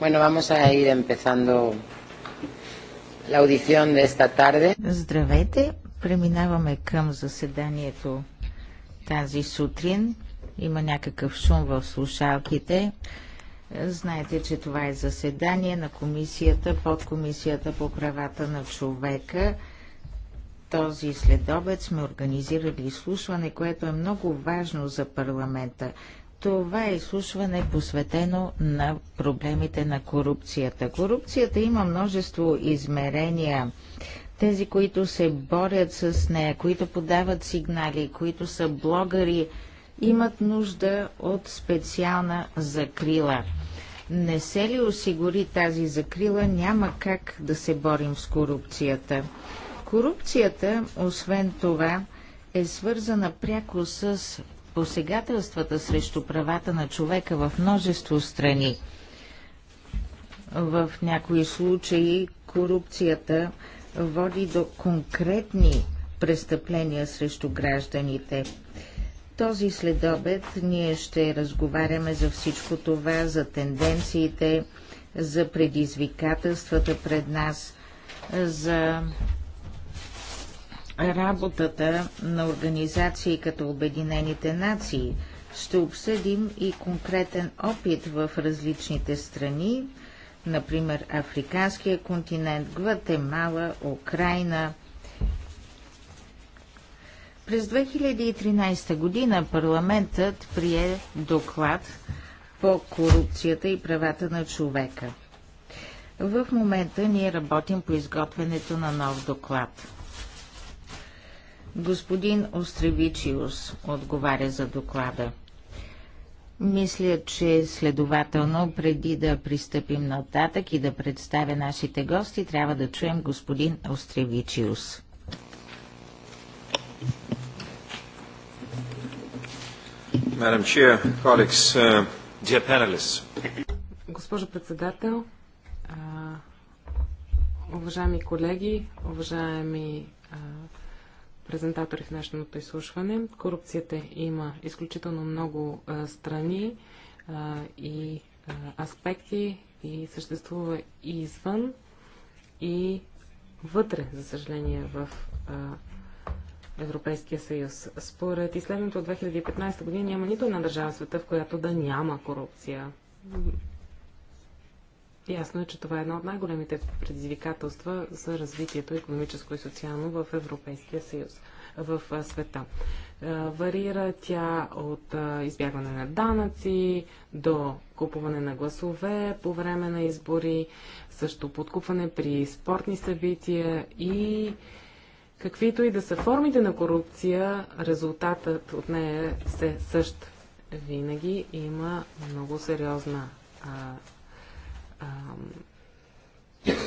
Bueno, vamos a ir empezando la audición de esta tarde. Здравейте, преминаваме към заседанието тази сутрин. Има някакъв шум в слушалките. Знаете, че това е заседание на комисията, под комисията по правата на човека. Този следобед сме организирали изслушване, което е много важно за парламента. Това изслушване е посветено на проблемите на корупцията. Корупцията има множество измерения. Тези, които се борят с нея, които подават сигнали, които са блогъри, имат нужда от специална закрила. Не се ли осигури тази закрила, няма как да се борим с корупцията. Корупцията, освен това, е свързана пряко с посегателствата срещу правата на човека в множество страни. В някои случаи корупцията води до конкретни престъпления срещу гражданите. Този следобед ние ще разговаряме за всичко това, за тенденциите, за предизвикателствата пред нас, за работата на организации като Обединените нации. Ще обсъдим и конкретен опит в различните страни, например Африканския континент, Гватемала, Украина. През 2013 година парламентът прие доклад по корупцията и правата на човека. В момента ние работим по изготвянето на нов доклад. Господин Остревичиус отговаря за доклада. Мисля, че следователно, преди да пристъпим нататък и да представя нашите гости, трябва да чуем господин Остревичиус. Madam Chair, colleagues, uh, dear panelists. Госпожо председател, уважаеми колеги, уважаеми презентатори в днешното изслушване. Корупцията има изключително много а, страни а, и а, аспекти и съществува и извън и вътре, за съжаление, в Европейския съюз. Според изследването от 2015 година няма нито една държава в света, в която да няма корупция. Ясно е, че това е едно от най-големите предизвикателства за развитието економическо и социално в Европейския съюз, в света. Варира тя от избягване на данъци до купуване на гласове по време на избори, също подкупване при спортни събития и каквито и да са формите на корупция, резултатът от нея е се същ. Винаги има много сериозна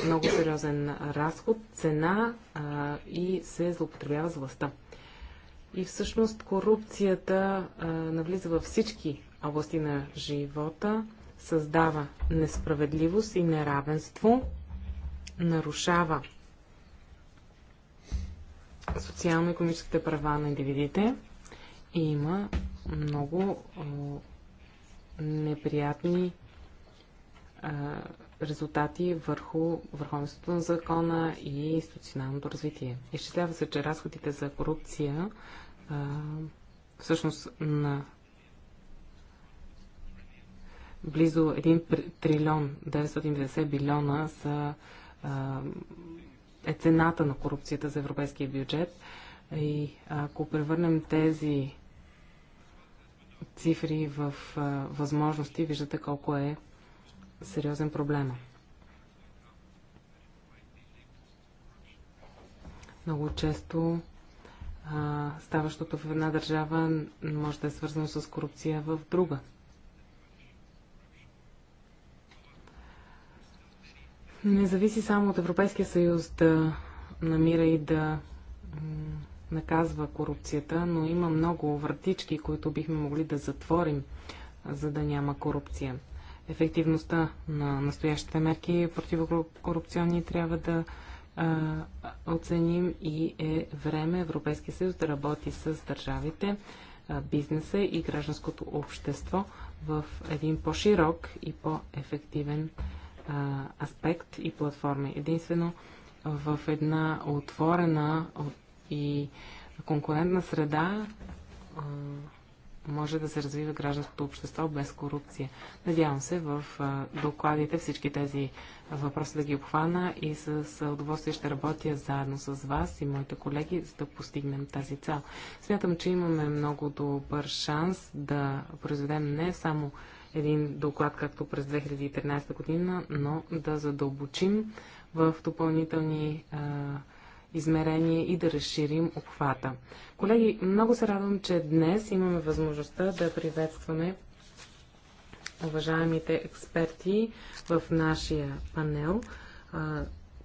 много сериозен разход, цена а, и се злоупотребява с властта. И всъщност корупцията а, навлиза във всички области на живота, създава несправедливост и неравенство, нарушава социално-економическите права на индивидите и има много о, неприятни резултати върху върховенството на закона и институционалното развитие. Изчислява се, че разходите за корупция а, всъщност на близо 1 трилион 990 билиона са, а, е цената на корупцията за европейския бюджет. И ако превърнем тези цифри в а, възможности, виждате колко е сериозен проблем. Много често а, ставащото в една държава може да е свързано с корупция в друга. Не зависи само от Европейския съюз да намира и да наказва корупцията, но има много вратички, които бихме могли да затворим, за да няма корупция ефективността на настоящите мерки противокорупционни трябва да а, оценим и е време Европейския съюз да работи с държавите, а, бизнеса и гражданското общество в един по-широк и по-ефективен аспект и платформи. Единствено в една отворена и конкурентна среда може да се развива гражданското общество без корупция. Надявам се в докладите всички тези въпроси да ги обхвана и с удоволствие ще работя заедно с вас и моите колеги, за да постигнем тази цел. Смятам, че имаме много добър шанс да произведем не само един доклад, както през 2013 година, но да задълбочим в допълнителни а, измерение и да разширим обхвата. Колеги, много се радвам, че днес имаме възможността да приветстваме уважаемите експерти в нашия панел,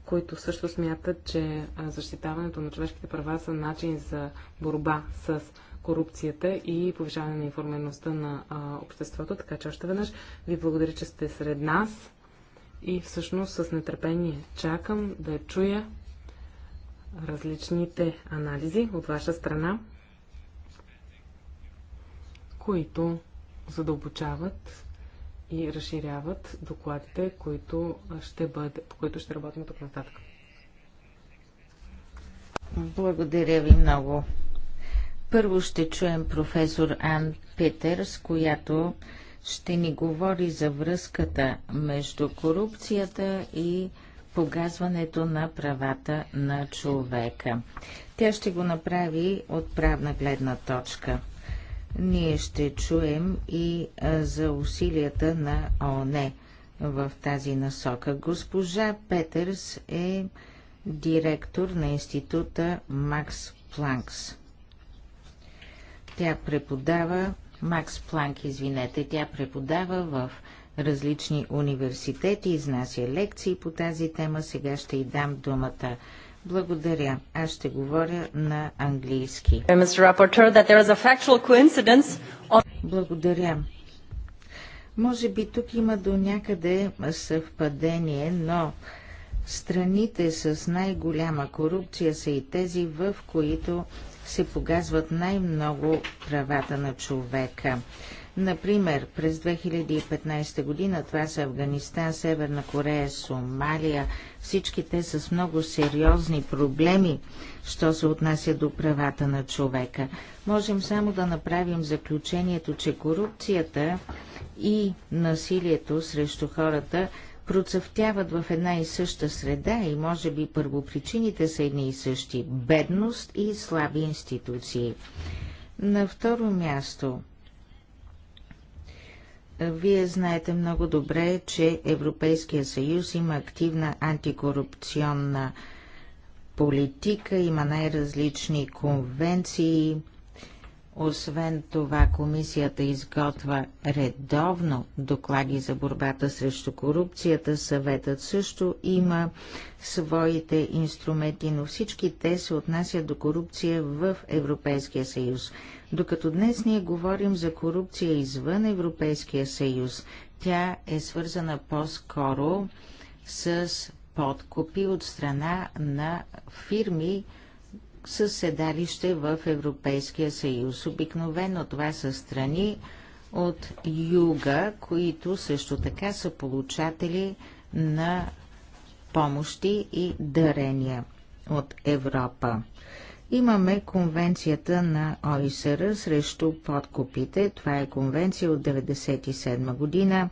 които също смятат, че защитаването на човешките права са начин за борба с корупцията и повишаване на информираността на обществото. Така че още веднъж ви благодаря, че сте сред нас и всъщност с нетърпение чакам да чуя различните анализи от ваша страна, които задълбочават и разширяват докладите, които ще бъде, по които ще работим тук нататък. Благодаря ви много. Първо ще чуем професор Ан Петърс, която ще ни говори за връзката между корупцията и погазването на правата на човека. Тя ще го направи от правна гледна точка. Ние ще чуем и за усилията на ООН в тази насока. Госпожа Петърс е директор на института Макс Планкс. Тя преподава Макс Планк, извинете, тя преподава в различни университети, изнася лекции по тази тема. Сега ще й дам думата. Благодаря. Аз ще говоря на английски. Благодаря. Може би тук има до някъде съвпадение, но страните с най-голяма корупция са и тези, в които се погазват най-много правата на човека. Например, през 2015 година това са Афганистан, Северна Корея, Сомалия. Всички те с много сериозни проблеми, що се отнася до правата на човека. Можем само да направим заключението, че корупцията и насилието срещу хората процъфтяват в една и съща среда и може би първопричините са едни и същи – бедност и слаби институции. На второ място вие знаете много добре, че Европейския съюз има активна антикорупционна политика, има най-различни конвенции. Освен това, комисията изготвя редовно доклади за борбата срещу корупцията. Съветът също има своите инструменти, но всички те се отнасят до корупция в Европейския съюз. Докато днес ние говорим за корупция извън Европейския съюз, тя е свързана по-скоро с подкупи от страна на фирми с седалище в Европейския съюз. Обикновено това са страни от юга, които също така са получатели на помощи и дарения от Европа. Имаме конвенцията на ОИСР срещу подкупите. Това е конвенция от 1997 година.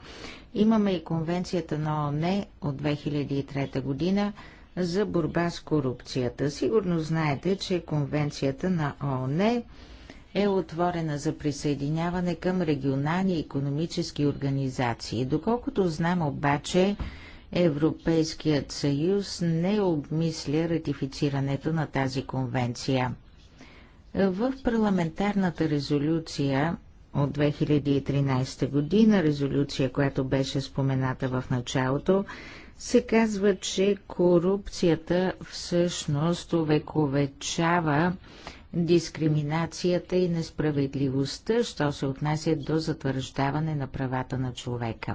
Имаме и конвенцията на ООН от 2003 година за борба с корупцията. Сигурно знаете, че конвенцията на ООН е отворена за присъединяване към регионални економически организации. Доколкото знам обаче, Европейският съюз не обмисля ратифицирането на тази конвенция. В парламентарната резолюция от 2013 година, резолюция, която беше спомената в началото, се казва, че корупцията всъщност увековечава дискриминацията и несправедливостта, що се отнася до затвърждаване на правата на човека.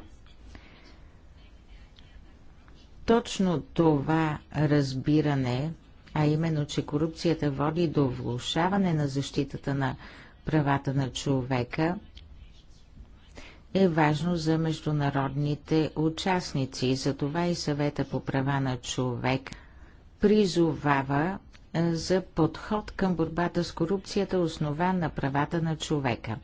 Точно това разбиране, а именно, че корупцията води до влушаване на защитата на правата на човека, е важно за международните участници. Затова и съвета по права на човек призовава за подход към борбата с корупцията, основан на правата на човека.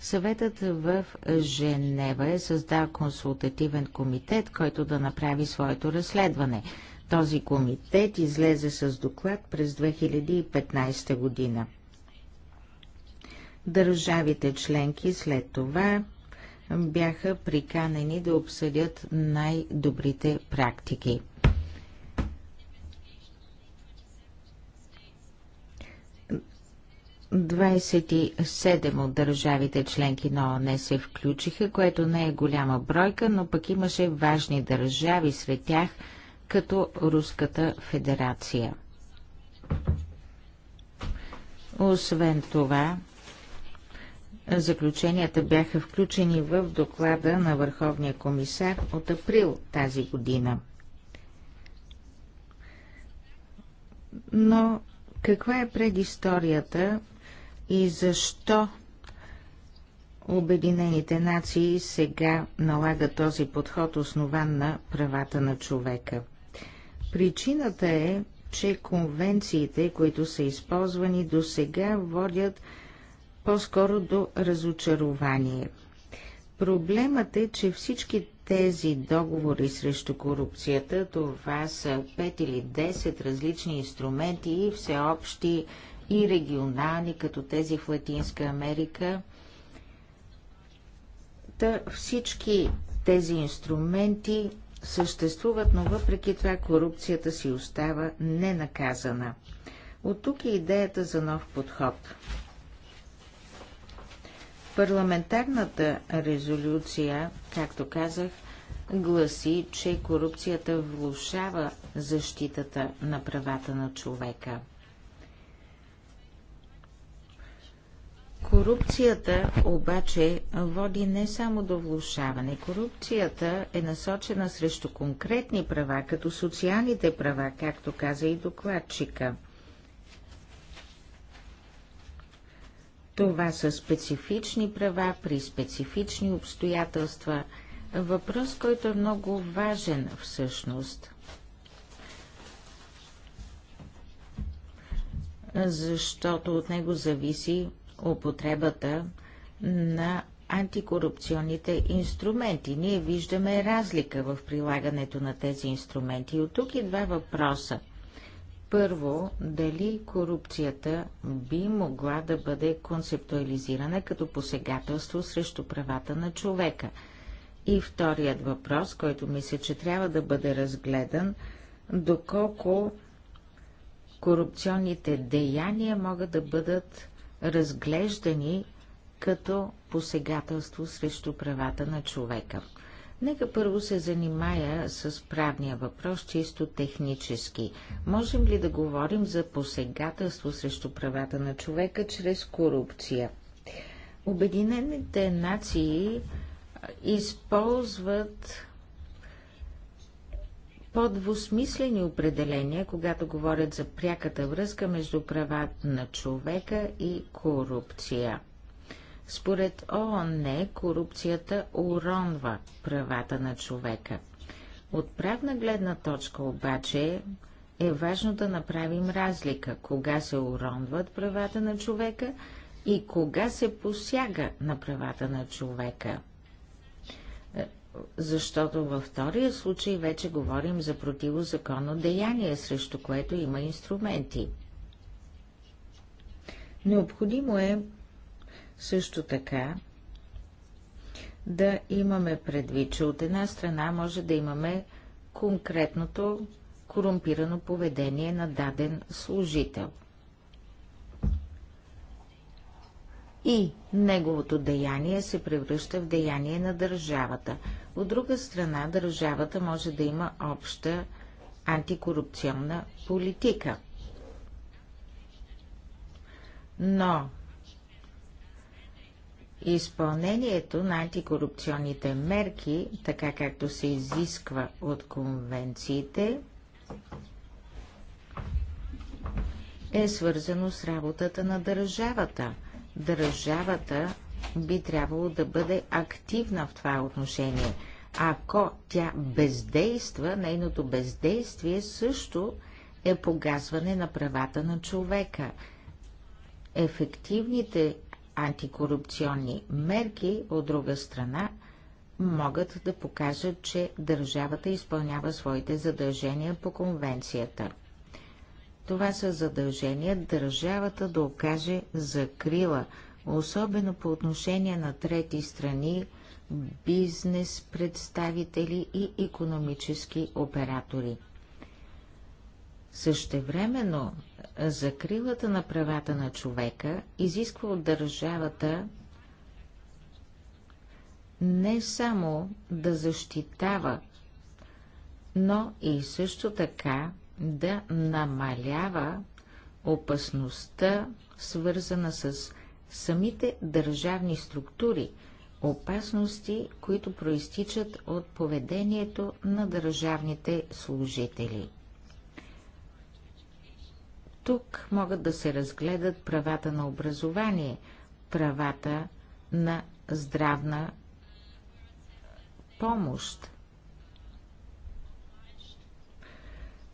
Съветът в Женева е създал консултативен комитет, който да направи своето разследване. Този комитет излезе с доклад през 2015 година. Държавите членки след това бяха приканени да обсъдят най-добрите практики. 27 от държавите членки на ООН се включиха, което не е голяма бройка, но пък имаше важни държави сред тях, като Руската федерация. Освен това, заключенията бяха включени в доклада на Върховния комисар от април тази година. Но каква е предисторията и защо Обединените нации сега налага този подход основан на правата на човека. Причината е, че конвенциите, които са използвани до сега, водят по-скоро до разочарование. Проблемът е, че всички тези договори срещу корупцията, това са 5 или 10 различни инструменти и всеобщи и регионални, като тези в Латинска Америка. Та всички тези инструменти съществуват, но въпреки това корупцията си остава ненаказана. От тук е идеята за нов подход. Парламентарната резолюция, както казах, гласи, че корупцията влушава защитата на правата на човека. Корупцията обаче води не само до влушаване. Корупцията е насочена срещу конкретни права, като социалните права, както каза и докладчика. Това са специфични права при специфични обстоятелства. Въпрос, който е много важен всъщност. Защото от него зависи употребата на антикорупционните инструменти. Ние виждаме разлика в прилагането на тези инструменти. И от тук и два въпроса. Първо, дали корупцията би могла да бъде концептуализирана като посегателство срещу правата на човека? И вторият въпрос, който мисля, че трябва да бъде разгледан, доколко корупционните деяния могат да бъдат разглеждани като посегателство срещу правата на човека. Нека първо се занимая с правния въпрос, чисто технически. Можем ли да говорим за посегателство срещу правата на човека чрез корупция? Обединените нации използват по-двусмислени определения, когато говорят за пряката връзка между правата на човека и корупция. Според ООН корупцията уронва правата на човека. От правна гледна точка обаче е важно да направим разлика, кога се уронват правата на човека и кога се посяга на правата на човека защото във втория случай вече говорим за противозаконно деяние, срещу което има инструменти. Необходимо е също така да имаме предвид, че от една страна може да имаме конкретното корумпирано поведение на даден служител и неговото деяние се превръща в деяние на държавата – от друга страна, държавата може да има обща антикорупционна политика. Но изпълнението на антикорупционните мерки, така както се изисква от конвенциите, е свързано с работата на държавата. Държавата би трябвало да бъде активна в това отношение. Ако тя бездейства, нейното бездействие също е погазване на правата на човека. Ефективните антикорупционни мерки, от друга страна, могат да покажат, че държавата изпълнява своите задължения по конвенцията. Това са задължения държавата да окаже закрила особено по отношение на трети страни, бизнес представители и економически оператори. Същевременно, закрилата на правата на човека изисква от държавата не само да защитава, но и също така да намалява опасността, свързана с самите държавни структури, опасности, които проистичат от поведението на държавните служители. Тук могат да се разгледат правата на образование, правата на здравна помощ.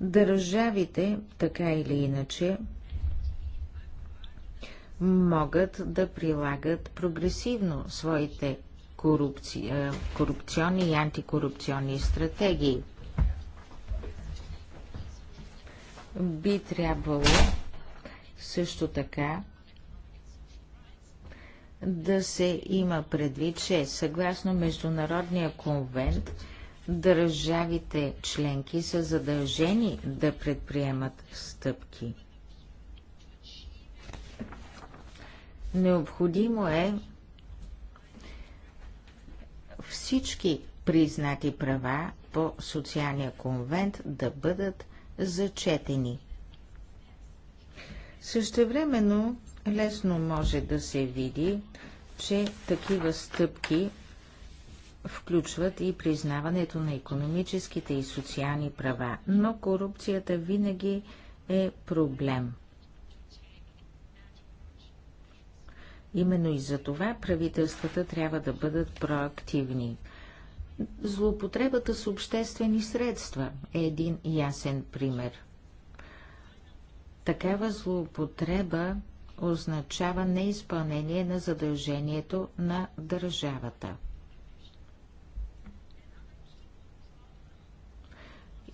Държавите, така или иначе, могат да прилагат прогресивно своите корупци... корупционни и антикорупционни стратегии. Би трябвало също така да се има предвид, че съгласно Международния конвент държавите членки са задължени да предприемат стъпки – Необходимо е всички признати права по социалния конвент да бъдат зачетени. Същевременно лесно може да се види, че такива стъпки включват и признаването на економическите и социални права, но корупцията винаги е проблем – Именно и за това правителствата трябва да бъдат проактивни. Злоупотребата с обществени средства е един ясен пример. Такава злоупотреба означава неизпълнение на задължението на държавата.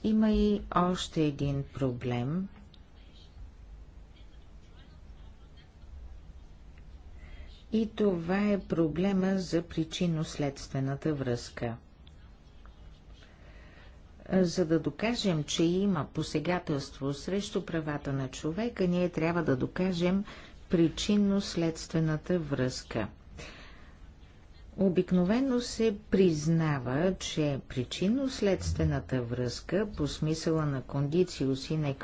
Има и още един проблем – И това е проблема за причинно-следствената връзка. За да докажем, че има посегателство срещу правата на човека, ние трябва да докажем причинно-следствената връзка. Обикновено се признава, че причинно-следствената връзка по смисъла на кондицио сине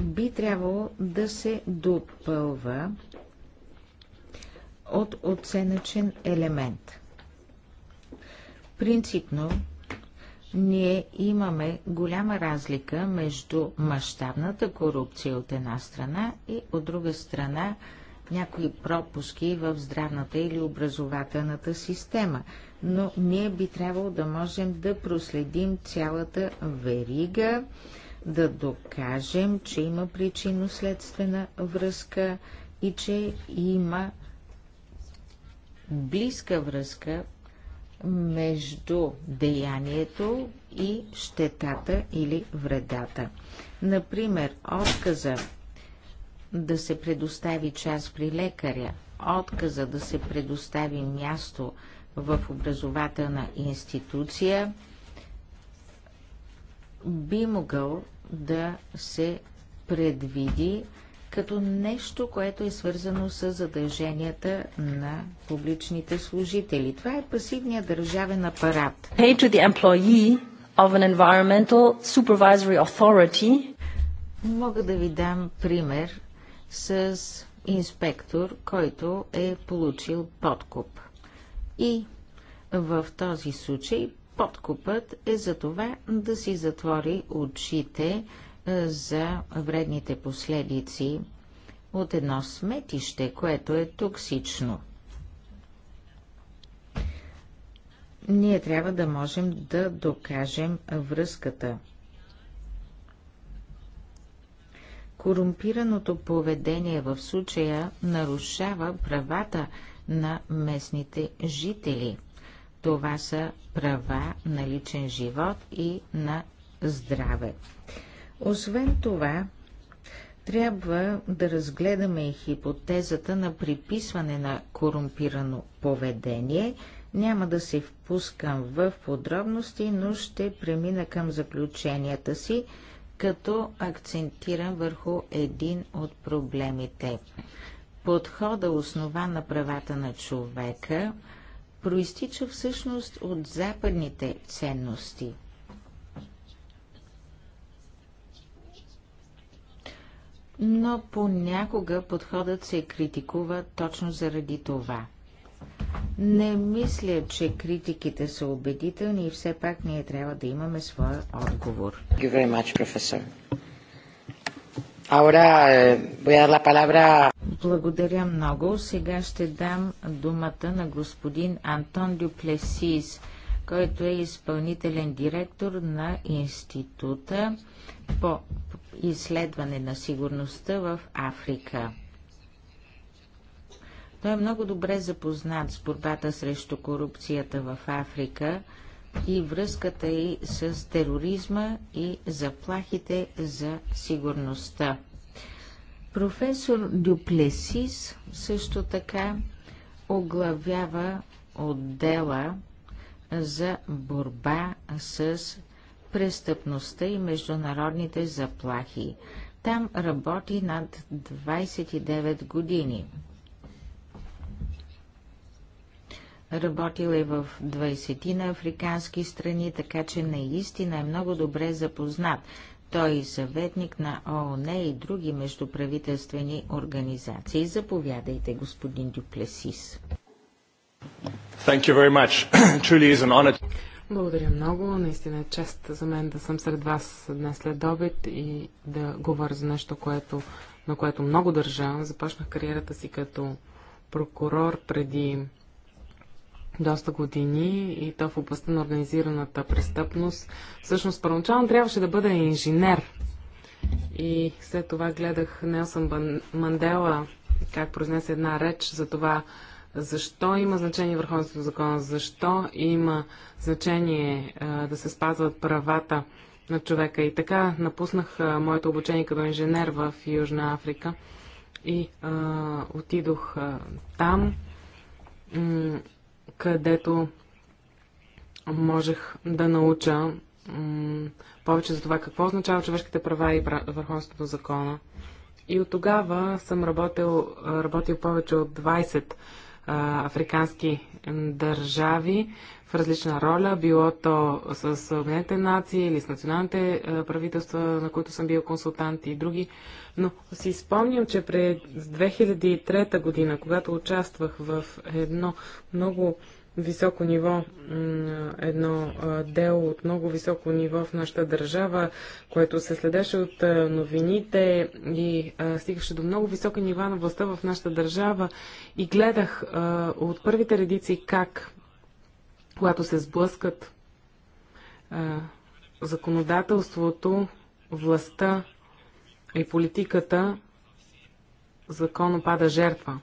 би трябвало да се допълва от оценъчен елемент. Принципно, ние имаме голяма разлика между мащабната корупция от една страна и от друга страна някои пропуски в здравната или образователната система, но ние би трябвало да можем да проследим цялата верига, да докажем, че има причинно-следствена връзка и че има близка връзка между деянието и щетата или вредата. Например, отказа да се предостави час при лекаря, отказа да се предостави място в образователна институция, би могъл да се предвиди като нещо, което е свързано с задълженията на публичните служители. Това е пасивният държавен апарат. Pay to the employee of an environmental supervisory authority. Мога да ви дам пример с инспектор, който е получил подкуп. И в този случай подкупът е за това да си затвори очите за вредните последици от едно сметище, което е токсично. Ние трябва да можем да докажем връзката. Корумпираното поведение в случая нарушава правата на местните жители. Това са права на личен живот и на здраве. Освен това, трябва да разгледаме и хипотезата на приписване на корумпирано поведение. Няма да се впускам в подробности, но ще премина към заключенията си, като акцентирам върху един от проблемите. Подхода основа на правата на човека проистича всъщност от западните ценности – но понякога подходът се критикува точно заради това. Не мисля, че критиките са убедителни и все пак ние трябва да имаме своя отговор. Eh, Благодаря много. Сега ще дам думата на господин Антон Дюплесис, който е изпълнителен директор на Института по изследване на сигурността в Африка. Той е много добре запознат с борбата срещу корупцията в Африка и връзката й с тероризма и заплахите за сигурността. Професор Дюплесис също така оглавява отдела за борба с престъпността и международните заплахи. Там работи над 29 години. Работил е в 20 на африкански страни, така че наистина е много добре запознат. Той е съветник на ООН и други междуправителствени организации. Заповядайте, господин Дюплесис. Thank you very much. Truly is an honor. Благодаря много. Наистина е чест за мен да съм сред вас днес след обед и да говоря за нещо, което, на което много държа. Започнах кариерата си като прокурор преди доста години и то в областта на организираната престъпност. Всъщност, първоначално трябваше да бъда инженер. И след това гледах Нелсън Мандела как произнесе една реч за това, защо има значение върховенството на закона? Защо има значение да се спазват правата на човека? И така напуснах моето обучение като инженер в Южна Африка и а, отидох а, там, където можех да науча повече за това какво означава човешките права и върховенството на закона. И от тогава съм работил, работил повече от 20 африкански държави в различна роля, било то с Обединените нации или с националните правителства, на които съм бил консултант и други. Но си спомням, че през 2003 година, когато участвах в едно много високо ниво, едно дело от много високо ниво в нашата държава, което се следеше от новините и стигаше до много високи нива на властта в нашата държава и гледах от първите редици как, когато се сблъскат законодателството, властта и политиката, законно пада жертва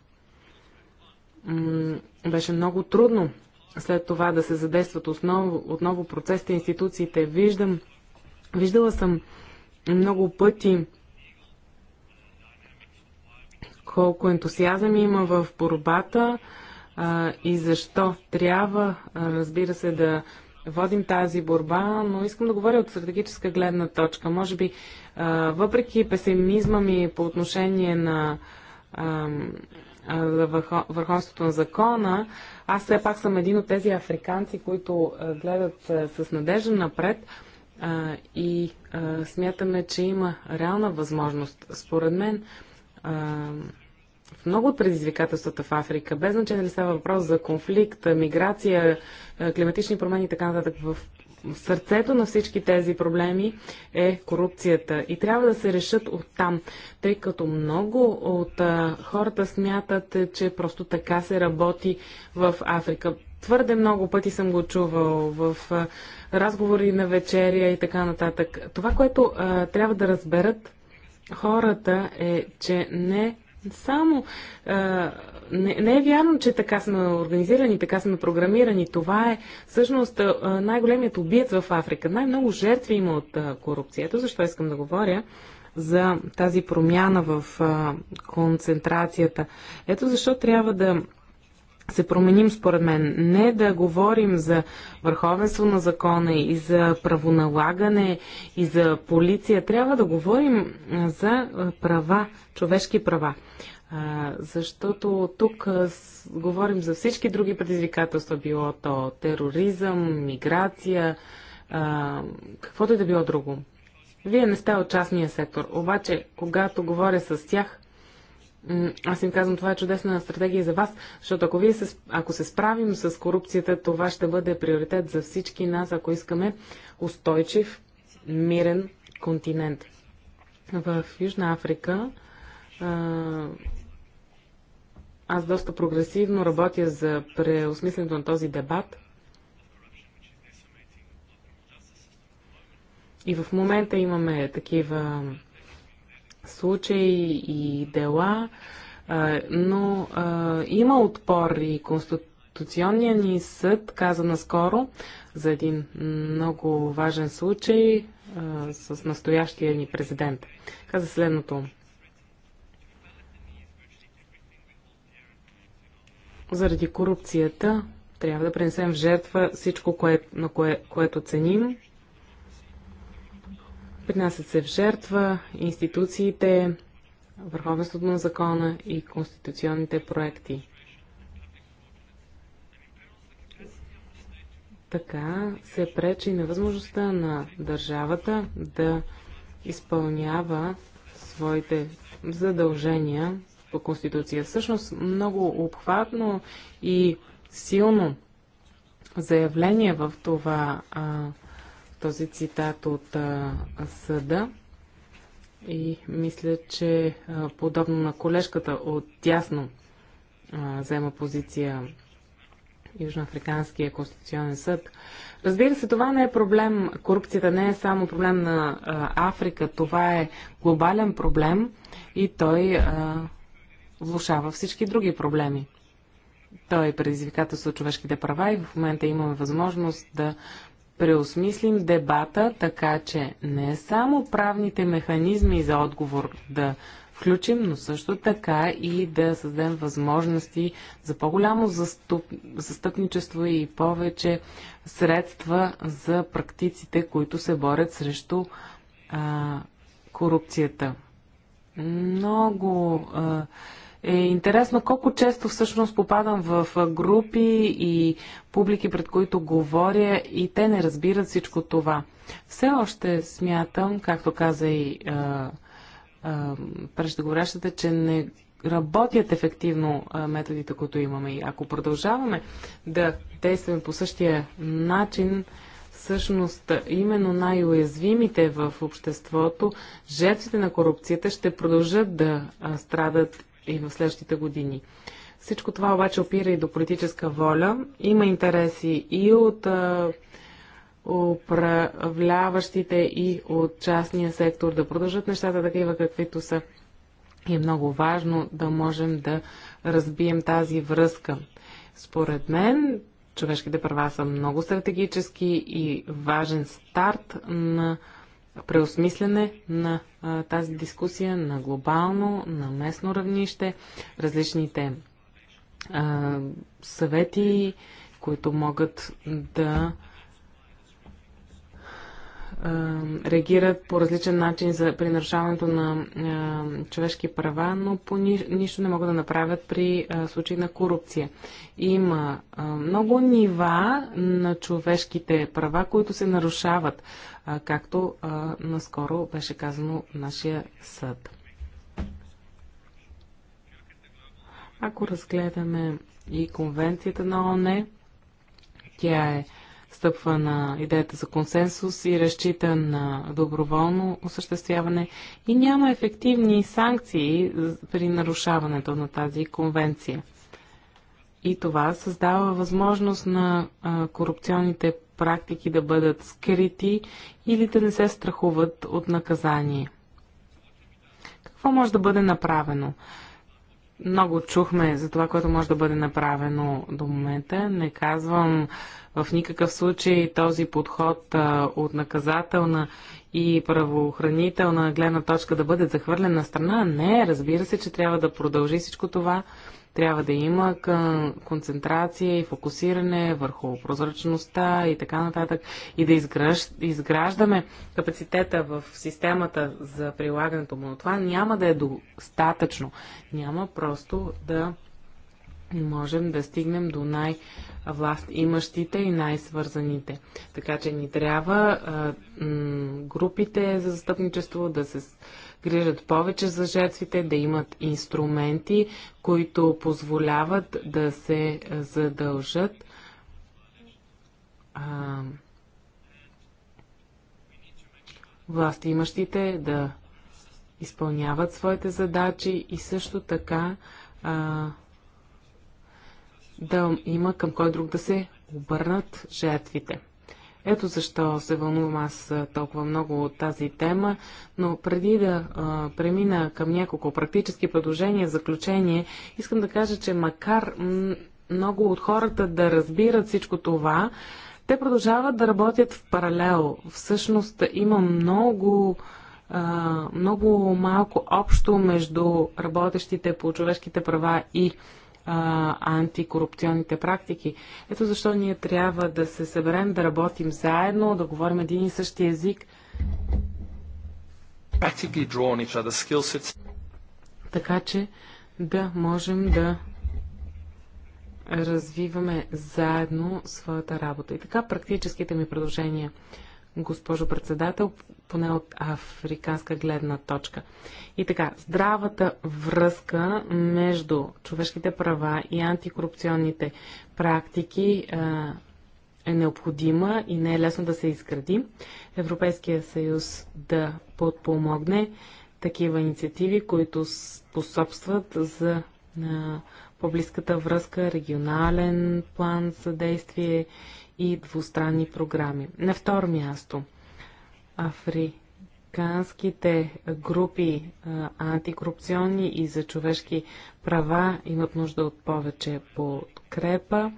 беше много трудно след това да се задействат основ, отново процесите, институциите. Виждам, виждала съм много пъти колко ентусиазъм има в борбата а, и защо трябва, а, разбира се, да водим тази борба, но искам да говоря от стратегическа гледна точка. Може би, а, въпреки песимизма ми по отношение на върховството на закона, аз все пак съм един от тези африканци, които гледат с надежда напред и смятаме, че има реална възможност. Според мен, в много от предизвикателствата в Африка, без значение дали става въпрос за конфликт, миграция, климатични промени и така нататък, в сърцето на всички тези проблеми е корупцията и трябва да се решат от там, тъй като много от а, хората смятат, че просто така се работи в Африка. Твърде много пъти съм го чувал в а, разговори на вечеря и така нататък. Това, което а, трябва да разберат хората е, че не само а, не, не е вярно, че така сме организирани, така сме програмирани. Това е всъщност най-големият убиец в Африка. Най-много жертви има от корупцията, защо искам да говоря за тази промяна в концентрацията. Ето защо трябва да се променим според мен. Не да говорим за върховенство на закона и за правоналагане и за полиция. Трябва да говорим за права, човешки права. А, защото тук а, с, говорим за всички други предизвикателства, било то тероризъм, миграция, а, каквото и е да било друго. Вие не сте от частния сектор, обаче когато говоря с тях, аз им казвам, това е чудесна стратегия за вас, защото ако, вие се, ако се справим с корупцията, това ще бъде приоритет за всички нас, ако искаме устойчив, мирен континент. В Южна Африка аз доста прогресивно работя за преосмисленето на този дебат. И в момента имаме такива случаи и дела, но има отпор и Конституционния ни съд каза наскоро за един много важен случай с настоящия ни президент. Каза следното. заради корупцията трябва да принесем в жертва всичко, кое, на кое, което ценим. Принасят се в жертва институциите, върховенството на закона и конституционните проекти. Така се пречи на възможността на държавата да изпълнява своите задължения по Конституция. Всъщност много обхватно и силно заявление в това, а, този цитат от а, съда. И мисля, че а, подобно на колежката от тясно взема позиция Южноафриканския конституционен съд. Разбира се, това не е проблем. Корупцията не е само проблем на а, Африка. Това е глобален проблем и той а, влушава всички други проблеми. Той е предизвикателство от човешките права и в момента имаме възможност да преосмислим дебата, така че не само правните механизми за отговор да включим, но също така и да създадем възможности за по-голямо застъп... застъпничество и повече средства за практиците, които се борят срещу а, корупцията. Много а, е интересно колко често всъщност попадам в групи и публики, пред които говоря и те не разбират всичко това. Все още смятам, както каза и а, а, преждеговорящата, че не работят ефективно а, методите, които имаме. И ако продължаваме да действаме по същия начин, всъщност именно най-уязвимите в обществото, жертвите на корупцията ще продължат да страдат и в следващите години. Всичко това обаче опира и до политическа воля. Има интереси и от а, управляващите и от частния сектор да продължат нещата такива, каквито са. И е много важно да можем да разбием тази връзка. Според мен, човешките права са много стратегически и важен старт на преосмислене на а, тази дискусия на глобално, на местно равнище, различните а, съвети, които могат да реагират по различен начин за, при нарушаването на а, човешки права, но по ни, нищо не могат да направят при а, на корупция. Има а, много нива на човешките права, които се нарушават, а, както а, наскоро беше казано нашия съд. Ако разгледаме и конвенцията на ОНЕ, тя е стъпва на идеята за консенсус и разчита на доброволно осъществяване и няма ефективни санкции при нарушаването на тази конвенция. И това създава възможност на корупционните практики да бъдат скрити или да не се страхуват от наказание. Какво може да бъде направено? Много чухме за това, което може да бъде направено до момента. Не казвам в никакъв случай този подход а, от наказателна и правоохранителна гледна точка да бъде захвърлен на страна. Не, разбира се, че трябва да продължи всичко това трябва да има концентрация и фокусиране върху прозрачността и така нататък и да изграждаме капацитета в системата за прилагането му. Но това няма да е достатъчно. Няма просто да можем да стигнем до най-власт имащите и най-свързаните. Така че ни трябва а, групите за застъпничество да се грижат повече за жертвите, да имат инструменти, които позволяват да се задължат а, имащите да изпълняват своите задачи и също така а, да има към кой друг да се обърнат жертвите. Ето защо се вълнувам аз толкова много от тази тема, но преди да а, премина към няколко практически предложения, заключение, искам да кажа, че макар много от хората да разбират всичко това, те продължават да работят в паралел. Всъщност има много много малко общо между работещите по човешките права и а, антикорупционните практики. Ето защо ние трябва да се съберем, да работим заедно, да говорим един и същи език. Така че да можем да развиваме заедно своята работа. И така практическите ми предложения – госпожо председател, поне от африканска гледна точка. И така, здравата връзка между човешките права и антикорупционните практики е необходима и не е лесно да се изгради. Европейския съюз да подпомогне такива инициативи, които способстват за по-близката връзка, регионален план за действие и двустранни програми. На второ място, африканските групи антикорупционни и за човешки права имат нужда от повече подкрепа,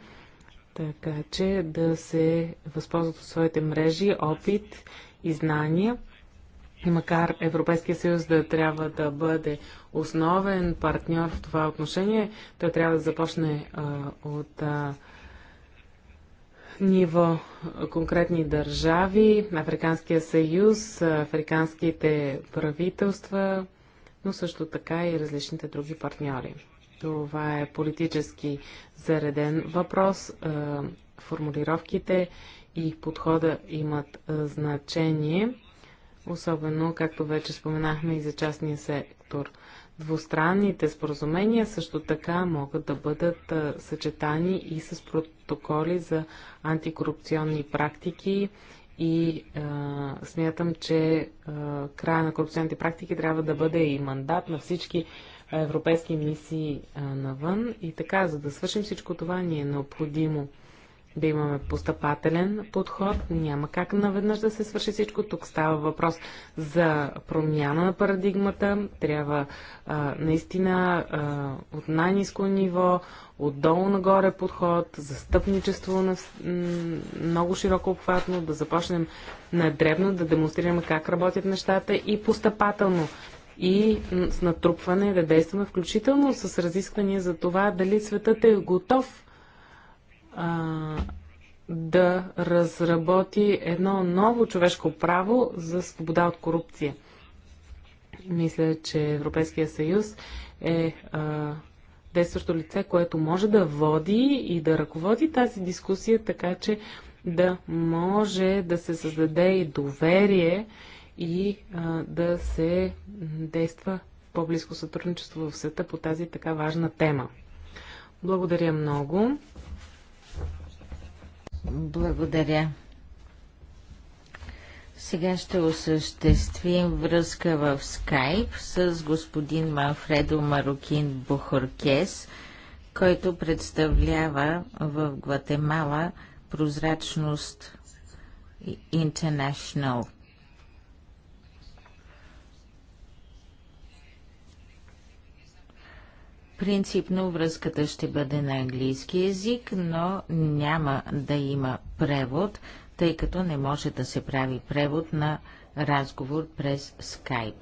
така че да се възползват от своите мрежи, опит и знания. И макар Европейския съюз да трябва да бъде основен партньор в това отношение, той трябва да започне а, от а, ниво конкретни държави, Африканския съюз, африканските правителства, но също така и различните други партньори. Това е политически зареден въпрос. Формулировките и подхода имат значение, особено, както вече споменахме, и за частния сектор – Двустранните споразумения също така могат да бъдат съчетани и с протоколи за антикорупционни практики и а, смятам, че а, края на корупционните практики трябва да бъде и мандат на всички европейски мисии а, навън. И така, за да свършим всичко това, ни е необходимо да имаме постъпателен подход. Няма как наведнъж да се свърши всичко. Тук става въпрос за промяна на парадигмата. Трябва а, наистина а, от най-низко ниво, отдолу нагоре подход, застъпничество на, много широко обхватно, да започнем на дребно, да демонстрираме как работят нещата и постъпателно и с натрупване да действаме, включително с разисквания за това дали светът е готов а, да разработи едно ново човешко право за свобода от корупция. Мисля, че Европейския съюз е а, действащо лице, което може да води и да ръководи тази дискусия, така че да може да се създаде и доверие и а, да се действа в по-близко сътрудничество в света по тази така важна тема. Благодаря много. Благодаря. Сега ще осъществим връзка в скайп с господин Манфредо Марокин Бухоркес, който представлява в Гватемала прозрачност International. Принципно връзката ще бъде на английски език, но няма да има превод, тъй като не може да се прави превод на разговор през Skype.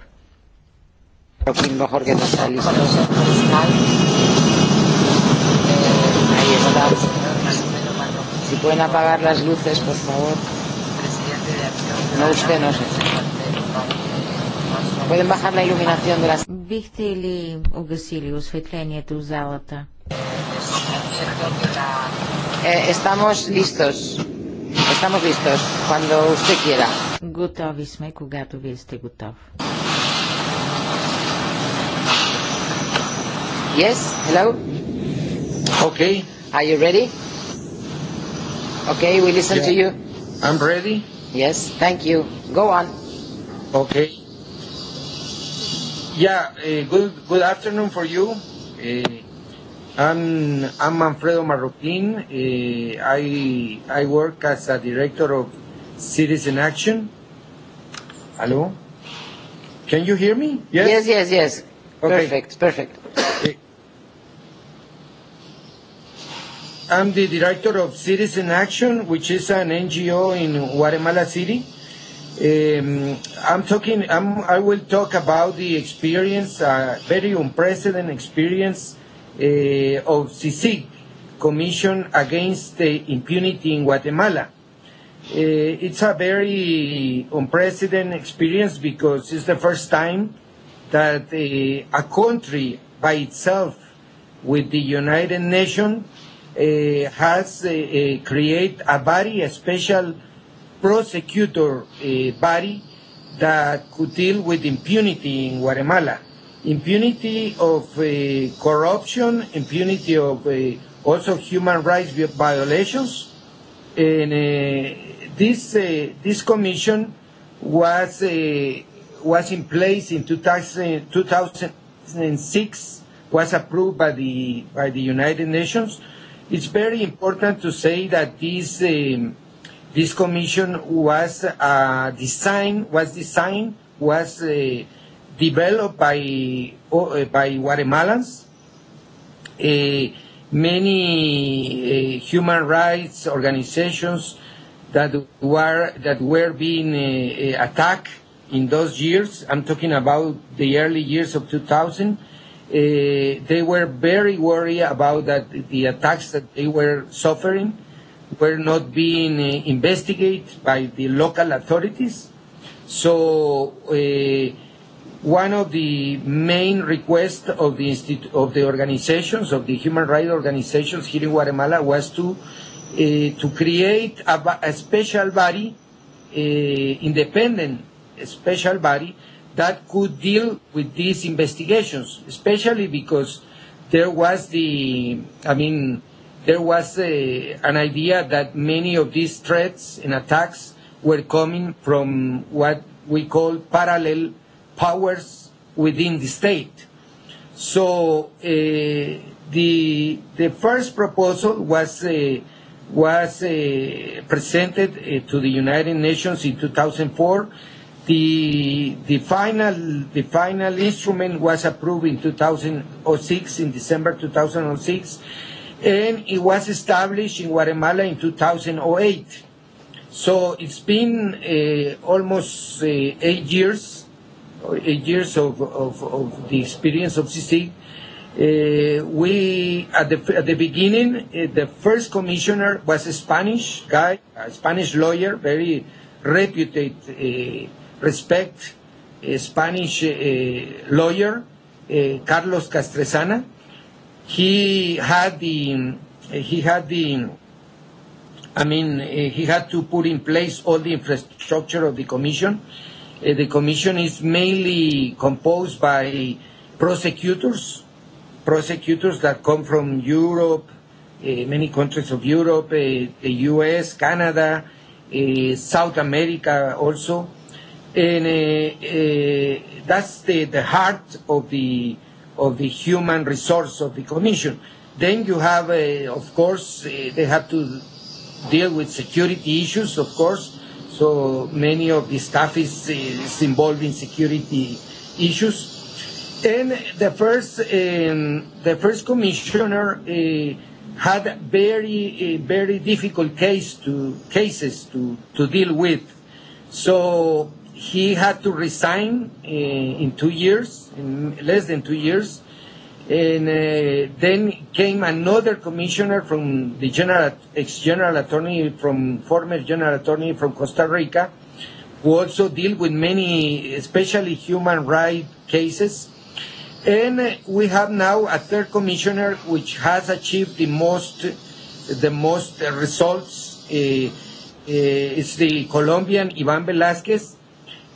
Si pueden apagar las luces, por favor. No usted, no Pueden bajar la iluminación de las бихте ли огасили осветлението в залата? Estamos listos. Estamos listos. Cuando usted quiera. Готови сме, когато вие сте готов. Yes, hello. Okay. Are you ready? Okay, we listen yeah. to you. I'm ready. Yes, thank you. Go on. Okay. Yeah, uh, good, good afternoon for you. Uh, I'm, I'm Manfredo Marroquin. Uh, I, I work as a director of Citizen Action. Hello? Can you hear me? Yes, yes, yes. yes. Okay. Perfect, perfect. Uh, I'm the director of Citizen Action, which is an NGO in Guatemala City Um, I'm talking. I'm, I will talk about the experience, uh, very unprecedented experience uh, of CICIG, Commission Against the Impunity in Guatemala. Uh, it's a very unprecedented experience because it's the first time that uh, a country by itself, with the United Nations, uh, has uh, uh, created a very special prosecutor uh, body that could deal with impunity in Guatemala. Impunity of uh, corruption, impunity of uh, also human rights violations. And uh, this, uh, this commission was, uh, was in place in 2000, 2006, was approved by the, by the United Nations. It's very important to say that this um, This commission was uh, designed, was designed, was uh, developed by uh, by Guatemalans. Uh, many uh, human rights organizations that were that were being uh, attacked in those years. I'm talking about the early years of 2000. Uh, they were very worried about that the attacks that they were suffering were not being uh, investigated by the local authorities. So uh, one of the main requests of the institu- of the organizations of the human rights organizations here in Guatemala was to uh, to create a, a special body, uh, independent special body that could deal with these investigations, especially because there was the, I mean there was a, an idea that many of these threats and attacks were coming from what we call parallel powers within the state. So uh, the the first proposal was uh, was uh, presented uh, to the United Nations in 2004. The the final the final instrument was approved in 2006 in December 2006 and it was established in Guatemala in 2008. So it's been uh, almost uh, eight years, eight years of, of, of the experience of CC. Uh, we at the at the beginning, uh, the first commissioner was a Spanish guy, a Spanish lawyer, very reputed, uh, respect, a Spanish uh, lawyer, uh, Carlos Castresana he had the he had the I mean uh, he had to put in place all the infrastructure of the commission. Uh, the commission is mainly composed by prosecutors, prosecutors that come from Europe, uh, many countries of Europe, uh, the U.S., Canada, uh, South America also, and uh, uh, that's the the heart of the of the human resource of the Commission. Then you have, uh, of course, uh, they have to deal with security issues, of course. So many of the staff is, is involved in security issues. And the first, um, the first commissioner uh, had very, uh, very difficult case to cases to, to deal with. So he had to resign uh, in two years, in less than two years. And uh, then came another commissioner from the general, ex-general attorney from former general attorney from Costa Rica, who also deal with many, especially human rights cases. And we have now a third commissioner which has achieved the most, the most results. Uh, uh, it's the Colombian Ivan Velasquez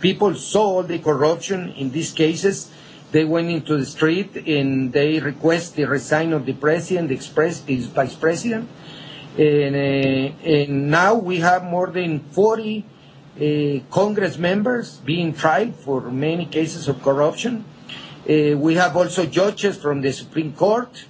People saw all the corruption in these cases. They went into the street and they request the resign of the president, the express, his vice president. And, uh, and now we have more than 40 uh, Congress members being tried for many cases of corruption. Uh, we have also judges from the Supreme Court.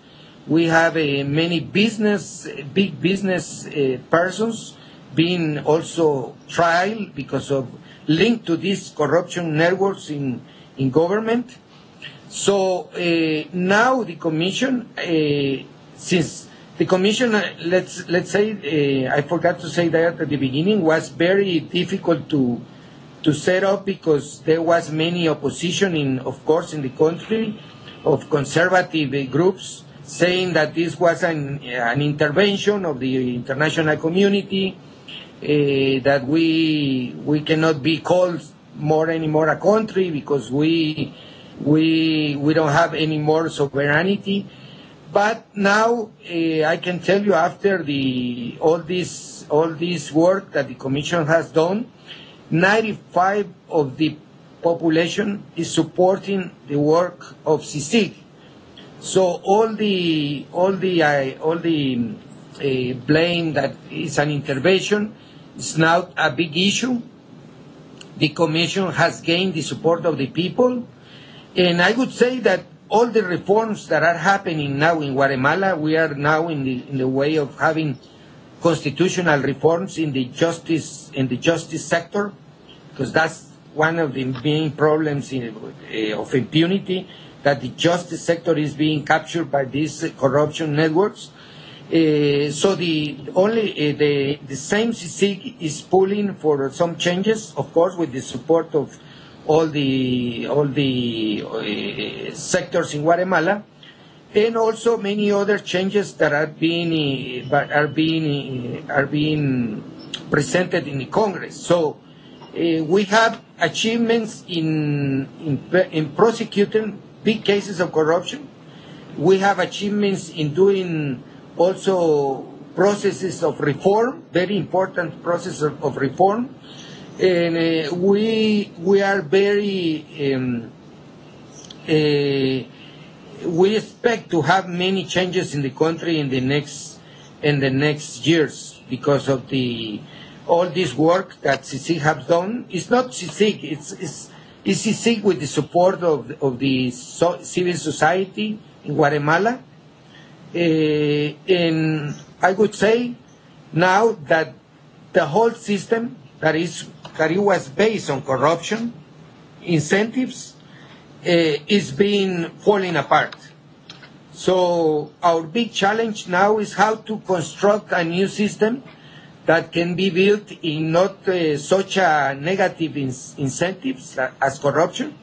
We have uh, many business, big business uh, persons being also tried because of linked to these corruption networks in, in government. So uh, now the Commission, uh, since the Commission, uh, let's let's say, uh, I forgot to say that at the beginning, was very difficult to to set up because there was many opposition in, of course, in the country, of conservative uh, groups saying that this was an, an intervention of the international community uh that we we cannot be called more anymore a country because we we we don't have any more sovereignty. But now uh, I can tell you after the all this all this work that the Commission has done, 95 of the population is supporting the work of CICIG. So all the all the uh, all the uh, blame that is an intervention It's now a big issue. The Commission has gained the support of the people. And I would say that all the reforms that are happening now in Guatemala, we are now in the, in the way of having constitutional reforms in the justice in the justice sector, because that's one of the main problems in, uh, of impunity that the justice sector is being captured by these uh, corruption networks. Uh, so the only uh, the the same CSIC is pulling for some changes, of course, with the support of all the all the uh, sectors in Guatemala, and also many other changes that are being uh, are being uh, are being presented in the Congress. So uh, we have achievements in in, in prosecuting big cases of corruption. We have achievements in doing also processes of reform, very important process of, of reform. And uh, we, we are very, um, uh, we expect to have many changes in the country in the next, in the next years because of the, all this work that CICIG has done. It's not CICIG, it's, it's, it's CICIG with the support of, of the so, civil society in Guatemala in, I would say now that the whole system that is that it was based on corruption, incentives, uh, is being falling apart. So our big challenge now is how to construct a new system that can be built in not uh, such a negative in- incentives as corruption.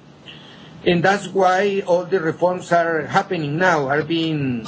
And that's why all the reforms are happening now, are being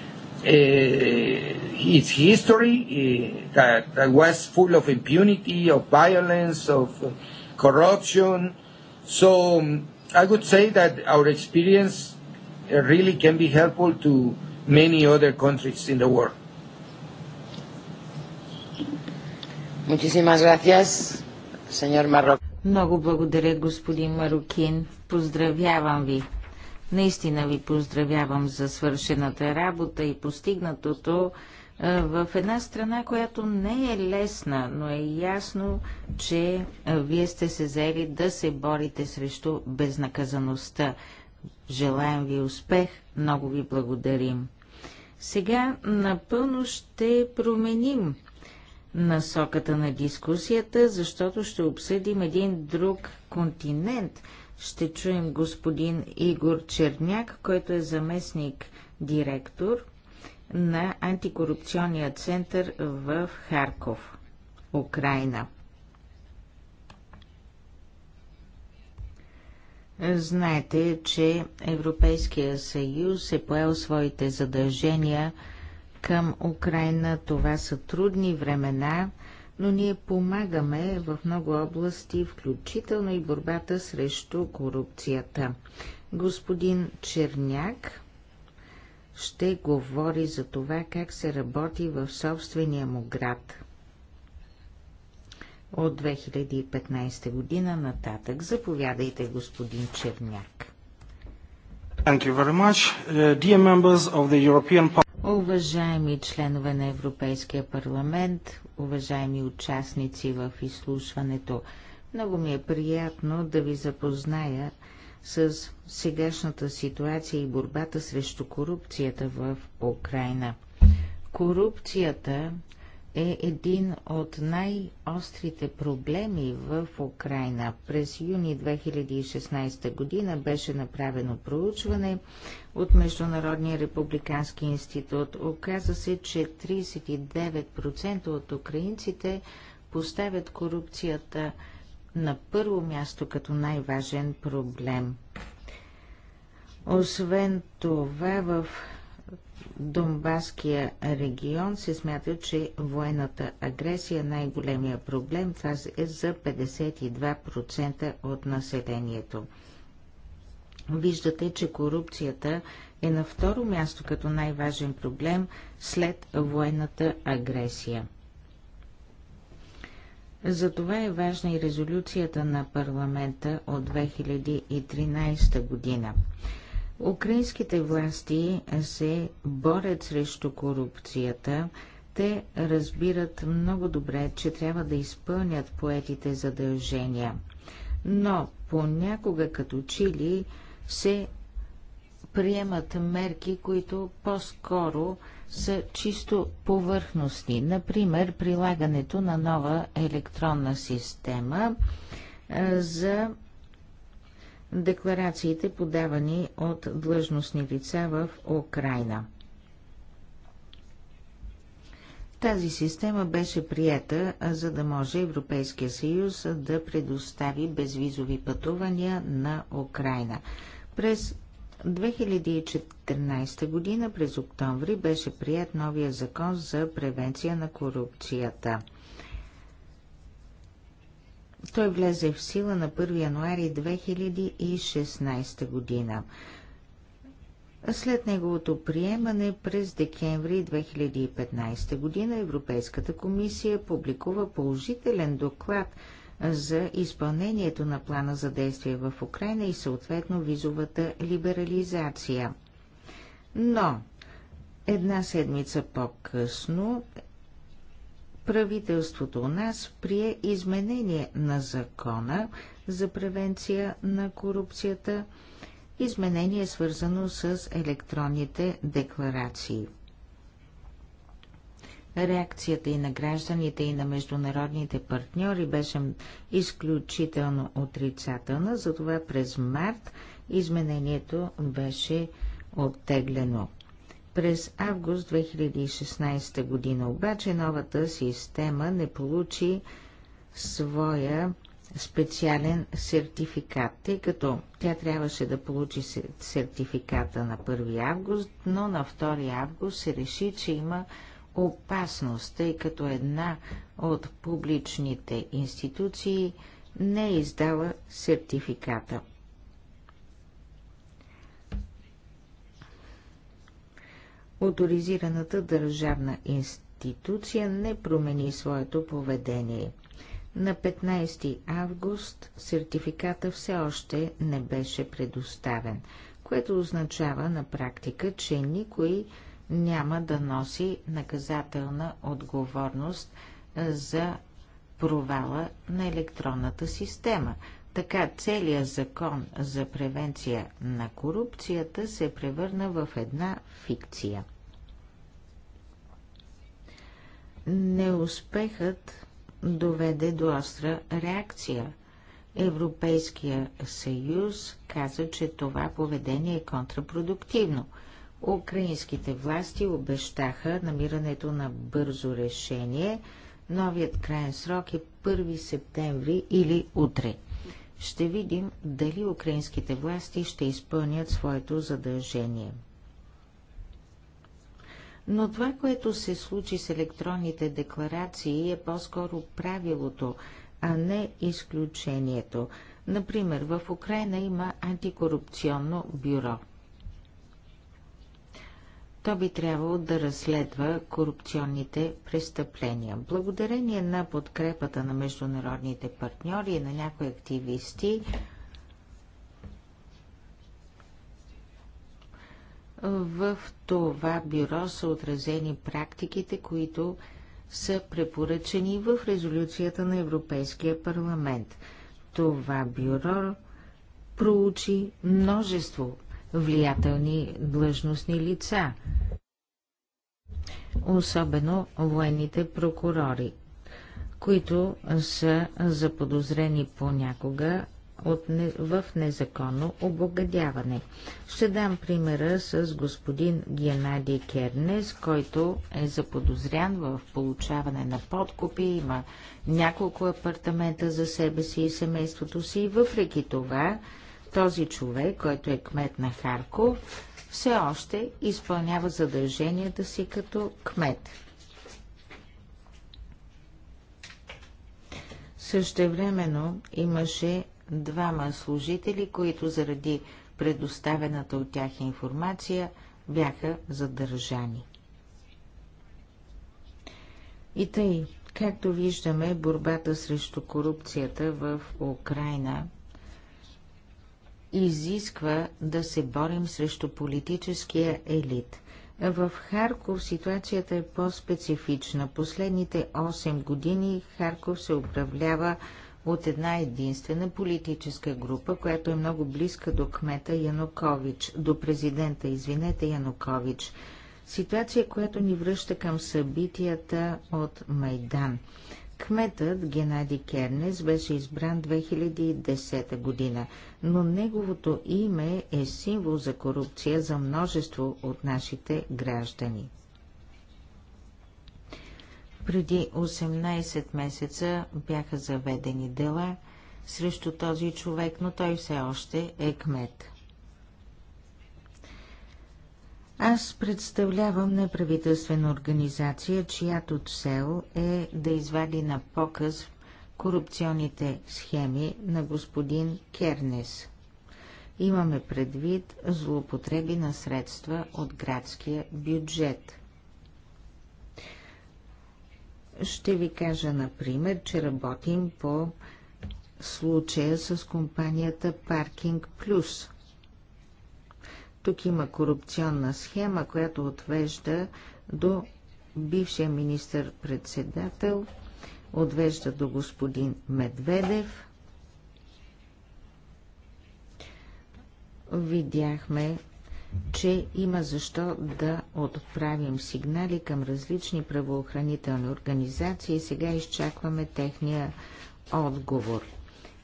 uh, its history uh, that, that was full of impunity, of violence, of uh, corruption. So um, I would say that our experience uh, really can be helpful to many other countries in the world. Muchísimas gracias, señor Marroquín. Много благодаря, господин Марокин. Поздравявам ви. Наистина ви поздравявам за свършената работа и постигнатото в една страна, която не е лесна, но е ясно, че вие сте се заели да се борите срещу безнаказаността. Желаем ви успех, много ви благодарим. Сега напълно ще променим насоката на дискусията, защото ще обсъдим един друг континент – ще чуем господин Игор Черняк, който е заместник директор на антикорупционния център в Харков, Украина. Знаете, че Европейския съюз е поел своите задължения към Украина. Това са трудни времена но ние помагаме в много области, включително и борбата срещу корупцията. Господин Черняк ще говори за това как се работи в собствения му град от 2015 година нататък. Заповядайте, господин Черняк. Thank you very much. Uh, dear members of the European Уважаеми членове на Европейския парламент, уважаеми участници в изслушването, много ми е приятно да ви запозная с сегашната ситуация и борбата срещу корупцията в Украина. Корупцията е един от най-острите проблеми в Украина. През юни 2016 година беше направено проучване от Международния републикански институт. Оказа се, че 39% от украинците поставят корупцията на първо място като най-важен проблем. Освен това, в Донбаския регион се смята, че военната агресия е най-големия проблем. Това е за 52% от населението. Виждате, че корупцията е на второ място като най-важен проблем след военната агресия. Затова е важна и резолюцията на парламента от 2013 година. Украинските власти се борят срещу корупцията. Те разбират много добре, че трябва да изпълнят поетите задължения. Но понякога като чили се приемат мерки, които по-скоро са чисто повърхностни. Например, прилагането на нова електронна система за декларациите, подавани от длъжностни лица в Украина. Тази система беше приета, за да може Европейския съюз да предостави безвизови пътувания на Украина. През 2014 година през октомври беше прият новия закон за превенция на корупцията. Той влезе в сила на 1 януари 2016 година. След неговото приемане през декември 2015 година Европейската комисия публикува положителен доклад за изпълнението на плана за действие в Украина и съответно визовата либерализация. Но една седмица по-късно правителството у нас прие изменение на закона за превенция на корупцията, изменение свързано с електронните декларации. Реакцията и на гражданите и на международните партньори беше изключително отрицателна, затова през март изменението беше оттеглено. През август 2016 година обаче новата система не получи своя специален сертификат, тъй като тя трябваше да получи сертификата на 1 август, но на 2 август се реши, че има опасност, тъй като една от публичните институции не е издала сертификата. Авторизираната държавна институция не промени своето поведение. На 15 август сертификата все още не беше предоставен, което означава на практика, че никой няма да носи наказателна отговорност за провала на електронната система. Така целият закон за превенция на корупцията се превърна в една фикция. Неуспехът доведе до остра реакция. Европейския съюз каза, че това поведение е контрапродуктивно. Украинските власти обещаха намирането на бързо решение. Новият крайен срок е 1 септември или утре. Ще видим дали украинските власти ще изпълнят своето задължение. Но това, което се случи с електронните декларации е по-скоро правилото, а не изключението. Например, в Украина има антикорупционно бюро. То би трябвало да разследва корупционните престъпления. Благодарение на подкрепата на международните партньори и на някои активисти, В това бюро са отразени практиките, които са препоръчени в резолюцията на Европейския парламент. Това бюро проучи множество влиятелни длъжностни лица, особено военните прокурори, които са заподозрени понякога от не, в незаконно обогадяване. Ще дам примера с господин Геннадий Кернес, който е заподозрян в получаване на подкупи, има няколко апартамента за себе си и семейството си и въпреки това този човек, който е кмет на Харков, все още изпълнява задълженията си като кмет. Същевременно имаше двама служители, които заради предоставената от тях информация бяха задържани. И тъй, както виждаме, борбата срещу корупцията в Украина изисква да се борим срещу политическия елит. В Харков ситуацията е по-специфична. Последните 8 години Харков се управлява от една единствена политическа група, която е много близка до кмета Янукович, до президента, извинете, Янукович. Ситуация, която ни връща към събитията от Майдан. Кметът Геннади Кернес беше избран 2010 година, но неговото име е символ за корупция за множество от нашите граждани. Преди 18 месеца бяха заведени дела срещу този човек, но той все още е кмет. Аз представлявам неправителствена организация, чиято цел е да извади на показ корупционните схеми на господин Кернес. Имаме предвид злоупотреби на средства от градския бюджет – ще ви кажа, например, че работим по случая с компанията Паркинг Плюс. Тук има корупционна схема, която отвежда до бившия министър-председател, отвежда до господин Медведев. Видяхме че има защо да отправим сигнали към различни правоохранителни организации и сега изчакваме техния отговор.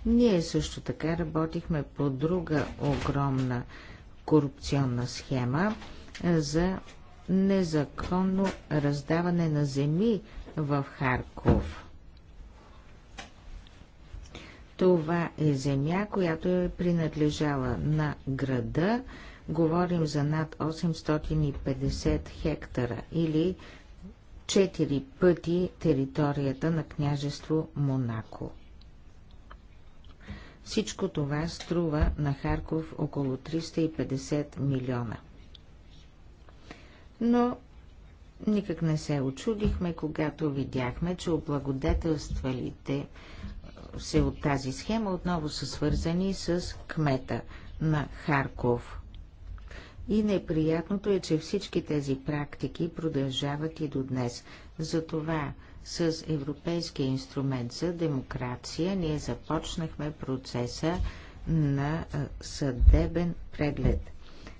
Ние също така работихме по друга огромна корупционна схема за незаконно раздаване на земи в Харков. Това е земя, която е принадлежала на града, Говорим за над 850 хектара или 4 пъти територията на княжество Монако. Всичко това струва на Харков около 350 милиона. Но никак не се очудихме, когато видяхме, че облагодетелствалите е, се от тази схема отново са свързани с кмета на Харков. И неприятното е, че всички тези практики продължават и до днес. Затова с Европейския инструмент за демокрация ние започнахме процеса на съдебен преглед.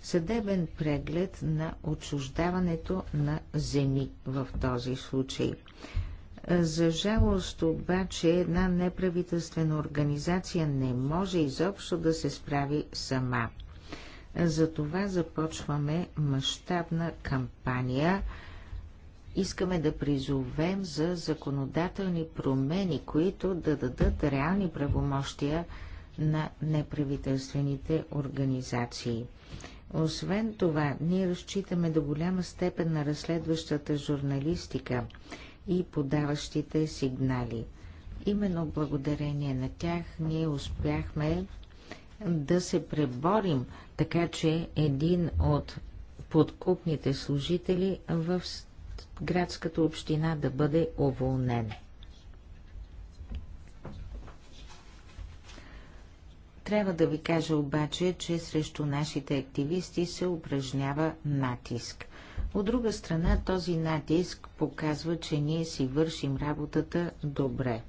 Съдебен преглед на отчуждаването на земи в този случай. За жалост обаче една неправителствена организация не може изобщо да се справи сама – затова започваме мащабна кампания. Искаме да призовем за законодателни промени, които да дадат реални правомощия на неправителствените организации. Освен това, ние разчитаме до голяма степен на разследващата журналистика и подаващите сигнали. Именно благодарение на тях ние успяхме да се преборим така че един от подкупните служители в градската община да бъде уволнен. Трябва да ви кажа обаче, че срещу нашите активисти се упражнява натиск. От друга страна, този натиск показва, че ние си вършим работата добре.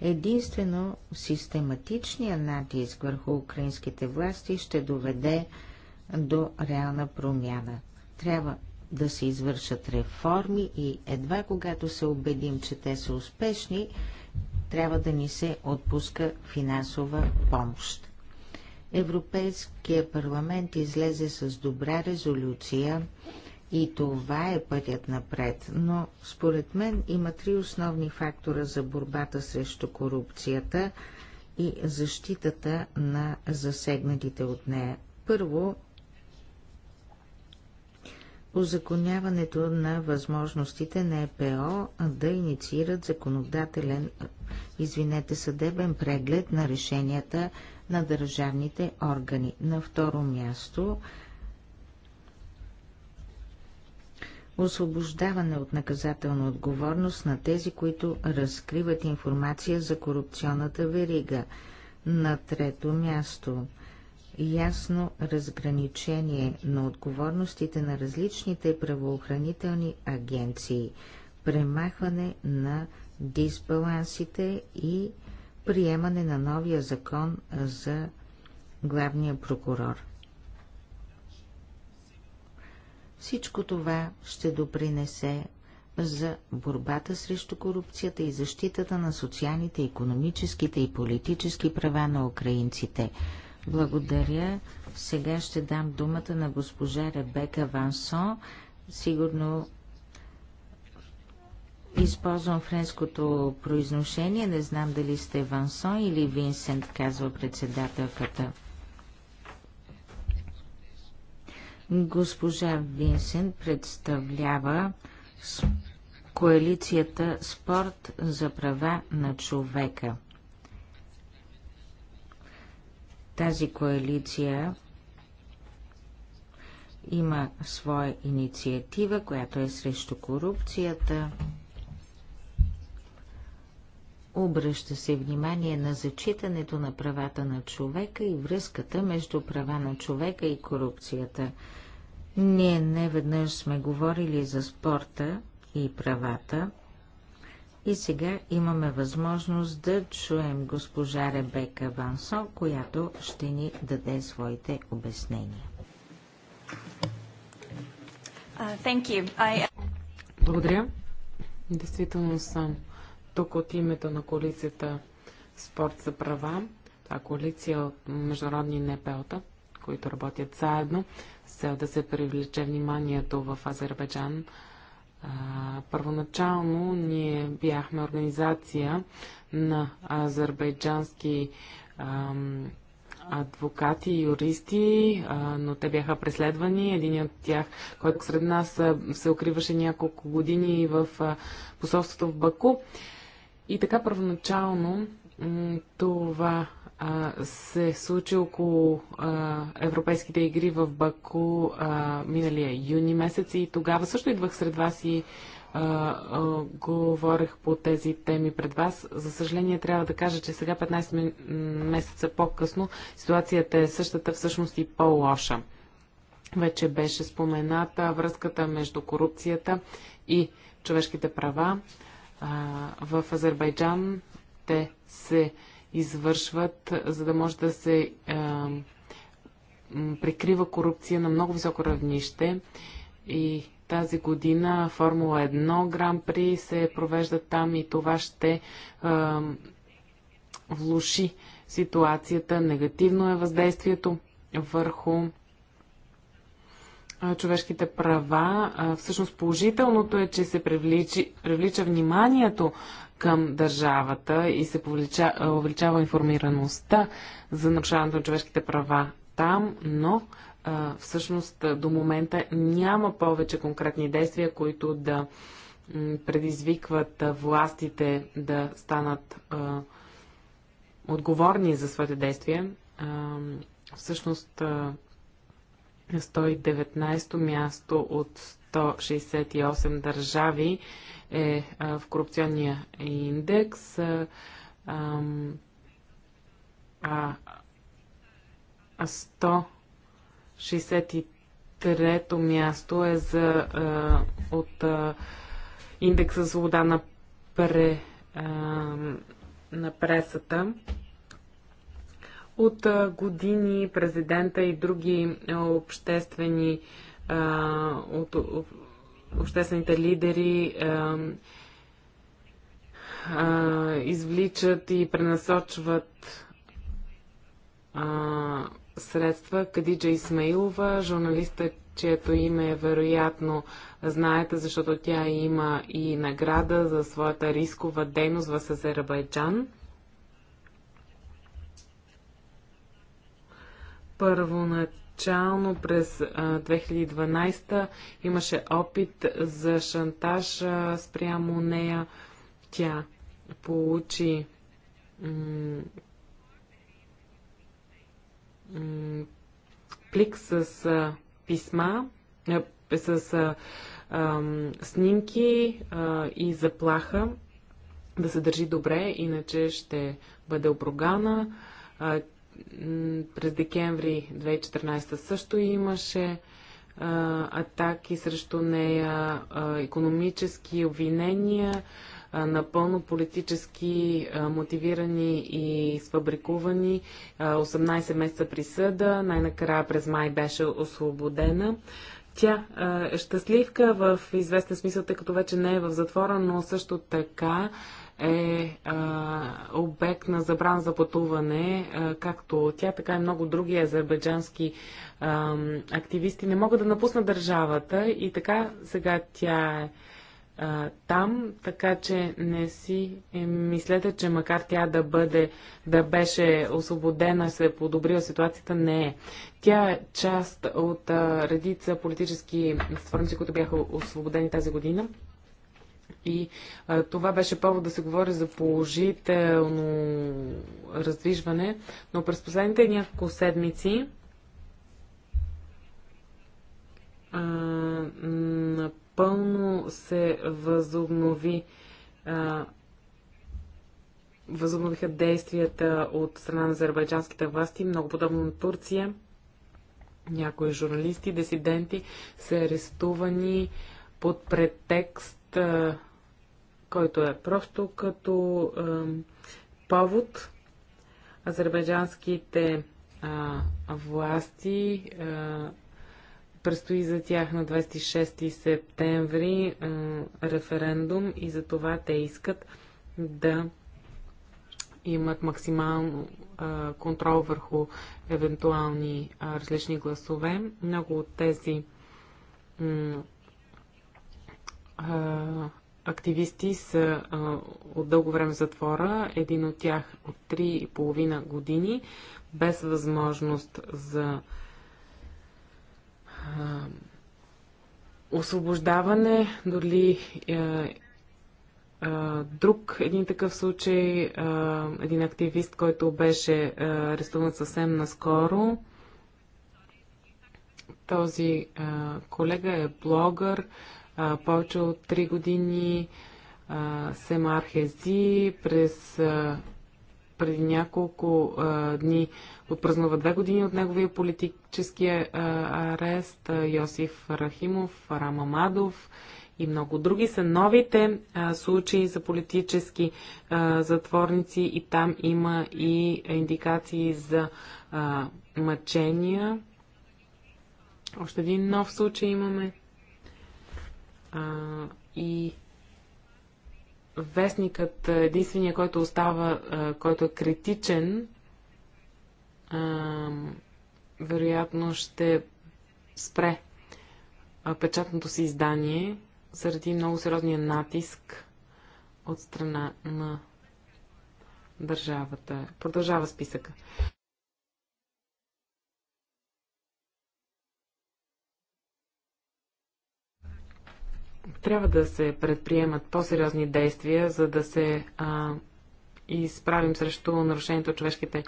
Единствено систематичният натиск върху украинските власти ще доведе до реална промяна. Трябва да се извършат реформи и едва когато се убедим, че те са успешни, трябва да ни се отпуска финансова помощ. Европейския парламент излезе с добра резолюция и това е пътят напред, но според мен има три основни фактора за борбата срещу корупцията и защитата на засегнатите от нея. Първо, озаконяването на възможностите на ЕПО да инициират законодателен, извинете, съдебен преглед на решенията на държавните органи. На второ място – освобождаване от наказателна отговорност на тези, които разкриват информация за корупционната верига. На трето място ясно разграничение на отговорностите на различните правоохранителни агенции, премахване на дисбалансите и приемане на новия закон за главния прокурор. Всичко това ще допринесе за борбата срещу корупцията и защитата на социалните, економическите и политически права на украинците. Благодаря. Сега ще дам думата на госпожа Ребека Вансон. Сигурно използвам френското произношение. Не знам дали сте Вансон или Винсент, казва председателката. Госпожа Винсен представлява коалицията Спорт за права на човека. Тази коалиция има своя инициатива, която е срещу корупцията. Обръща се внимание на зачитането на правата на човека и връзката между права на човека и корупцията. Ние не веднъж сме говорили за спорта и правата и сега имаме възможност да чуем госпожа Ребека Вансо, която ще ни даде своите обяснения. Uh, I... Благодаря. Действително съм тук от името на коалицията Спорт за права. Това е коалиция от международни НПО-та, които работят заедно с цел да се привлече вниманието в Азербайджан. първоначално ние бяхме организация на азербайджански адвокати и юристи, но те бяха преследвани. Един от тях, който сред нас се укриваше няколко години в посолството в Баку. И така първоначално това се е случи около а, Европейските игри в Баку а, миналия юни месец и тогава също идвах сред вас и а, а, говорех по тези теми пред вас. За съжаление трябва да кажа, че сега 15 месеца по-късно ситуацията е същата всъщност и по-лоша. Вече беше спомената връзката между корупцията и човешките права. А, в Азербайджан те се а, извършват, за да може да се а, прикрива корупция на много високо равнище. И тази година Формула 1 Гран При се провежда там и това ще а, влуши ситуацията. Негативно е въздействието върху човешките права. Всъщност положителното е, че се привлича вниманието към държавата и се повлича, е, увеличава информираността за нарушаването на човешките права там, но а, е, всъщност е, до момента няма повече конкретни действия, които да предизвикват властите да станат а, отговорни за своите действия. А, всъщност а, 119 място от 168 държави е в корупционния индекс. А 163-то място е за, от индекса свобода на, пре, на пресата. От години президента и други обществени от обществените лидери а, а, извличат и пренасочват а, средства. Кадиджа Исмаилова, журналиста, чието име е вероятно знаете, защото тя има и награда за своята рискова дейност в Азербайджан. Първо на първоначално през 2012 имаше опит за шантаж спрямо нея. Тя получи плик с писма, с снимки и заплаха да се държи добре, иначе ще бъде обругана през декември 2014 също имаше а, атаки срещу нея, а, економически обвинения, а, напълно политически а, мотивирани и сфабрикувани, а, 18 месеца присъда, най-накрая през май беше освободена. Тя е щастливка в известен смисъл, тъй като вече не е в затвора, но също така е а, обект на забран за пътуване, а, както тя, така и много други азербайджански а, активисти не могат да напуснат държавата и така сега тя е а, там, така че не си е, мислете, че макар тя да бъде, да беше освободена, се е подобрила ситуацията, не е. Тя е част от а, редица политически створници, които бяха освободени тази година и а, това беше повод да се говори за положително раздвижване, но през последните няколко седмици а, напълно се възобнови а, възобновиха действията от страна на азербайджанските власти, много подобно на Турция. Някои журналисти, дисиденти са арестувани под претекст а, който е просто като е, повод азербайджанските а, власти. А, предстои за тях на 26 септември е, референдум и за това те искат да имат максимално е, контрол върху евентуални е, различни гласове. Много от тези активисти са а, от дълго време затвора, един от тях от 3,5 години, без възможност за а, освобождаване, дори а, е, е, друг един такъв случай, е, един активист, който беше арестуван съвсем наскоро. Този колега е блогър, а, повече от 3 години. А, Семар Хези през а, преди няколко а, дни отпразнува две години от неговия политически а, арест. А, Йосиф Рахимов, Рама Мадов и много други са новите а, случаи за политически а, затворници и там има и индикации за а, мъчения. Още един нов случай имаме а, и вестникът, единствения, който остава, а, който е критичен, а, вероятно ще спре а, печатното си издание заради много сериозния натиск от страна на държавата. Продължава списъка. Трябва да се предприемат по-сериозни действия, за да се а, изправим срещу нарушението на човешките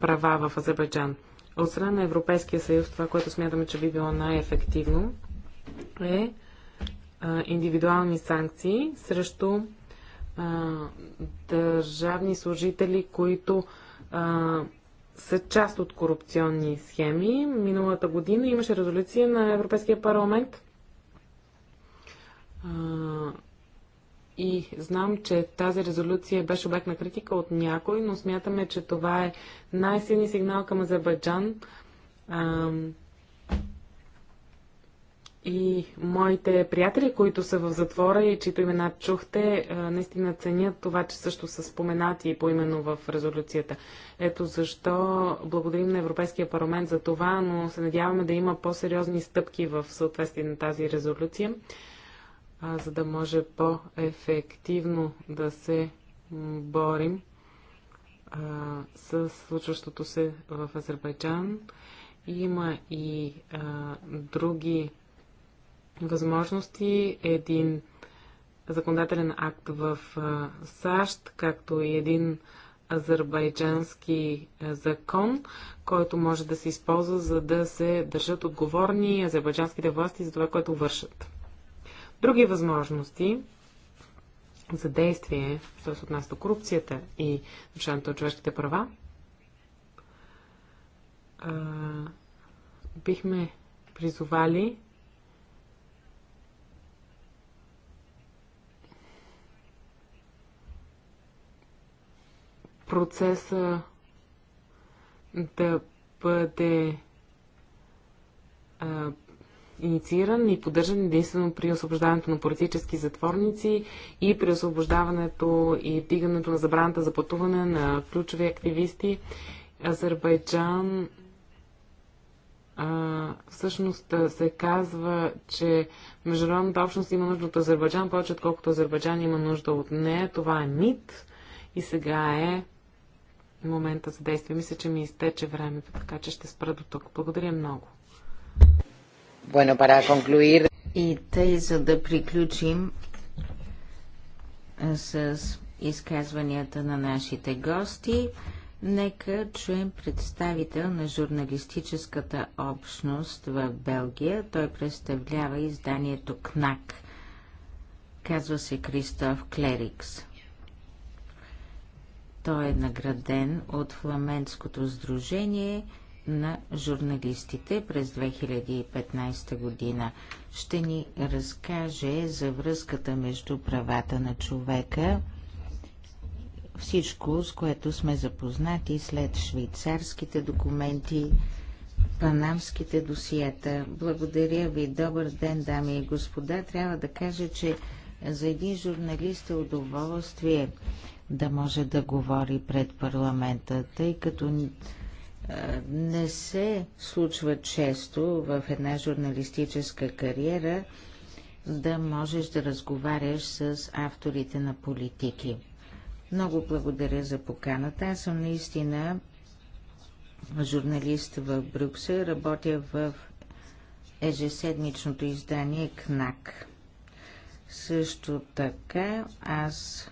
права в Азербайджан. От страна на Европейския съюз, това, което смятаме, че би било най-ефективно, е а, индивидуални санкции срещу а, държавни служители, които а, са част от корупционни схеми. Миналата година имаше резолюция на Европейския парламент и знам, че тази резолюция беше обект на критика от някой, но смятаме, че това е най-силният сигнал към Азербайджан. А, и моите приятели, които са в затвора и чието имена чухте, наистина ценят това, че също са споменати и поименно в резолюцията. Ето защо благодарим на Европейския парламент за това, но се надяваме да има по-сериозни стъпки в съответствие на тази резолюция а, за да може по-ефективно да се борим а, с случващото се в Азербайджан. Има и а, други възможности. Един законодателен акт в а, САЩ, както и един азербайджански закон, който може да се използва, за да се държат отговорни азербайджанските власти за това, което вършат други възможности за действие, що се отнася до корупцията и нарушаването на човешките права, а, бихме призовали процеса да бъде а, иницииран и поддържан единствено при освобождаването на политически затворници и при освобождаването и вдигането на забраната за пътуване на ключови активисти. Азербайджан а, всъщност се казва, че международната общност има нужда от Азербайджан повече, отколкото Азербайджан има нужда от нея. Това е мит и сега е момента за действие. Мисля, че ми изтече времето, така че ще спра до тук. Благодаря много. Bueno, para concluir... И тъй, за да приключим с изказванията на нашите гости, нека чуем представител на журналистическата общност в Белгия. Той представлява изданието КНАК. Казва се Кристоф Клерикс. Той е награден от Фламенското сдружение – на журналистите през 2015 година. Ще ни разкаже за връзката между правата на човека, всичко, с което сме запознати след швейцарските документи, панамските досиета. Благодаря ви. Добър ден, дами и господа. Трябва да кажа, че за един журналист е удоволствие да може да говори пред парламента, тъй като не се случва често в една журналистическа кариера да можеш да разговаряш с авторите на политики. Много благодаря за поканата. Аз съм наистина журналист в Брюксел. Работя в ежеседмичното издание КНАК. Също така аз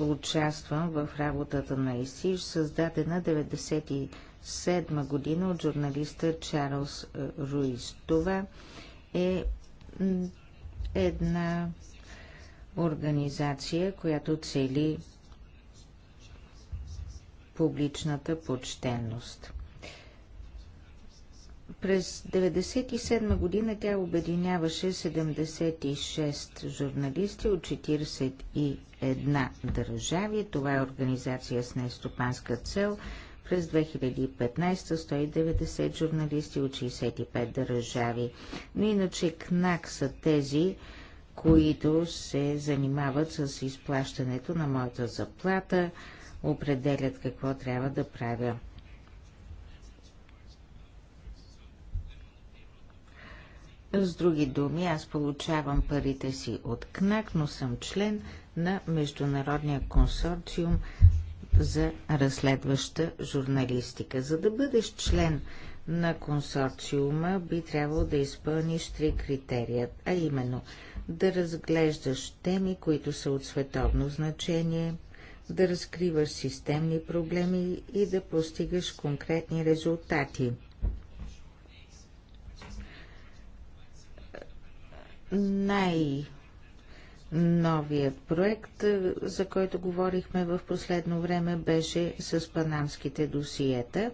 участвам в работата на ИСИЖ, създадена 1997 година от журналиста Чарлз е, Руис. Това е една организация, която цели публичната почтенност. През 1997 година тя обединяваше 76 журналисти от една държави. Това е организация с нестопанска цел. През 2015 190 журналисти от 65 държави. Но иначе КНАК са тези, които се занимават с изплащането на моята заплата, определят какво трябва да правя. С други думи, аз получавам парите си от КНАК, но съм член на Международния консорциум за разследваща журналистика. За да бъдеш член на консорциума, би трябвало да изпълниш три критерия, а именно да разглеждаш теми, които са от световно значение, да разкриваш системни проблеми и да постигаш конкретни резултати – най- Новият проект, е, за който говорихме в последно време, беше с панамските досиета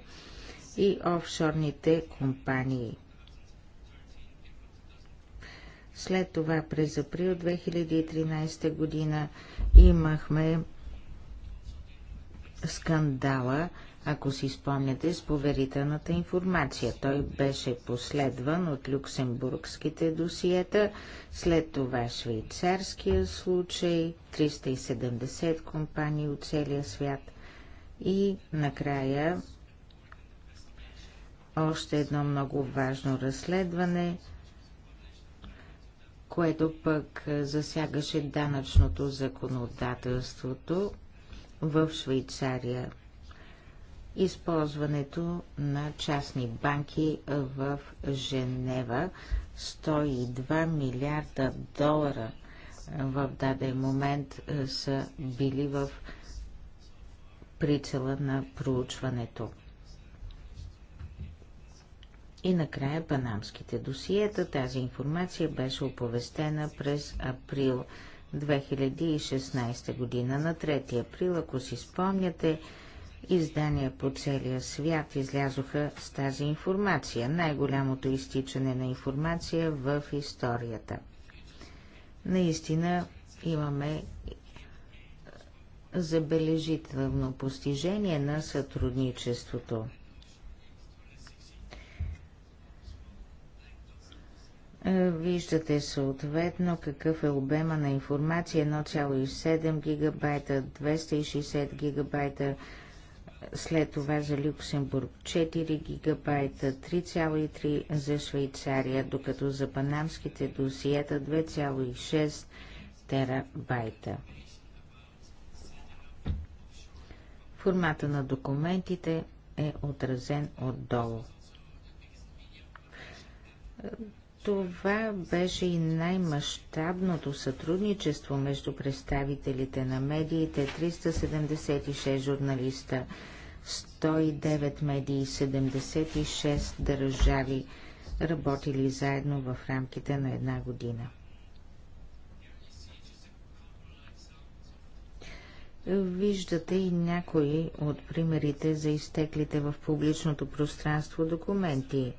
и офшорните компании. След това през април 2013 година имахме скандала ако си спомняте, с поверителната информация. Той беше последван от люксембургските досиета, след това швейцарския случай, 370 компании от целия свят и накрая още едно много важно разследване, което пък засягаше данъчното законодателството в Швейцария използването на частни банки в Женева. 102 милиарда долара в даден момент е, са били в прицела на проучването. И накрая панамските досиета. Тази информация беше оповестена през април 2016 година. На 3 април, ако си спомняте, издания по целия свят излязоха с тази информация, най-голямото изтичане на информация в историята. Наистина имаме забележително постижение на сътрудничеството. Виждате съответно какъв е обема на информация 1,7 гигабайта, 260 гигабайта, след това за Люксембург 4 гигабайта, 3,3 за Швейцария, докато за панамските досиета 2,6 терабайта. Формата на документите е отразен отдолу. Това беше и най-мащабното сътрудничество между представителите на медиите 376 журналиста 109 медии, 76 държави работили заедно в рамките на една година. Виждате и някои от примерите за изтеклите в публичното пространство документи.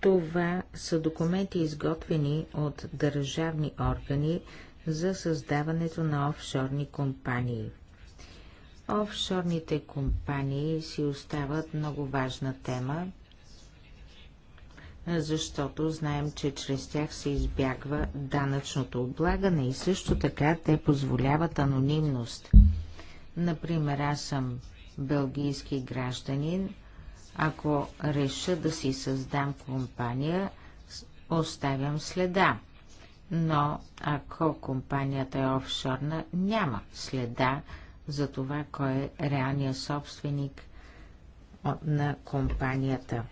Това са документи изготвени от държавни органи за създаването на офшорни компании. Офшорните компании си остават много важна тема, защото знаем, че чрез тях се избягва данъчното облагане и също така те позволяват анонимност. Например, аз съм бългийски гражданин, ако реша да си създам компания, оставям следа но ако компанията е офшорна, няма следа за това, кой е реалният собственик на компанията.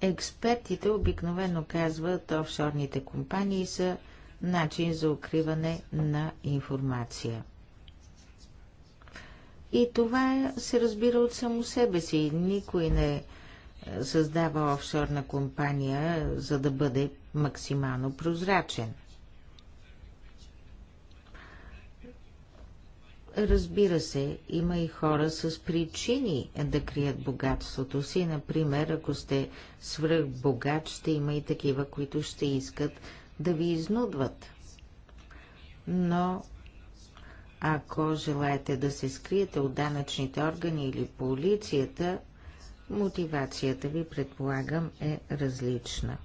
Експертите обикновено казват, офшорните компании са начин за укриване на информация. И това се разбира от само себе си. Никой не е създава офшорна компания, за да бъде максимално прозрачен. Разбира се, има и хора с причини да крият богатството си. Например, ако сте свръхбогат, ще има и такива, които ще искат да ви изнудват. Но ако желаете да се скриете от данъчните органи или полицията, Мотивацията ви, предполагам, е различна.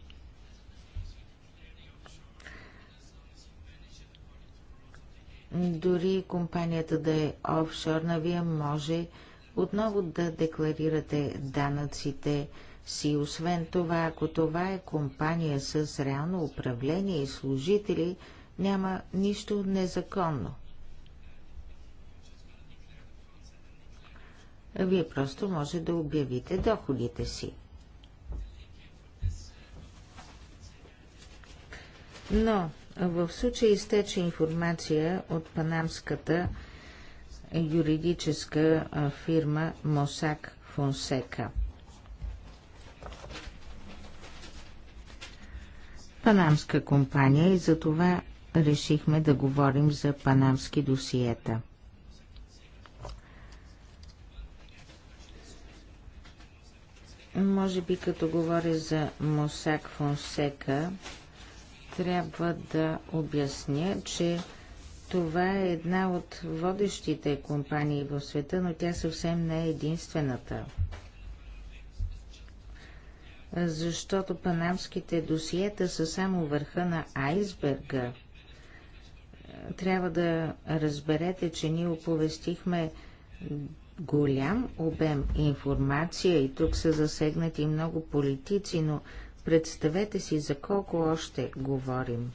Дори компанията да е офшорна, вие може отново да декларирате данъците си. Освен това, ако това е компания с реално управление и служители, няма нищо незаконно. Вие просто може да обявите доходите си. Но в случай изтече информация от панамската юридическа фирма Мосак Фонсека. Панамска компания и за това решихме да говорим за панамски досиета – Може би като говоря за Мосак Фонсека, трябва да обясня, че това е една от водещите компании в света, но тя съвсем не е единствената. Защото панамските досиета са само върха на айсберга. Трябва да разберете, че ние оповестихме голям обем информация и тук са засегнати много политици, но представете си за колко още говорим.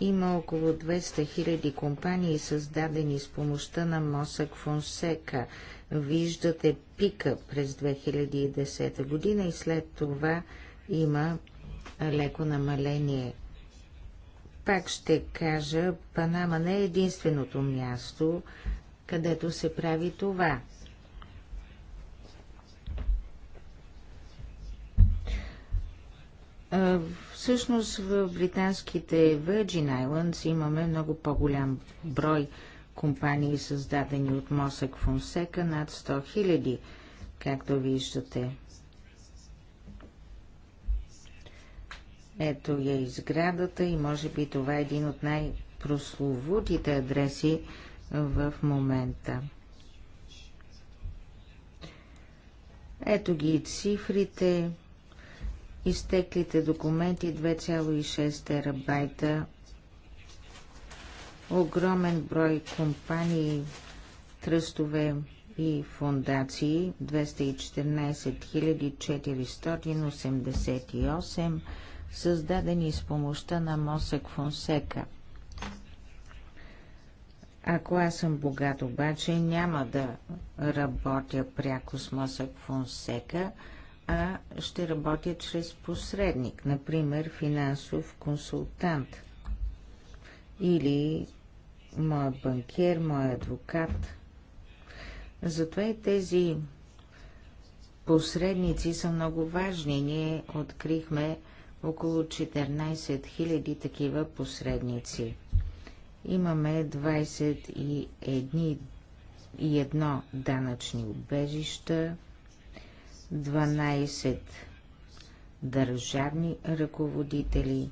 Има около 200 000 компании, създадени с помощта на Мосък Фонсека. Виждате пика през 2010 година и след това има леко намаление пак ще кажа, Панама не е единственото място, където се прави това. Всъщност в британските Virgin Islands имаме много по-голям брой компании, създадени от Мосък Фонсека, над 100 000, както виждате. Ето я изградата и може би това е един от най-прословутите адреси в момента. Ето ги и цифрите, изтеклите документи 2,6 терабайта, огромен брой компании, тръстове и фундации 214 488 създадени с помощта на Мосък Фонсека. Ако аз съм богат обаче, няма да работя пряко с Мосък Фонсека, а ще работя чрез посредник, например финансов консултант или моят банкер, моят адвокат. Затова и тези посредници са много важни. Ние открихме около 14 000 такива посредници. Имаме 21 данъчни убежища, 12 държавни ръководители,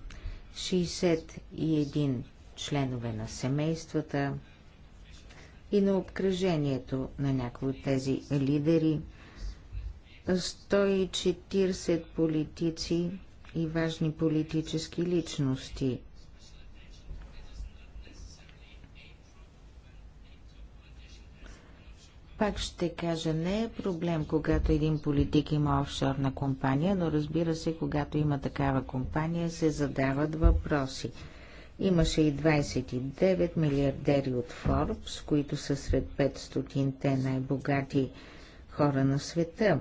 61 членове на семействата и на обкръжението на някои от тези лидери, 140 политици и важни политически личности. Пак ще кажа, не е проблем, когато един политик има офшорна компания, но разбира се, когато има такава компания, се задават въпроси. Имаше и 29 милиардери от Форбс, които са сред 500-те най-богати хора на света.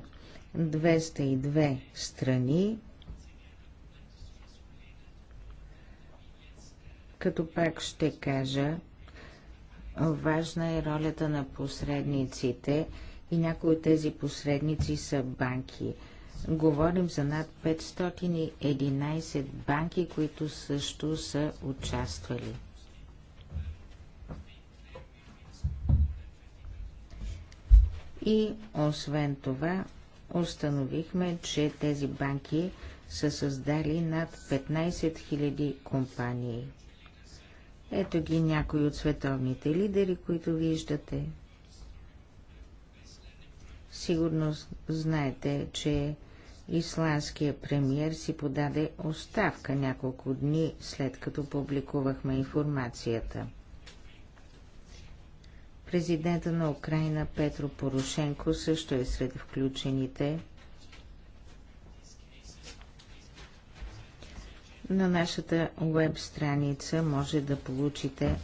202 страни Като пак ще кажа, важна е ролята на посредниците и някои от тези посредници са банки. Говорим за над 511 банки, които също са участвали. И освен това, установихме, че тези банки са създали над 15 000 компании – ето ги някои от световните лидери, които виждате. Сигурно знаете, че исландският премьер си подаде оставка няколко дни след като публикувахме информацията. Президента на Украина Петро Порошенко също е сред включените. На нашата веб страница може да получите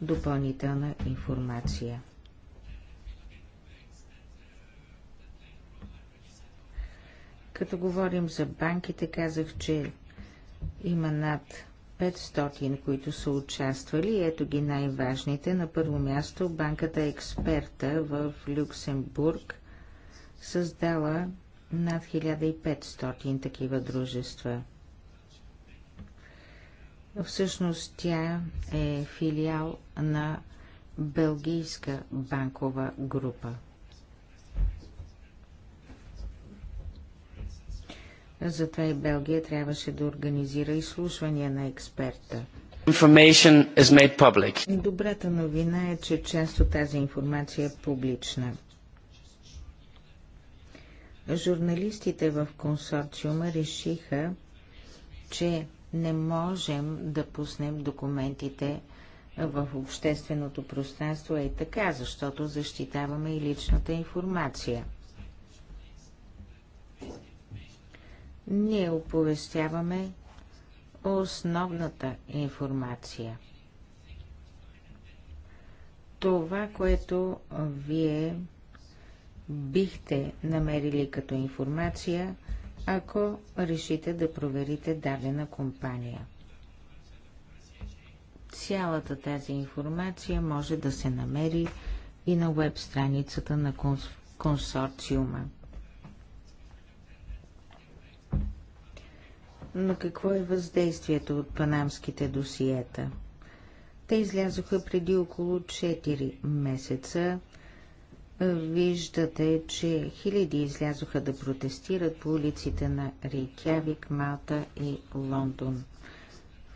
допълнителна информация. Като говорим за банките, казах, че има над 500, които са участвали. Ето ги най-важните. На първо място банката Експерта в Люксембург създала над 1500 такива дружества. Всъщност тя е филиал на Белгийска банкова група. Затова и Белгия трябваше да организира изслушвания на експерта. Добрата новина е, че част от тази информация е публична. Журналистите в консорциума решиха, че не можем да пуснем документите в общественото пространство е така, защото защитаваме и личната информация. Ние оповестяваме основната информация. Това, което вие бихте намерили като информация – ако решите да проверите дадена компания. Цялата тази информация може да се намери и на веб страницата на конс... консорциума. Но какво е въздействието от панамските досиета? Те излязоха преди около 4 месеца. Виждате, че хиляди излязоха да протестират по улиците на Рейкявик, Малта и Лондон.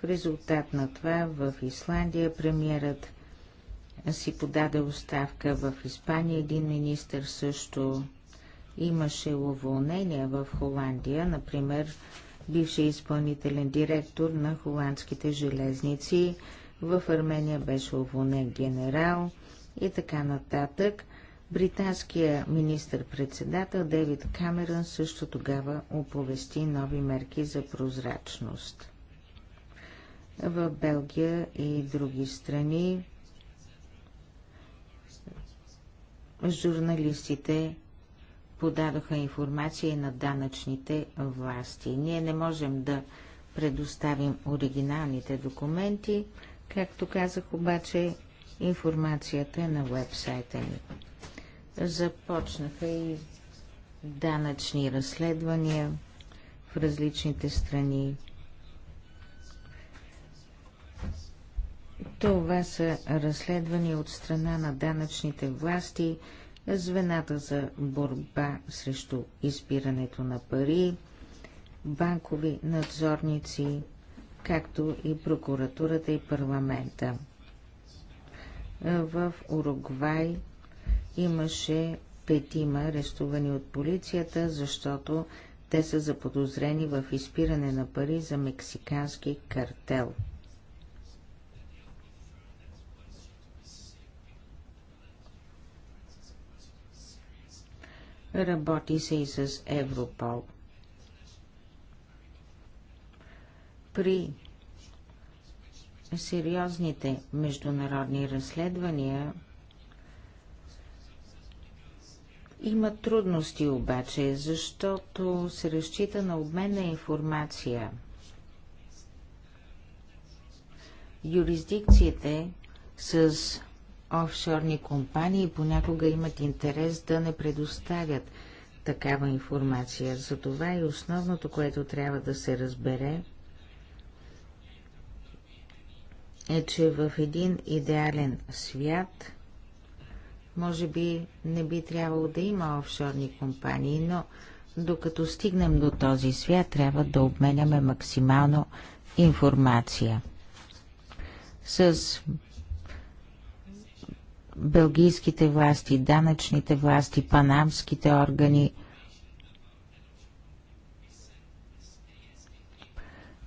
В резултат на това в Исландия премиерът си подаде оставка в Испания, един министр също имаше уволнение в Холандия, например бившия изпълнителен директор на холандските железници, в Армения беше уволнен генерал и така нататък – Британският министр-председател Дейвид Камерън също тогава оповести нови мерки за прозрачност. В Белгия и други страни журналистите подадоха информация на данъчните власти. Ние не можем да предоставим оригиналните документи, както казах обаче, информацията е на вебсайта ни. Започнаха и данъчни разследвания в различните страни. Това са разследвания от страна на данъчните власти, звената за борба срещу избирането на пари, банкови надзорници, както и прокуратурата и парламента. В Уругвай имаше петима арестувани от полицията, защото те са заподозрени в изпиране на пари за мексикански картел. Работи се и с Европол. При сериозните международни разследвания Има трудности обаче, защото се разчита на обмен на информация. Юрисдикциите с офшорни компании понякога имат интерес да не предоставят такава информация. Затова и основното, което трябва да се разбере, е, че в един идеален свят може би не би трябвало да има офшорни компании, но докато стигнем до този свят, трябва да обменяме максимално информация. С белгийските власти, данъчните власти, панамските органи.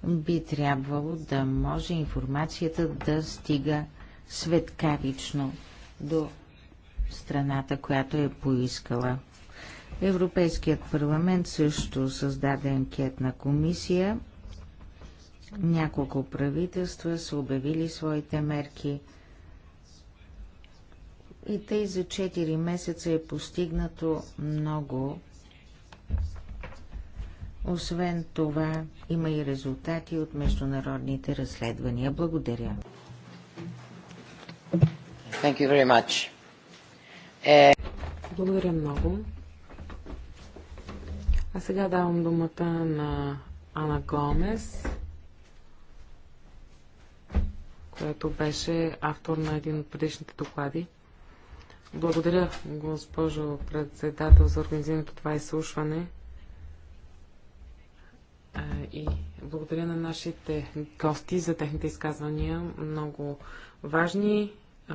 Би трябвало да може информацията да стига светкавично до страната, която е поискала. Европейският парламент също създаде анкетна комисия. Няколко правителства са обявили своите мерки. И тъй за 4 месеца е постигнато много. Освен това, има и резултати от международните разследвания. Благодаря. Thank you very much. Е... Благодаря много. А сега давам думата на Ана Гомес, която беше автор на един от предишните доклади. Благодаря, госпожо председател, за организирането това изслушване. Е, и благодаря на нашите гости за техните изказвания. Много важни е,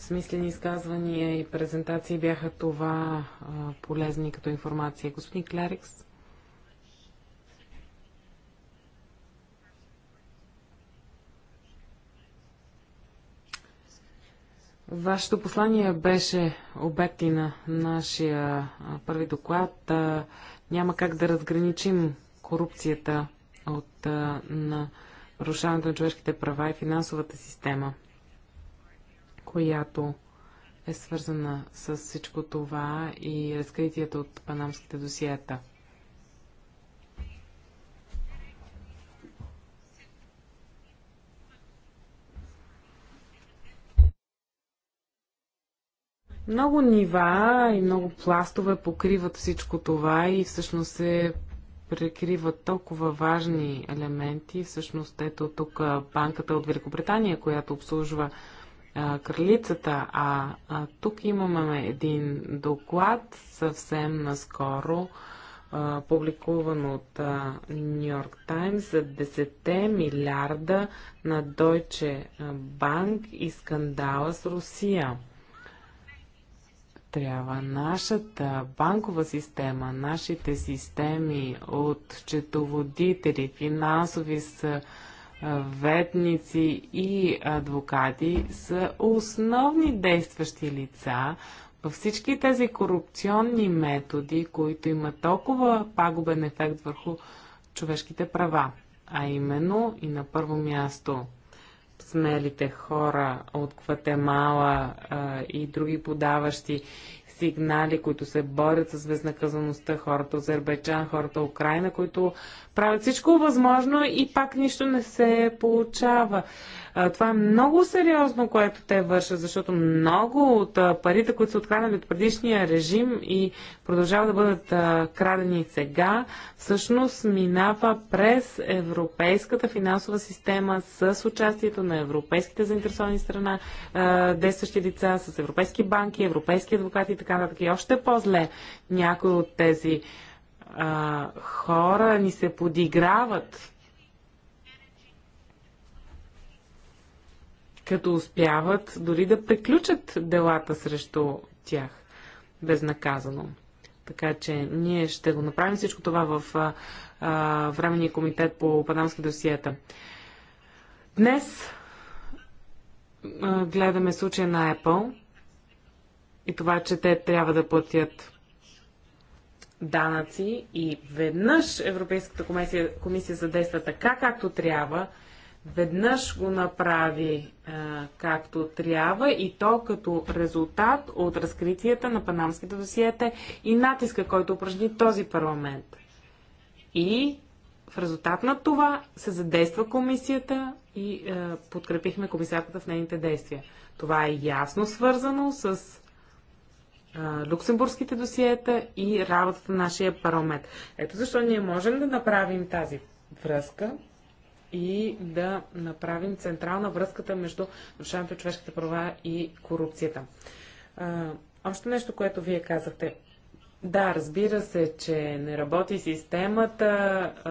смислени изказвания и презентации бяха това а, полезни като информация. Господин Клерикс. Вашето послание беше обекти на нашия първи доклад. А, няма как да разграничим корупцията от а, на нарушаването на човешките права и финансовата система която е свързана с всичко това и разкритията от панамските досиета. Много нива и много пластове покриват всичко това и всъщност се прикриват толкова важни елементи. Всъщност ето тук банката от Великобритания, която обслужва кралицата. А, а тук имаме един доклад съвсем наскоро, а, публикуван от Нью Йорк Таймс за 10 милиарда на Deutsche Bank и скандала с Русия. Трябва нашата банкова система, нашите системи от четоводители, финансови са ветници и адвокати са основни действащи лица във всички тези корупционни методи, които имат толкова пагубен ефект върху човешките права. А именно и на първо място смелите хора от Гватемала а, и други подаващи сигнали, които се борят с безнаказаността, хората от Азербайджан, хората от Украина, които правят всичко възможно и пак нищо не се получава. А, това е много сериозно, което те вършат, защото много от а, парите, които са откраднали от предишния режим и продължават да бъдат а, крадени сега, всъщност минава през европейската финансова система с участието на европейските заинтересовани страна, действащи лица, с европейски банки, европейски адвокати и така нататък. И още по-зле някои от тези хора ни се подиграват като успяват дори да приключат делата срещу тях безнаказано. Така че ние ще го направим всичко това в а, а, Временния комитет по панамски досиета. Днес а, гледаме случая на Apple и това, че те трябва да платят данъци и веднъж Европейската комисия, комисия задейства така, както трябва веднъж го направи а, е, както трябва и то като резултат от разкритията на панамските досиета и натиска, който упражни този парламент. И в резултат на това се задейства комисията и е, подкрепихме комисарката в нейните действия. Това е ясно свързано с е, люксембургските досиета и работата на нашия парламент. Ето защо ние можем да направим тази връзка и да направим централна връзката между нарушаването на човешките права и корупцията. А, още нещо, което вие казахте. Да, разбира се, че не работи системата а,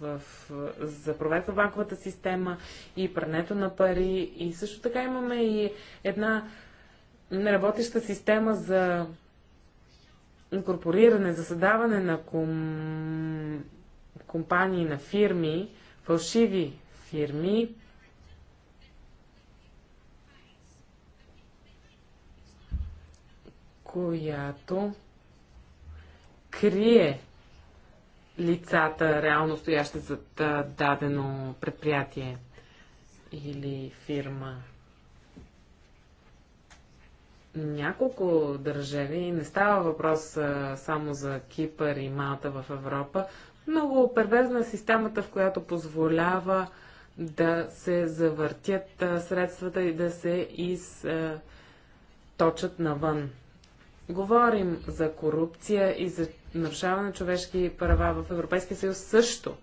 в, за проверка банковата система и прането на пари. И също така имаме и една неработеща система за инкорпориране, за създаване на ком... компании, на фирми, фалшиви фирми, която крие лицата, реално стоящи за дадено предприятие или фирма. Няколко държави, не става въпрос само за Кипър и Малта в Европа, много перверзна е системата, в която позволява да се завъртят средствата и да се източат навън. Говорим за корупция и за нарушаване на човешки права в Европейския съюз също,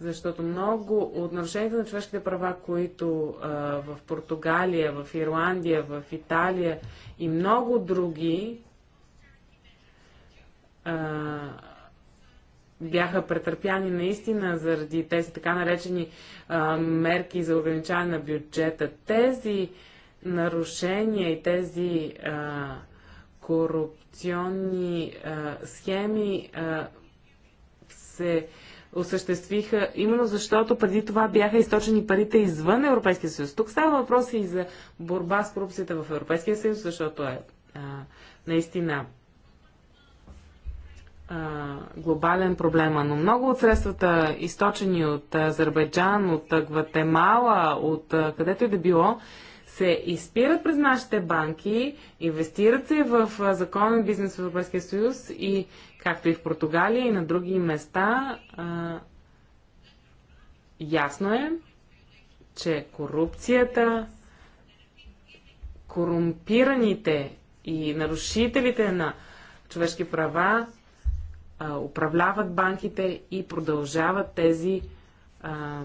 защото много от нарушенията на човешките права, които а, в Португалия, в Ирландия, в Италия и много други а, бяха претърпяни наистина заради тези така наречени а, мерки за ограничаване на бюджета. Тези нарушения и тези а, корупционни а, схеми а, се осъществиха именно защото преди това бяха източени парите извън Европейския съюз. Тук става въпрос и за борба с корупцията в Европейския съюз, защото е а, наистина глобален проблема, но много от средствата, източени от Азербайджан, от Гватемала, от където и е да било, се изпират през нашите банки, инвестират се в законен бизнес в Европейския съюз и както и в Португалия и на други места, а, ясно е, че корупцията, корумпираните и нарушителите на човешки права управляват банките и продължават тези а,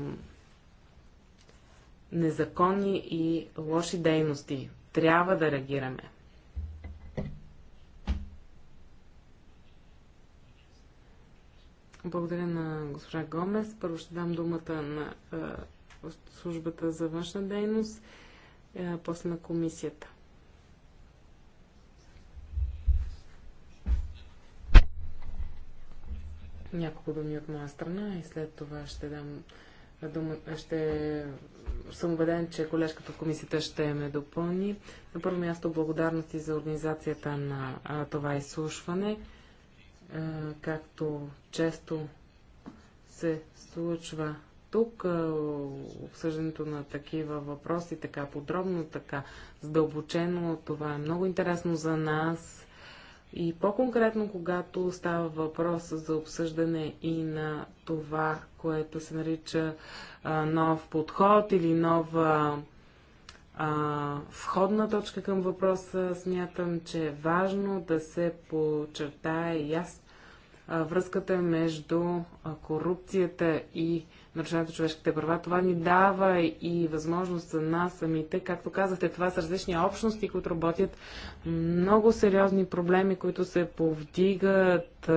незаконни и лоши дейности. Трябва да реагираме. Благодаря на госпожа Гомес. Първо ще дам думата на а, службата за външна дейност, а, после на комисията. Няколко думи от моя страна и след това ще дам дума, ще съм убеден, че колежката в комисията ще ме допълни. На първо място благодарности за организацията на това изслушване. както често се случва тук, обсъждането на такива въпроси така подробно, така задълбочено, това е много интересно за нас и по-конкретно, когато става въпрос за обсъждане и на това, което се нарича а, нов подход или нова а, входна точка към въпроса, смятам, че е важно да се аз а, връзката между корупцията и нарушението на човешките права. Това ни дава и възможност за нас самите. Както казахте, това са различни общности, които работят много сериозни проблеми, които се повдигат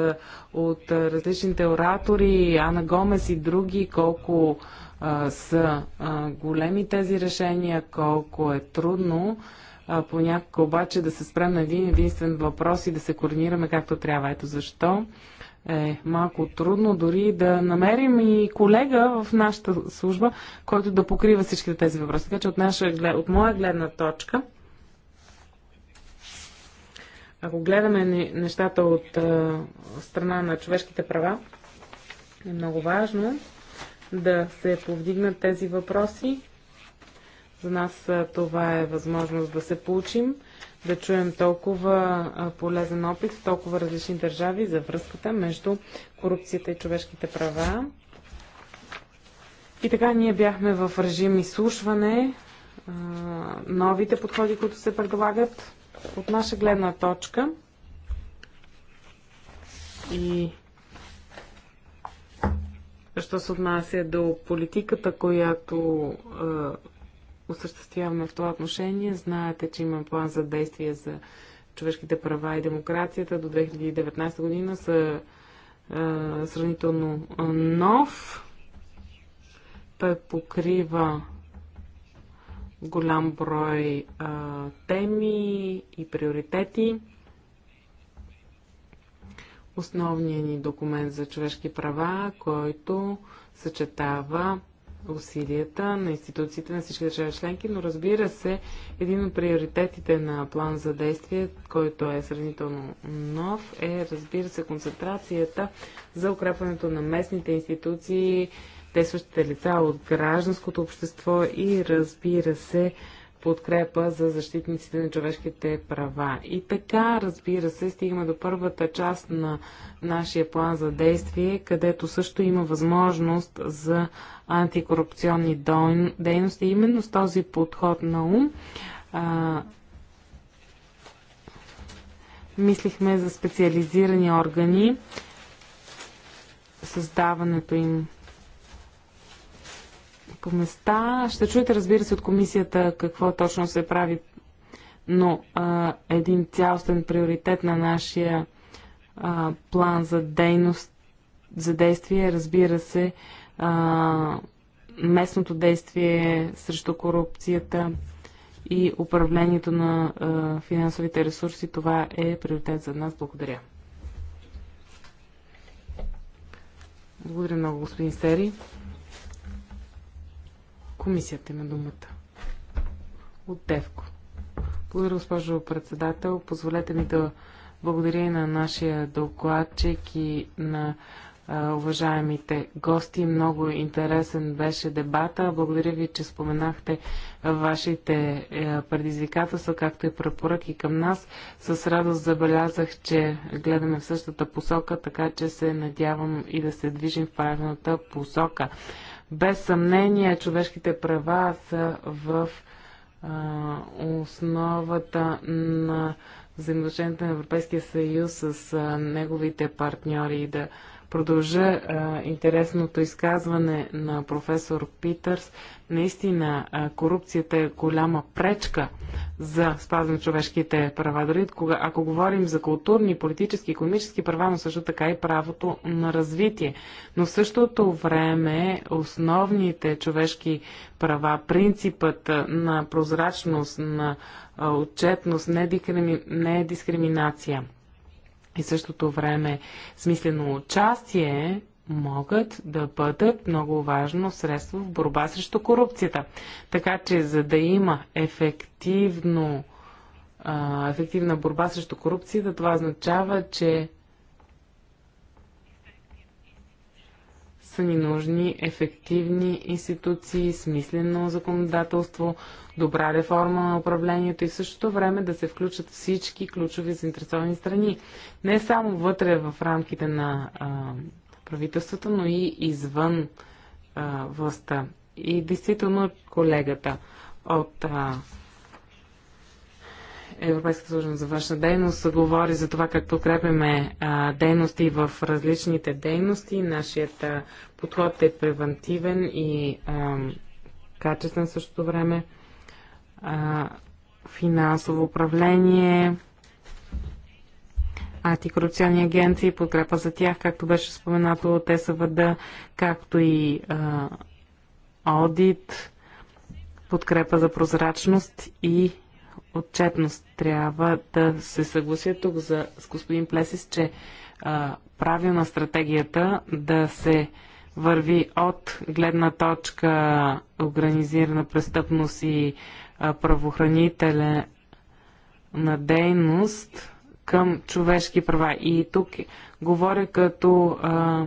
от различните оратори, Ана Гомес и други, колко а, са а, големи тези решения, колко е трудно понякога обаче да се спрем на един единствен въпрос и да се координираме както трябва. Ето защо е малко трудно дори да намерим и колега в нашата служба, който да покрива всички тези въпроси. Така че от, наша, от моя гледна точка, ако гледаме нещата от а, страна на човешките права, е много важно да се повдигнат тези въпроси. За нас а, това е възможност да се получим, да чуем толкова полезен опит в толкова различни държави за връзката между корупцията и човешките права. И така ние бяхме в режим изслушване. Новите подходи, които се предлагат от наша гледна точка и що се отнася до политиката, която осъществяваме в това отношение. Знаете, че имам план за действие за човешките права и демокрацията до 2019 година са е, сравнително нов. Той покрива голям брой е, теми и приоритети. Основният ни документ за човешки права, който съчетава усилията на институциите на всички държави членки, но разбира се, един от приоритетите на план за действие, който е сравнително нов, е разбира се концентрацията за укрепването на местните институции, действащите лица от гражданското общество и разбира се подкрепа за защитниците на човешките права. И така, разбира се, стигаме до първата част на нашия план за действие, където също има възможност за антикорупционни дейности. Именно с този подход на ум мислихме за специализирани органи, създаването им по места. Ще чуете, разбира се, от комисията какво точно се прави, но а, един цялостен приоритет на нашия а, план за дейност, за действие, разбира се, а, местното действие срещу корупцията и управлението на а, финансовите ресурси. Това е приоритет за нас. Благодаря. Благодаря много, господин Сери. Комисията има думата. От Девко. Благодаря, госпожо председател. Позволете ми да благодаря и на нашия докладчик и на уважаемите гости. Много интересен беше дебата. Благодаря ви, че споменахте вашите е, предизвикателства, както и препоръки към нас. С радост забелязах, че гледаме в същата посока, така че се надявам и да се движим в правилната посока. Без съмнение, човешките права са в а, основата на взаимоотношенията на Европейския съюз с а, неговите партньори и да продължа а, интересното изказване на професор Питърс. Наистина а, корупцията е голяма пречка за спазване на човешките права. Дори кога, ако говорим за културни, политически, економически права, но също така и правото на развитие. Но в същото време основните човешки права, принципът на прозрачност, на отчетност, недискриминация – и същото време смислено участие могат да бъдат много важно средство в борба срещу корупцията. Така че, за да има ефективно, ефективна борба срещу корупцията, това означава, че са ни нужни ефективни институции, смислено законодателство, добра реформа на управлението и в същото време да се включат всички ключови заинтересовани страни. Не само вътре в рамките на а, правителството, но и извън а, властта. И действително колегата от а, Европейската служба за външна дейност говори за това как подкрепяме дейности в различните дейности. Нашият подход е превентивен и а, качествен същото време. А, финансово управление, антикорупционни агенции, подкрепа за тях, както беше споменато от СВД, както и а, аудит подкрепа за прозрачност и отчетност. Трябва да се съглася тук за, с господин Плесис, че а, правилна стратегията да се върви от гледна точка организирана престъпност и а, правоохранителен на дейност към човешки права. И тук говоря като а,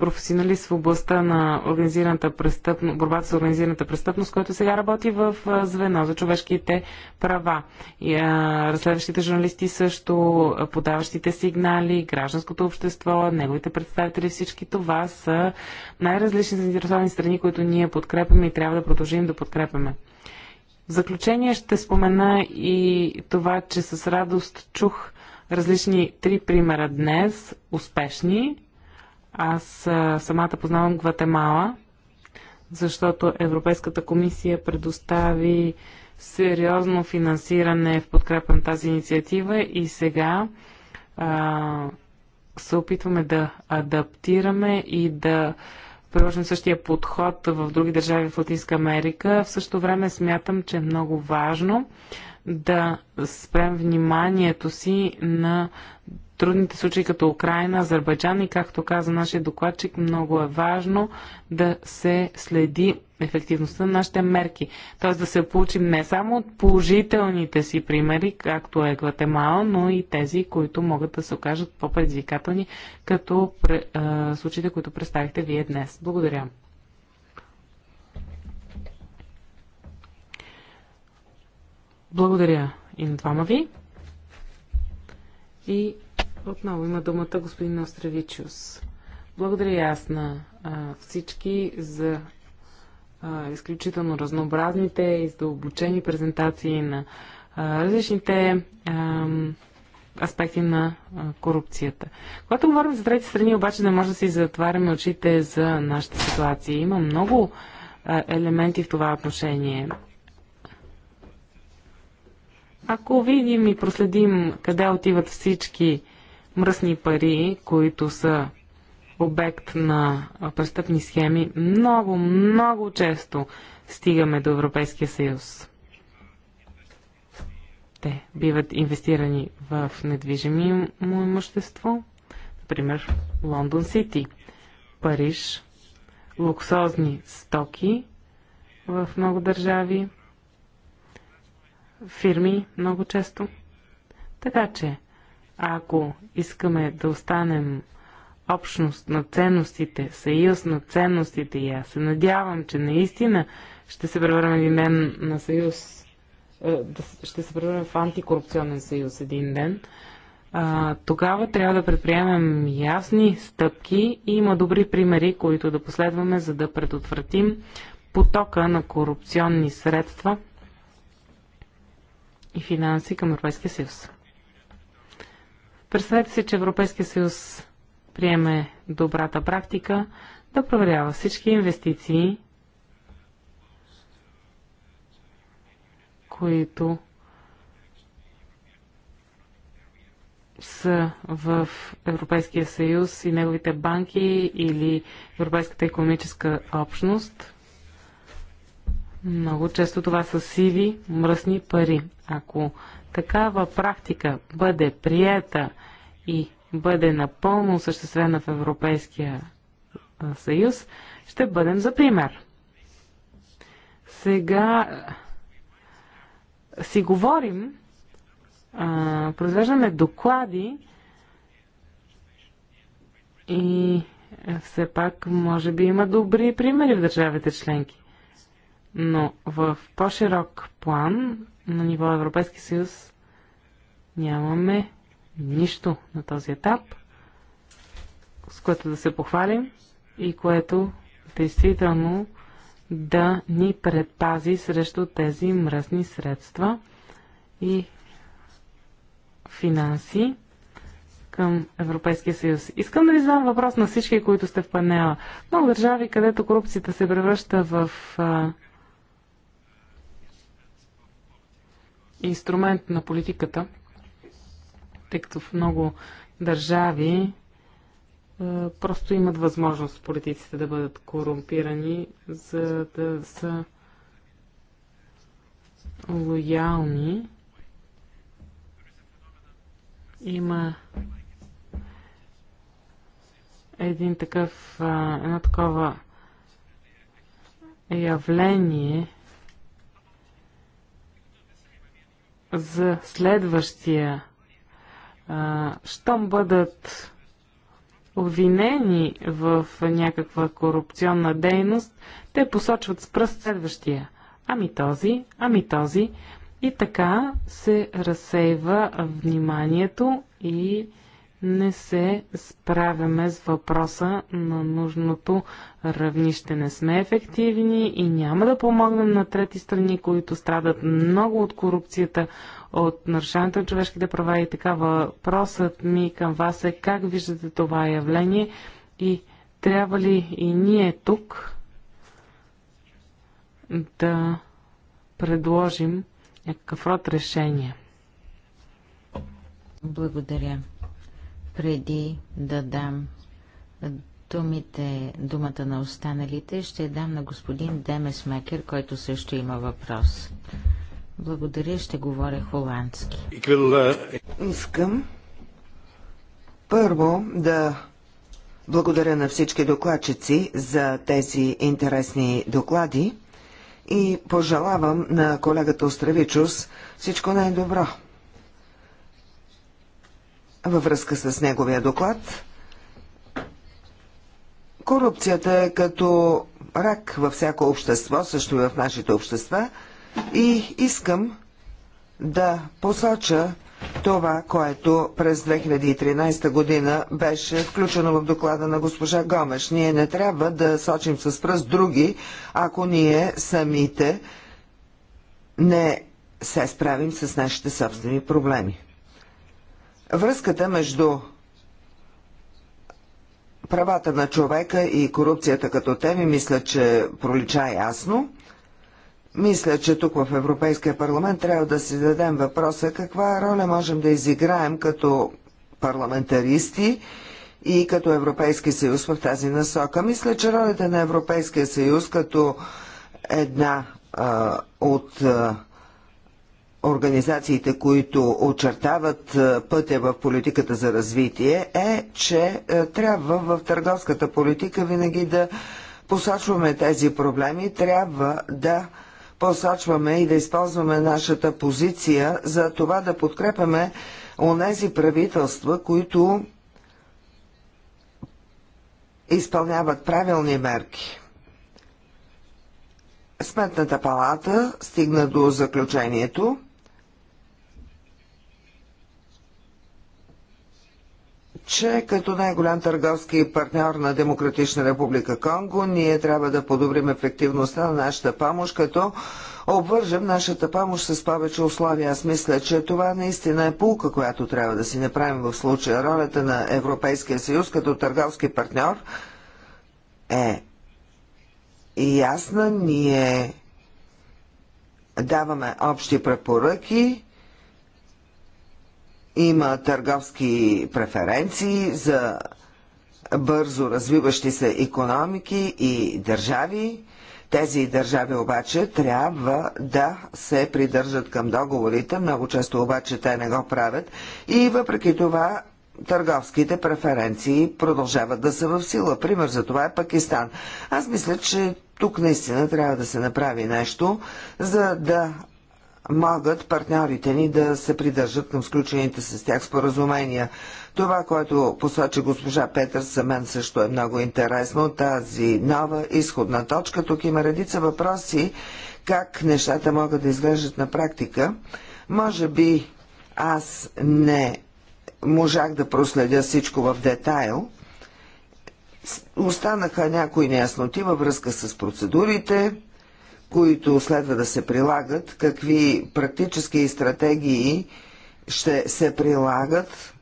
професионалист в областта на организираната престъпно, борбата с организираната престъпност, който сега работи в звено за човешките права. И, а, разследващите журналисти също, подаващите сигнали, гражданското общество, неговите представители, всички това са най-различни заинтересовани страни, които ние подкрепяме и трябва да продължим да подкрепяме. В заключение ще спомена и това, че с радост чух различни три примера днес, успешни, аз а, самата познавам Гватемала, защото Европейската комисия предостави сериозно финансиране в подкрепа на тази инициатива и сега а, се опитваме да адаптираме и да приложим същия подход в други държави в Латинска Америка. В същото време смятам, че е много важно да спрем вниманието си на трудните случаи като Украина, Азербайджан и както каза нашия докладчик, много е важно да се следи ефективността на нашите мерки. Т.е. да се получим не само от положителните си примери, както е Гватемала, но и тези, които могат да се окажат по-предизвикателни, като е, случаите, които представихте вие днес. Благодаря. Благодаря и на двама ви. И отново има думата господин Остревичус. Благодаря аз на а, всички за а, изключително разнообразните и задълбочени презентации на а, различните а, аспекти на а, корупцията. Когато говорим за трети страни, обаче не може да си затваряме очите за нашата ситуация. Има много а, елементи в това отношение. Ако видим и проследим къде отиват всички мръсни пари, които са обект на престъпни схеми, много, много често стигаме до Европейския съюз. Те биват инвестирани в недвижими му имущество, например Лондон Сити, Париж, луксозни стоки в много държави, фирми много често. Така че ако искаме да останем общност на ценностите, съюз на ценностите и аз се надявам, че наистина ще се превърнем един ден на съюз, е, ще се превърнем в антикорупционен съюз един ден, а, тогава трябва да предприемем ясни стъпки и има добри примери, които да последваме, за да предотвратим потока на корупционни средства и финанси към Европейския съюз. Представете си, че Европейския съюз приеме добрата практика да проверява всички инвестиции, които са в Европейския съюз и неговите банки или Европейската економическа общност. Много често това са сиви, мръсни пари. Ако такава практика бъде приета и бъде напълно осъществена в Европейския съюз, ще бъдем за пример. Сега си говорим, а, произвеждаме доклади и все пак може би има добри примери в държавите членки. Но в по-широк план на ниво Европейски съюз нямаме нищо на този етап, с което да се похвалим и което действително да ни предпази срещу тези мръсни средства и финанси към Европейския съюз. Искам да ви задам въпрос на всички, които сте в панела. Много държави, където корупцията се превръща в а, инструмент на политиката, тъй като в много държави е, просто имат възможност политиците да бъдат корумпирани, за да са лоялни. Има един такъв, едно такова явление, за следващия, а, щом бъдат обвинени в някаква корупционна дейност, те посочват с пръст следващия. Ами този, ами този. И така се разсейва вниманието и не се справяме с въпроса на нужното равнище. Не сме ефективни и няма да помогнем на трети страни, които страдат много от корупцията, от нарушаването на човешките права и така. Въпросът ми към вас е как виждате това явление и трябва ли и ние тук да предложим някакъв род решение. Благодаря. Преди да дам думите, думата на останалите, ще дам на господин Демес Мекер, който също има въпрос. Благодаря, ще говоря холандски. Искам първо да благодаря на всички докладчици за тези интересни доклади и пожелавам на колегата Остравичус всичко най-добро във връзка с неговия доклад. Корупцията е като рак във всяко общество, също и в нашите общества. И искам да посоча това, което през 2013 година беше включено в доклада на госпожа Гомеш. Ние не трябва да сочим с пръст други, ако ние самите не се справим с нашите собствени проблеми. Връзката между правата на човека и корупцията като теми, мисля, че пролича ясно. Мисля, че тук в Европейския парламент трябва да си дадем въпроса каква роля можем да изиграем като парламентаристи и като Европейски съюз в тази насока. Мисля, че ролята на Европейския съюз като една а, от а, организациите, които очертават е, пътя в политиката за развитие, е, че е, трябва в търговската политика винаги да посочваме тези проблеми, трябва да посочваме и да използваме нашата позиция за това да подкрепяме онези правителства, които изпълняват правилни мерки. Сметната палата стигна до заключението, че като най-голям търговски партньор на Демократична република Конго, ние трябва да подобрим ефективността на нашата помощ, като обвържем нашата помощ с повече условия. Аз мисля, че това наистина е пулка, която трябва да си направим в случая. Ролята на Европейския съюз като търговски партньор е ясна. Ние даваме общи препоръки има търговски преференции за бързо развиващи се економики и държави. Тези държави обаче трябва да се придържат към договорите, много често обаче те не го правят и въпреки това търговските преференции продължават да са в сила. Пример за това е Пакистан. Аз мисля, че тук наистина трябва да се направи нещо, за да могат партньорите ни да се придържат към сключените с тях споразумения. Това, което посочи госпожа Петър, за мен също е много интересно. Тази нова изходна точка. Тук има редица въпроси как нещата могат да изглеждат на практика. Може би аз не можах да проследя всичко в детайл. Останаха някои неясноти във връзка с процедурите, които следва да се прилагат, какви практически стратегии ще се прилагат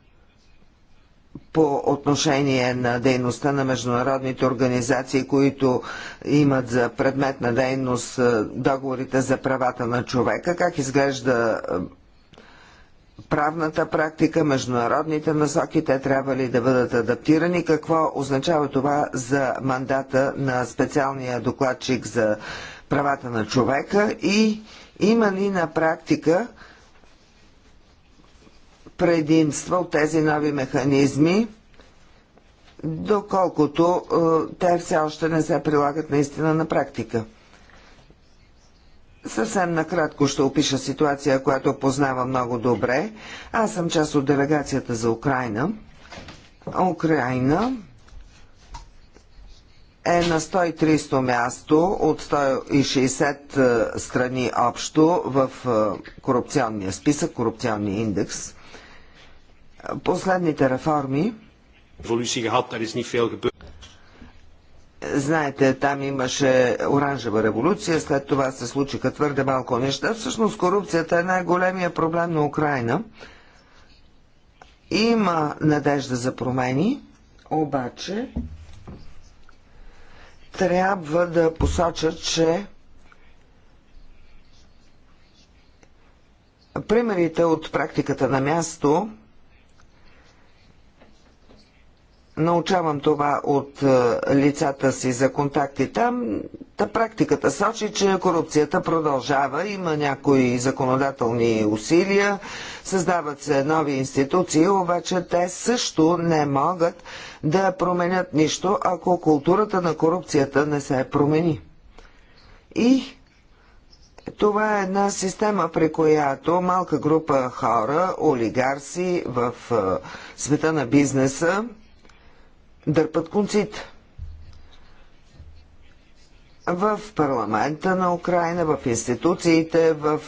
по отношение на дейността на международните организации, които имат за предмет на дейност е, договорите за правата на човека, как изглежда е, правната практика, международните насоки, те трябва ли да бъдат адаптирани? Какво означава това за мандата на специалния докладчик за правата на човека и има ли на практика предимства от тези нови механизми, доколкото е, те все още не се прилагат наистина на практика. Съвсем накратко ще опиша ситуация, която познава много добре. Аз съм част от делегацията за Украина. Украина е на 130 място от 160 е, страни общо в е, корупционния списък, корупционния индекс. Последните реформи Знаете, там имаше оранжева революция, след това се случиха твърде малко неща. Всъщност корупцията е най-големия проблем на Украина. Има надежда за промени, обаче трябва да посоча, че примерите от практиката на място научавам това от е, лицата си за контакти там, та практиката сочи, че корупцията продължава, има някои законодателни усилия, създават се нови институции, обаче те също не могат да променят нищо, ако културата на корупцията не се промени. И това е една система, при която малка група хора, олигарси в е, света на бизнеса, дърпат конците. В парламента на Украина, в институциите, в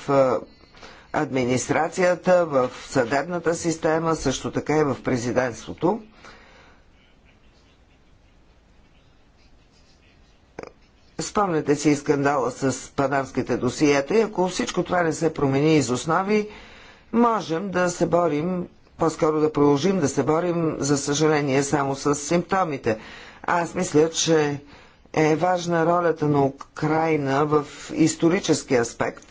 администрацията, в съдебната система, също така и в президентството. Спомнете си скандала с панамските досиета и ако всичко това не се промени из основи, можем да се борим по-скоро да продължим да се борим, за съжаление, само с симптомите. Аз мисля, че е важна ролята на Украина в исторически аспект.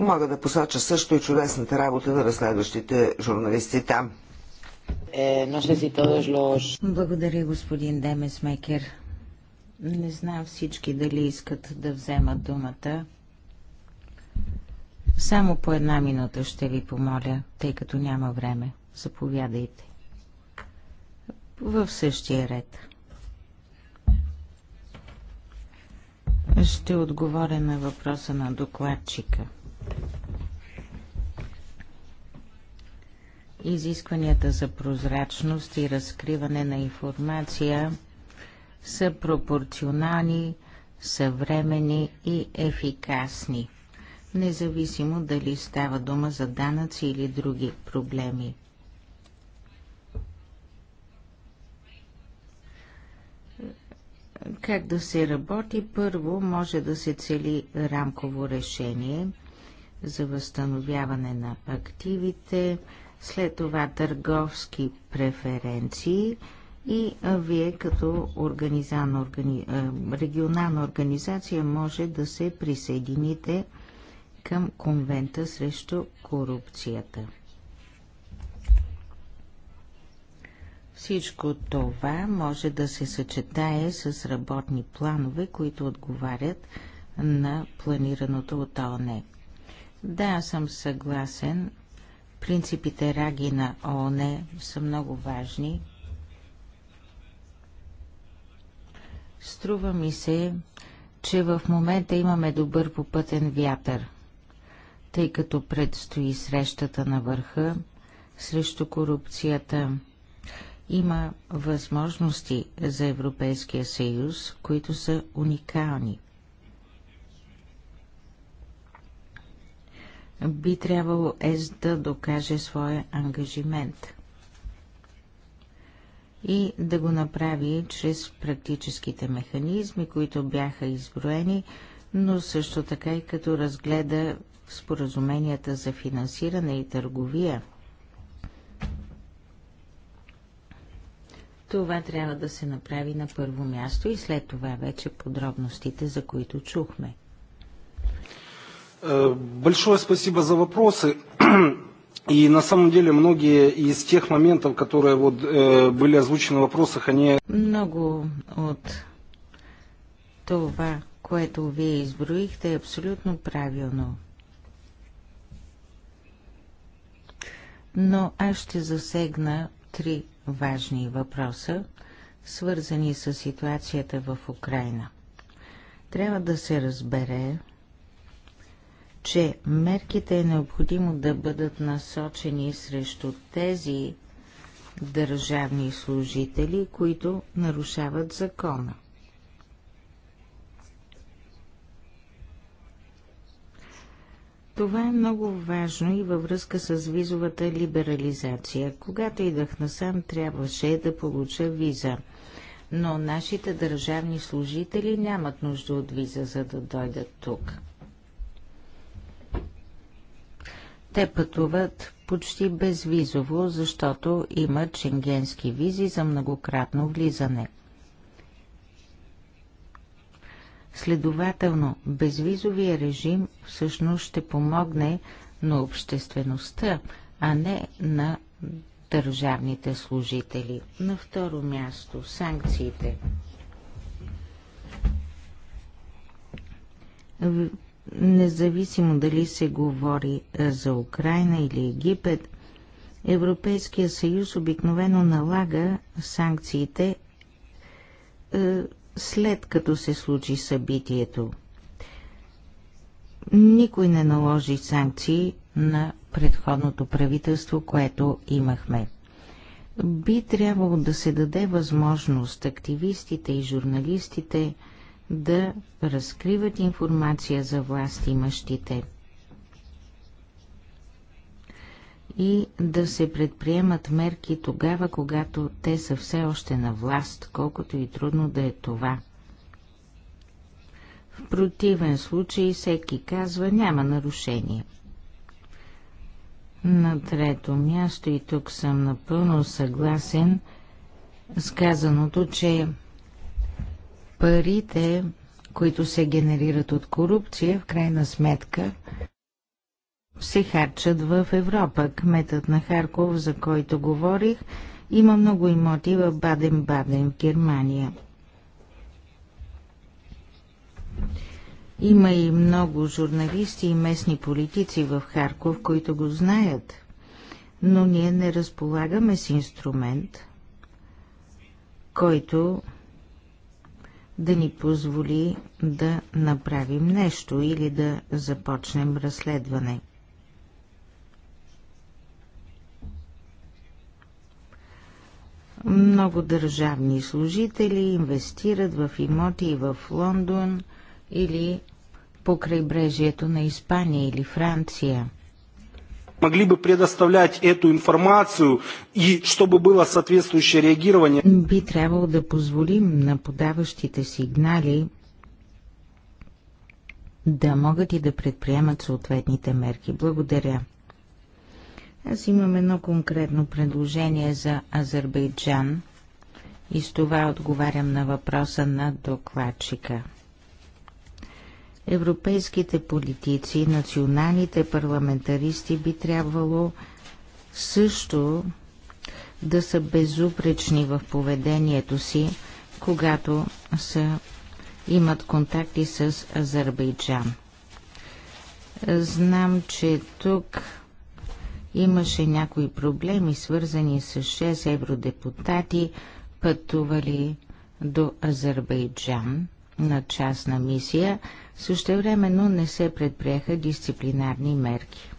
Мога да посоча също и чудесната работа на разследващите журналисти там. Е, Благодаря, господин Демесмекер. Не знам всички дали искат да вземат думата. Само по една минута ще ви помоля, тъй като няма време. Заповядайте. В същия ред. Ще отговоря на въпроса на докладчика. Изискванията за прозрачност и разкриване на информация са пропорционални, съвремени и ефикасни – независимо дали става дума за данъци или други проблеми. Как да се работи? Първо може да се цели рамково решение за възстановяване на активите, след това търговски преференции и вие като организа... регионална организация може да се присъедините към Конвента срещу корупцията. Всичко това може да се съчетае с работни планове, които отговарят на планираното от ООН. Да, съм съгласен. Принципите раги на ООН са много важни. Струва ми се, че в момента имаме добър попътен вятър – тъй като предстои срещата на върха срещу корупцията. Има възможности за Европейския съюз, които са уникални. Би трябвало ЕС да докаже своя ангажимент и да го направи чрез практическите механизми, които бяха изброени, но също така и като разгледа споразуменията за финансиране и търговия. Това трябва да се направи на първо място и след това вече подробностите, за които чухме. Е, большое спасибо за вопросы. И на самом деле многие из тех моментов, которые вот, э, были озвучены в вопросах, они... Много от това, което вие изброихте, е абсолютно правилно. но аз ще засегна три важни въпроса, свързани с ситуацията в Украина. Трябва да се разбере, че мерките е необходимо да бъдат насочени срещу тези държавни служители, които нарушават закона. Това е много важно и във връзка с визовата либерализация. Когато идах насам, трябваше да получа виза. Но нашите държавни служители нямат нужда от виза, за да дойдат тук. Те пътуват почти безвизово, защото имат шенгенски визи за многократно влизане – Следователно, безвизовия режим всъщност ще помогне на обществеността, а не на държавните служители. На второ място санкциите. Независимо дали се говори е, за Украина или Египет, Европейския съюз обикновено налага санкциите е, след като се случи събитието. Никой не наложи санкции на предходното правителство, което имахме. Би трябвало да се даде възможност активистите и журналистите да разкриват информация за власт имащите. и да се предприемат мерки тогава, когато те са все още на власт, колкото и трудно да е това. В противен случай всеки казва няма нарушение. На трето място, и тук съм напълно съгласен с казаното, че парите, които се генерират от корупция, в крайна сметка – се харчат в Европа. Кметът на Харков, за който говорих, има много имоти в Баден-Баден, в Германия. Има и много журналисти и местни политици в Харков, които го знаят. Но ние не разполагаме с инструмент, който да ни позволи да направим нещо или да започнем разследване. Много държавни служители инвестират в имоти и в Лондон или по крайбрежието на Испания или Франция. Могли бы предоставлять эту информацию и чтобы было соответствующее реагирование. Би трябвало да позволим на подаващите сигнали да могат и да предприемат съответните мерки. Благодаря. Аз имам едно конкретно предложение за Азербайджан и с това отговарям на въпроса на докладчика. Европейските политици, националните парламентаристи би трябвало също да са безупречни в поведението си, когато са, имат контакти с Азербайджан. Знам, че тук Имаше някои проблеми, свързани с 6 евродепутати, пътували до Азербайджан на частна мисия, същевременно не се предприеха дисциплинарни мерки.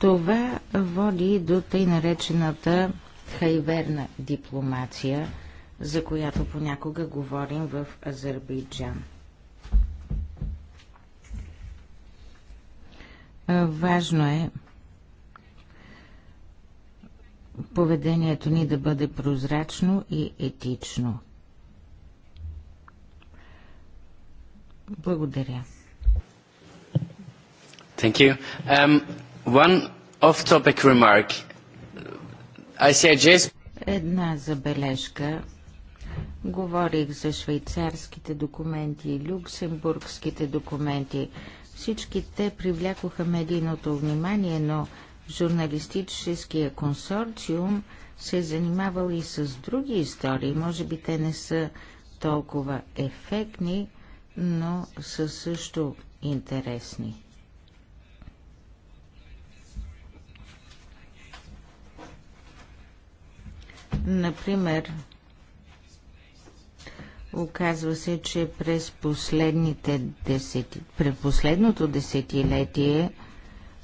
Това води до тъй наречената хайверна дипломация, за която понякога говорим в Азербайджан – Е, важно е поведението ни да бъде прозрачно и етично. Благодаря. Thank you. Um, one off-topic remark. I suggest... Една забележка. Говорих за швейцарските документи, люксембургските документи. Всички те привлякоха медийното внимание, но журналистическия консорциум се е занимавал и с други истории. Може би те не са толкова ефектни, но са също интересни. Например, Оказва се, че през, последните десети, през последното десетилетие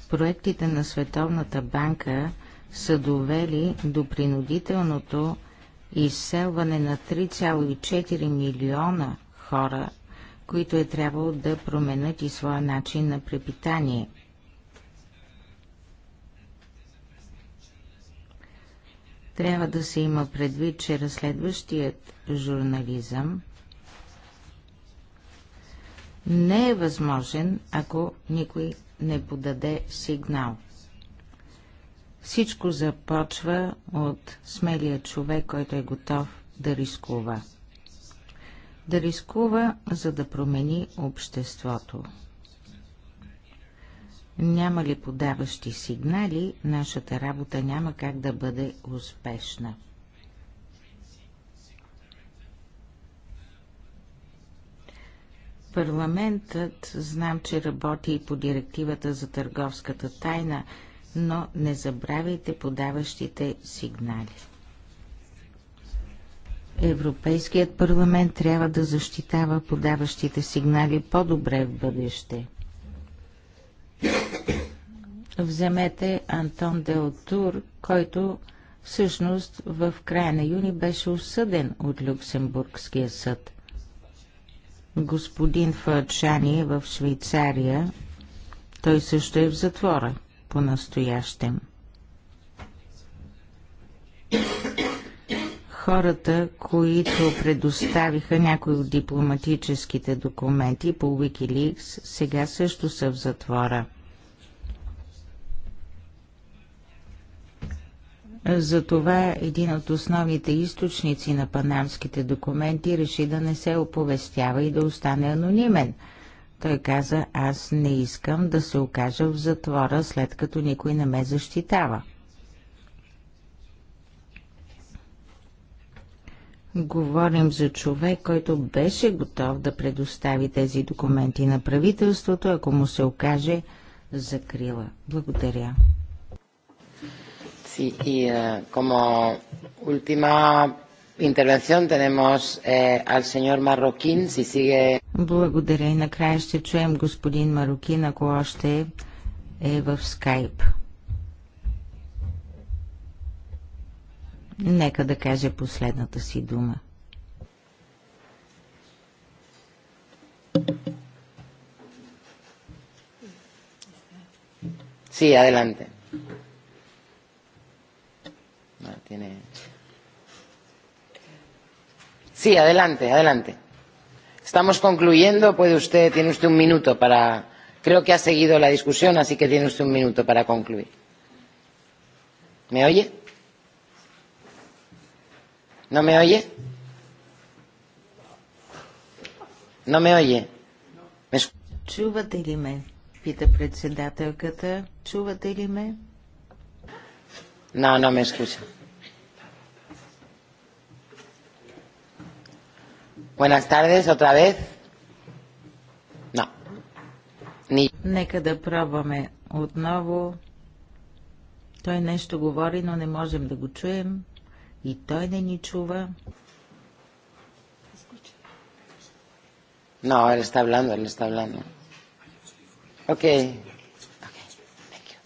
проектите на Световната банка са довели до принудителното изселване на 3,4 милиона хора, които е трябвало да променят и своя начин на препитание – Трябва да се има предвид, че разследващият журнализъм не е възможен, ако никой не подаде сигнал. Всичко започва от смелия човек, който е готов да рискува. Да рискува, за да промени обществото. Няма ли подаващи сигнали, нашата работа няма как да бъде успешна. Парламентът знам, че работи и по директивата за търговската тайна, но не забравяйте подаващите сигнали. Европейският парламент трябва да защитава подаващите сигнали по-добре в бъдеще. Вземете Антон Делтур, който всъщност в края на юни беше осъден от Люксембургския съд. Господин Фаджани е в Швейцария, той също е в затвора по-настоящем хората, които предоставиха някои от дипломатическите документи по Wikileaks, сега също са в затвора. Затова един от основните източници на панамските документи реши да не се оповестява и да остане анонимен. Той каза, аз не искам да се окажа в затвора, след като никой не ме защитава. Говорим за човек, който беше готов да предостави тези документи на правителството, ако му се окаже закрила. Благодаря. Sí, y uh, como última intervención tenemos eh, al señor Marroquín, si sigue. Благодаря и накрая ще чуем господин Марокин, ако още е в скайп. нека да каже последната си дума. Си, adelante. Си, tiene... Sí, adelante, adelante. Estamos concluyendo. Puede usted, tiene usted un minuto para. Creo que ha seguido la discusión, así que tiene usted un minuto para concluir. ¿Me oye? ¿No me oye? ¿No me oye? ¿Me Чувате ли ме? Пита председателката. Чувате ли ме? No, no me escucha. Buenas tardes, otra vez. No. Ni... Нека да пробваме отново. Той нещо говори, но не можем да го чуем. И той не ни чува. No, él está hablando, él está hablando. Ok. okay. Thank you.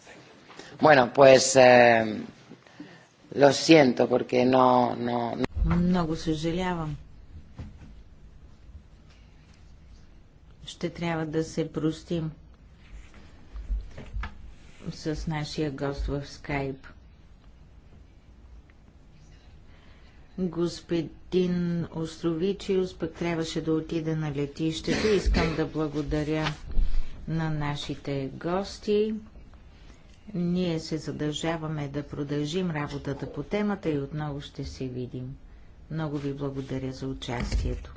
Bueno, pues eh, lo siento porque no, no, no. Много съжалявам. Ще трябва да се простим с нашия гост в Skype. Господин Островичиус пък трябваше да отида на летището. Искам да благодаря на нашите гости. Ние се задължаваме да продължим работата по темата и отново ще се видим. Много ви благодаря за участието.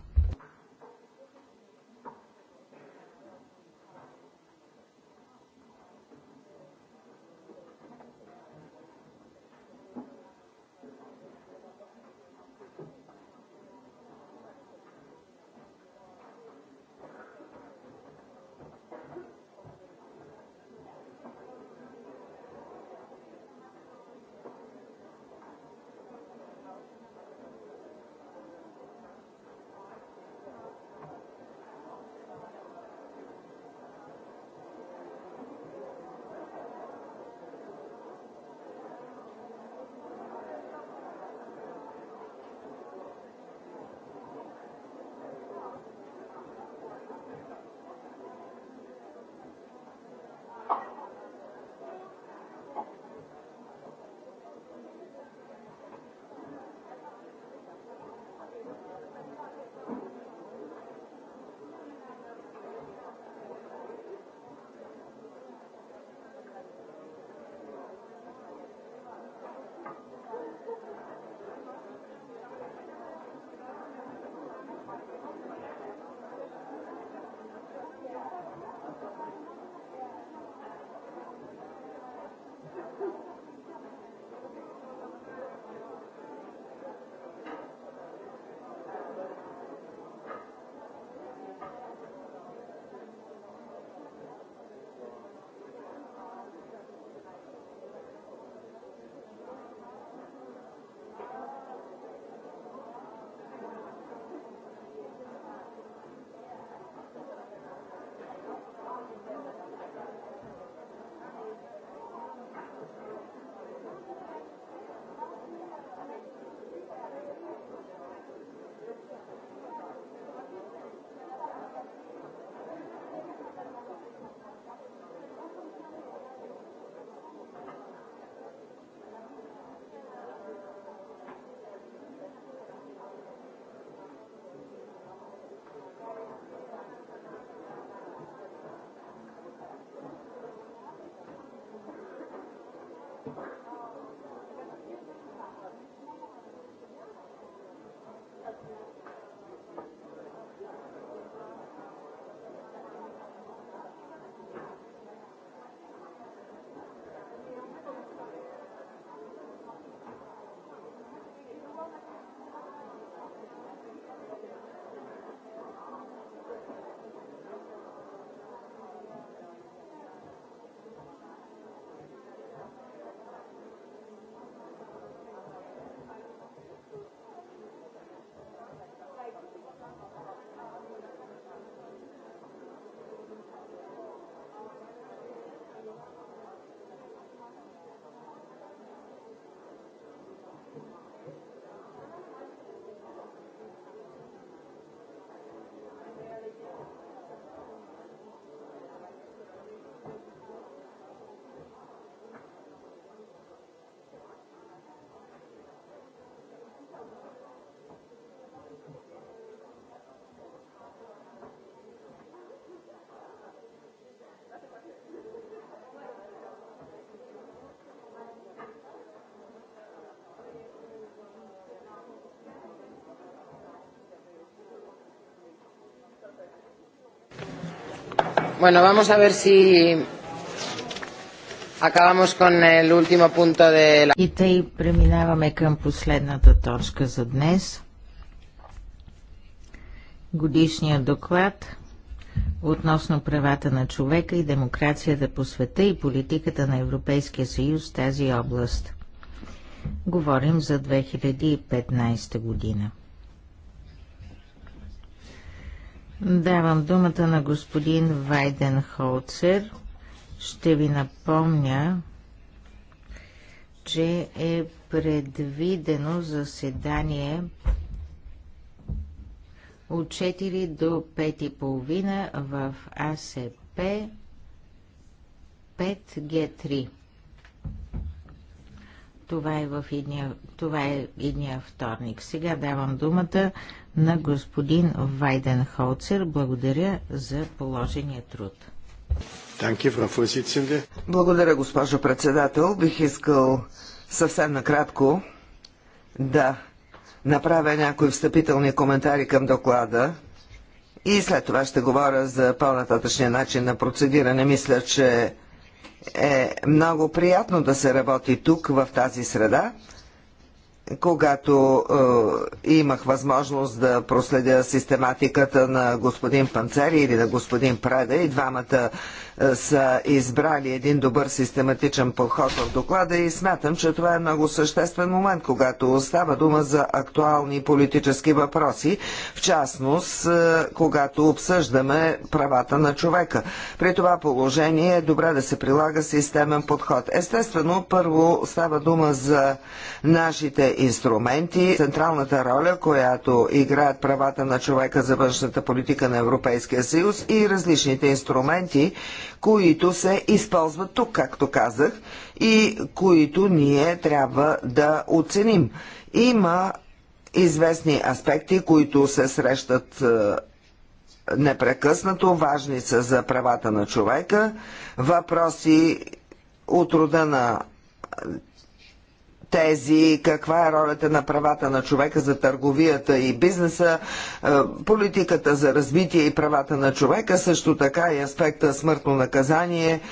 Bueno, vamos a ver si acabamos con el último punto de la... И тъй преминаваме към последната точка за днес. годишния доклад относно правата на човека и демокрацията по света и политиката на Европейския съюз в тази област. Говорим за 2015 година. Давам думата на господин Вайден Холцер. Ще ви напомня, че е предвидено заседание от 4 до 5.30 в АСП 5G3. Това е, в идния, това е едния вторник. Сега давам думата на господин Вайден Холцер. Благодаря за положения труд. Благодаря, госпожо председател. Бих искал съвсем накратко да направя някои встъпителни коментари към доклада и след това ще говоря за по-нататъчния начин на процедиране. Мисля, че е много приятно да се работи тук, в тази среда, когато е, имах възможност да проследя систематиката на господин Панцери или на господин Преда и двамата е, са избрали един добър систематичен подход в доклада и смятам, че това е много съществен момент, когато става дума за актуални политически въпроси, в частност, е, когато обсъждаме правата на човека. При това положение е добре да се прилага системен подход. Естествено, първо става дума за нашите инструменти, централната роля, която играят правата на човека за външната политика на Европейския съюз и различните инструменти, които се използват тук, както казах, и които ние трябва да оценим. Има известни аспекти, които се срещат е, непрекъснато, важни са за правата на човека, въпроси от рода на тези, каква е ролята на правата на човека за търговията и бизнеса, е, политиката за развитие и правата на човека, също така и аспекта смъртно наказание –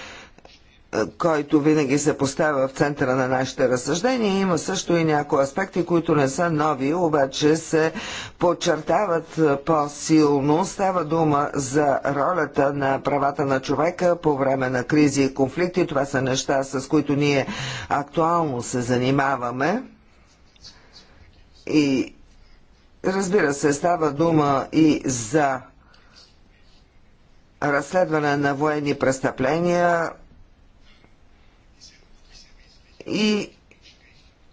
който винаги се поставя в центъра на нашите разсъждения. Има също и някои аспекти, които не са нови, обаче се подчертават по-силно. Става дума за ролята на правата на човека по време на кризи и конфликти. Това са неща, с които ние актуално се занимаваме. И разбира се, става дума и за разследване на военни престъпления, и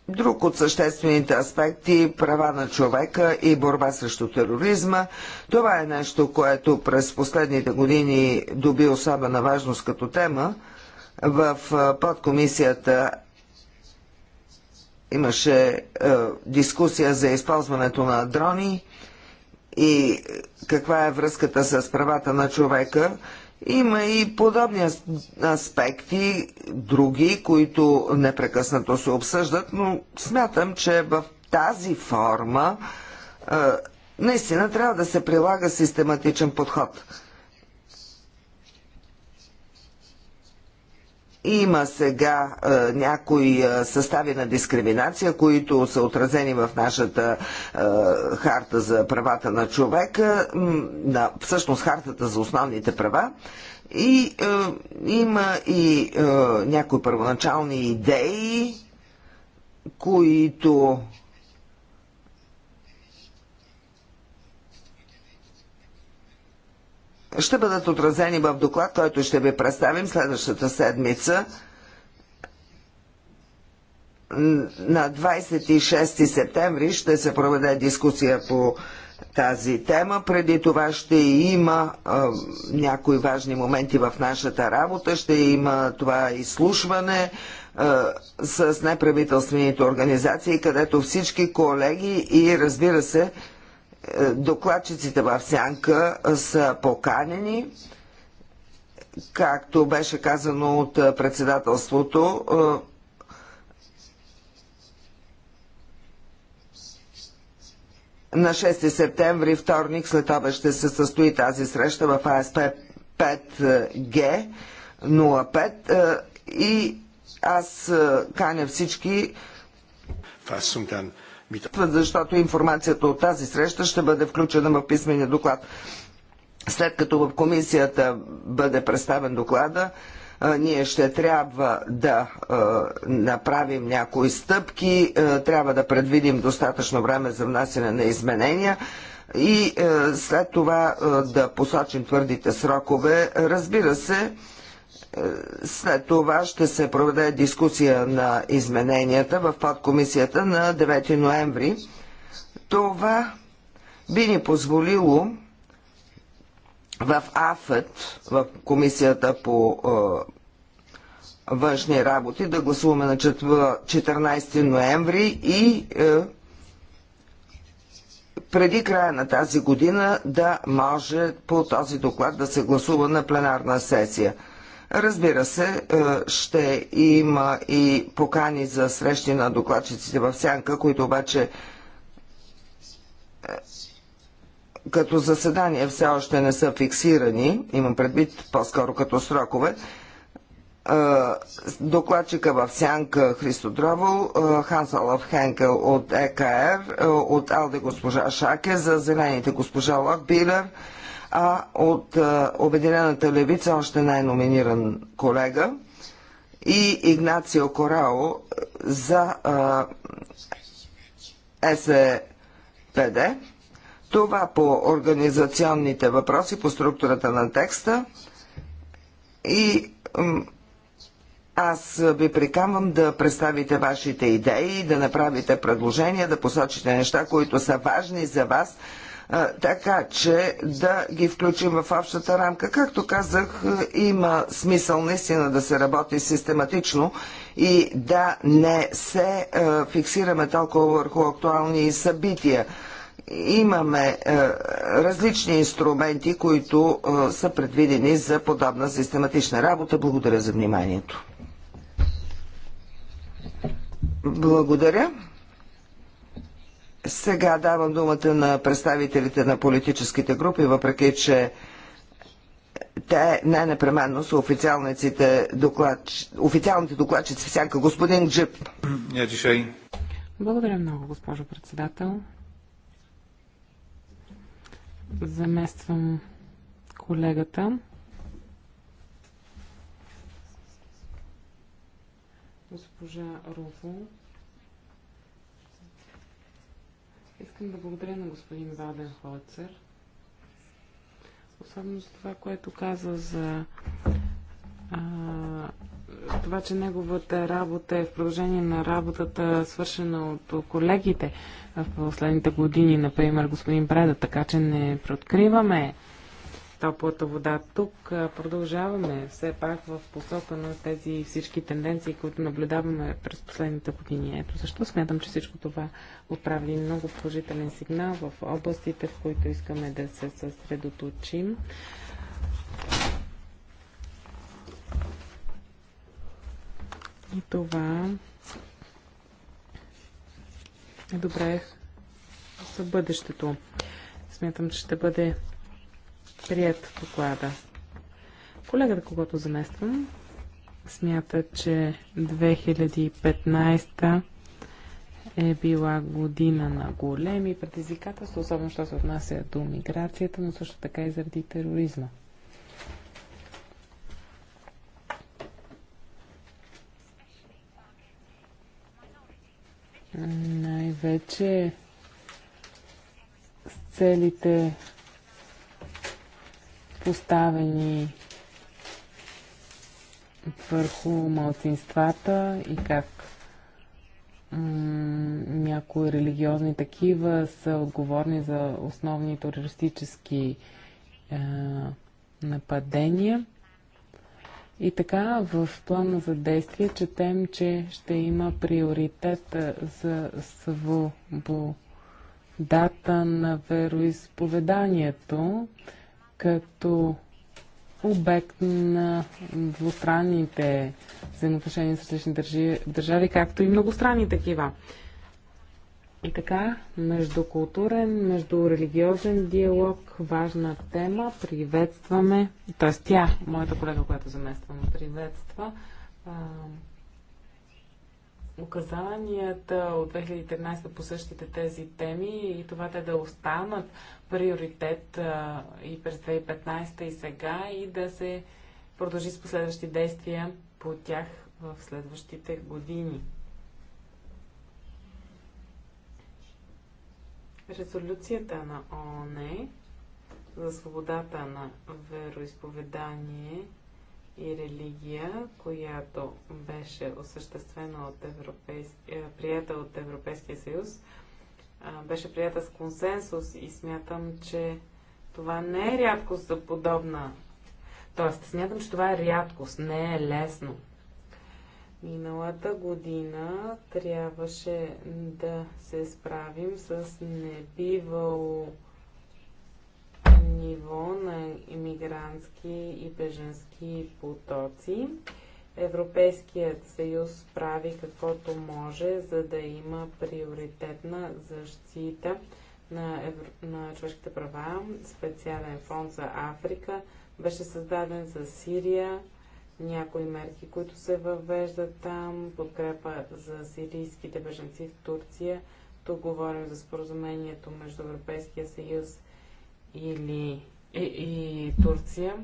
друг от съществените аспекти права на човека и борба срещу тероризма. Това е нещо, което през последните години доби особена важност като тема. В подкомисията имаше е, дискусия за използването на дрони и каква е връзката с правата на човека има и подобни аспекти, други, които непрекъснато се обсъждат, но смятам, че в тази форма наистина трябва да се прилага систематичен подход. Има сега е, някои е, състави на дискриминация, които са отразени в нашата е, харта за правата на човека, на, всъщност хартата за основните права. И е, има и е, някои първоначални идеи, които ще бъдат отразени в доклад, който ще ви представим следващата седмица на 26 септември ще се проведе дискусия по тази тема. Преди това ще има а, някои важни моменти в нашата работа. Ще има това изслушване а, с неправителствените организации, където всички колеги и разбира се, докладчиците в сянка са поканени. Както беше казано от председателството, на 6 септември, вторник, след обе ще се състои тази среща в АСП 5G 05 и аз каня всички защото информацията от тази среща ще бъде включена в писмения доклад. След като в комисията бъде представен доклада, ние ще трябва да е, направим някои стъпки, е, трябва да предвидим достатъчно време за внасяне на изменения и е, след това да посочим твърдите срокове. Разбира се, след това ще се проведе дискусия на измененията в подкомисията на 9 ноември. Това би ни позволило в АФЕТ, в комисията по е, външни работи, да гласуваме на 14 ноември и е, преди края на тази година да може по този доклад да се гласува на пленарна сесия. Разбира се, е, ще има и покани за срещи на докладчиците в Сянка, които обаче е, като заседания все още не са фиксирани, имам предвид по-скоро като срокове. Е, докладчика в Сянка Христо Дровол, Ханс Олаф Хенкел от ЕКР, от Алде госпожа Шаке, за зелените госпожа Лохбилер, Билер, а от Обединената левица още най номиниран колега и Игнацио Корао за СПД. Това по организационните въпроси, по структурата на текста и аз ви приканвам да представите вашите идеи, да направите предложения, да посочите неща, които са важни за вас така че да ги включим в общата рамка. Както казах, е, има смисъл наистина да се работи систематично и да не се е, фиксираме толкова върху актуални събития имаме е, различни инструменти, които са предвидени за подобна систематична работа. Благодаря за вниманието. Благодаря. Сега давам думата на представителите на политическите групи, въпреки че те най-непременно са официалниците докладч... официалните докладчици всяка. Господин Джип. Благодаря много, госпожо председател. Замествам колегата. Госпожа Руфо Искам да благодаря на господин Ваден Холцер. Особено за това, което каза за а, това, че неговата работа е в продължение на работата, свършена от колегите в последните години, например господин Преда, така че не преоткриваме топлата вода. Тук продължаваме все пак в посока на тези всички тенденции, които наблюдаваме през последните години. Ето защо смятам, че всичко това отправи много положителен сигнал в областите, в които искаме да се съсредоточим. И това е добре за бъдещето. Смятам, че ще бъде прият доклада. Колегата, когато замествам, смята, че 2015 е била година на големи предизвикателства, особено що се отнася до миграцията, но също така и заради тероризма. Най-вече с целите поставени върху малцинствата и как някои религиозни такива са отговорни за основни терористически е, нападения. И така в плана за действие четем, че ще има приоритет е, за свободата на вероисповеданието като обект на двустранните взаимоотношения с различни държави, както и многостранни такива. И така, междукултурен, междурелигиозен диалог, важна тема, приветстваме, т.е. тя, моята колега, която замествам, приветства указанията от 2013 по същите тези теми и това те да останат приоритет и през 2015 и сега и да се продължи с последващи действия по тях в следващите години. Резолюцията на ООН за свободата на вероисповедание и религия, която беше осъществена от Европейски, е, прията от Европейския съюз, беше прията с консенсус и смятам, че това не е рядкост за подобна. Тоест, смятам, че това е рядкост, не е лесно. Миналата година трябваше да се справим с небивало ниво на иммигрантски и беженски потоци. Европейският съюз прави каквото може, за да има приоритетна защита на, евро... на човешките права. Специален фонд за Африка беше създаден за Сирия. Някои мерки, които се въвеждат там, подкрепа за сирийските беженци в Турция. Тук говорим за споразумението между Европейския съюз или и, и Турция.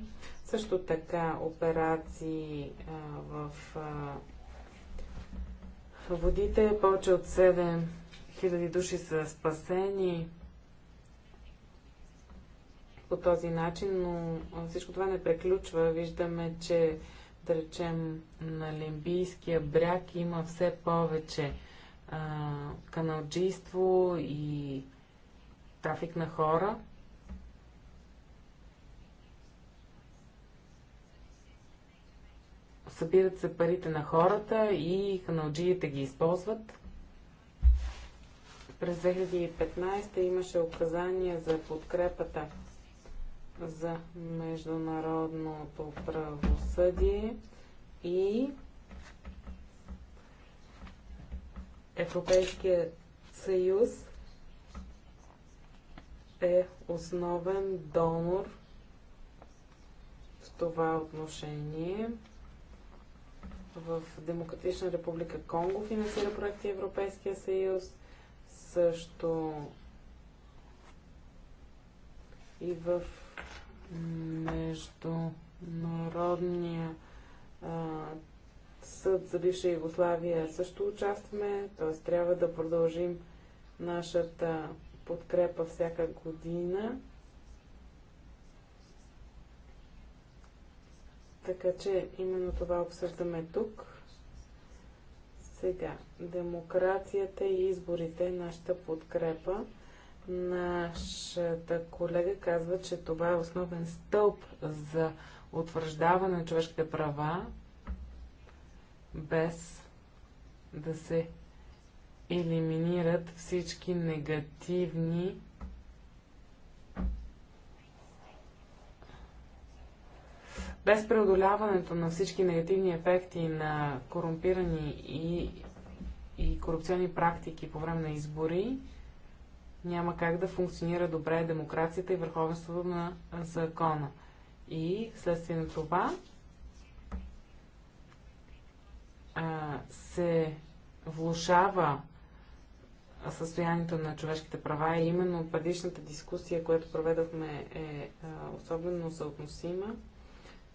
Също така операции а, в а, водите. Повече от 7000 души са спасени по този начин, но всичко това не преключва. Виждаме, че да речем на Лимбийския бряг има все повече а, каналджийство и трафик на хора. събират се парите на хората и каналджиите ги използват. През 2015 имаше указания за подкрепата за международното правосъдие и Европейския съюз е основен донор в това отношение в Демократична република Конго финансира проекти Европейския съюз, също и в Международния а, съд за бивша Югославия също участваме, т.е. трябва да продължим нашата подкрепа всяка година. Така че именно това обсъждаме тук. Сега, демокрацията и изборите, нашата подкрепа. Нашата колега казва, че това е основен стълб за утвърждаване на човешките права, без да се елиминират всички негативни Без преодоляването на всички негативни ефекти на корумпирани и, и корупционни практики по време на избори, няма как да функционира добре демокрацията и върховенството на закона. И следствие на това а, се влушава състоянието на човешките права и именно предишната дискусия, която проведохме е а, особено съотносима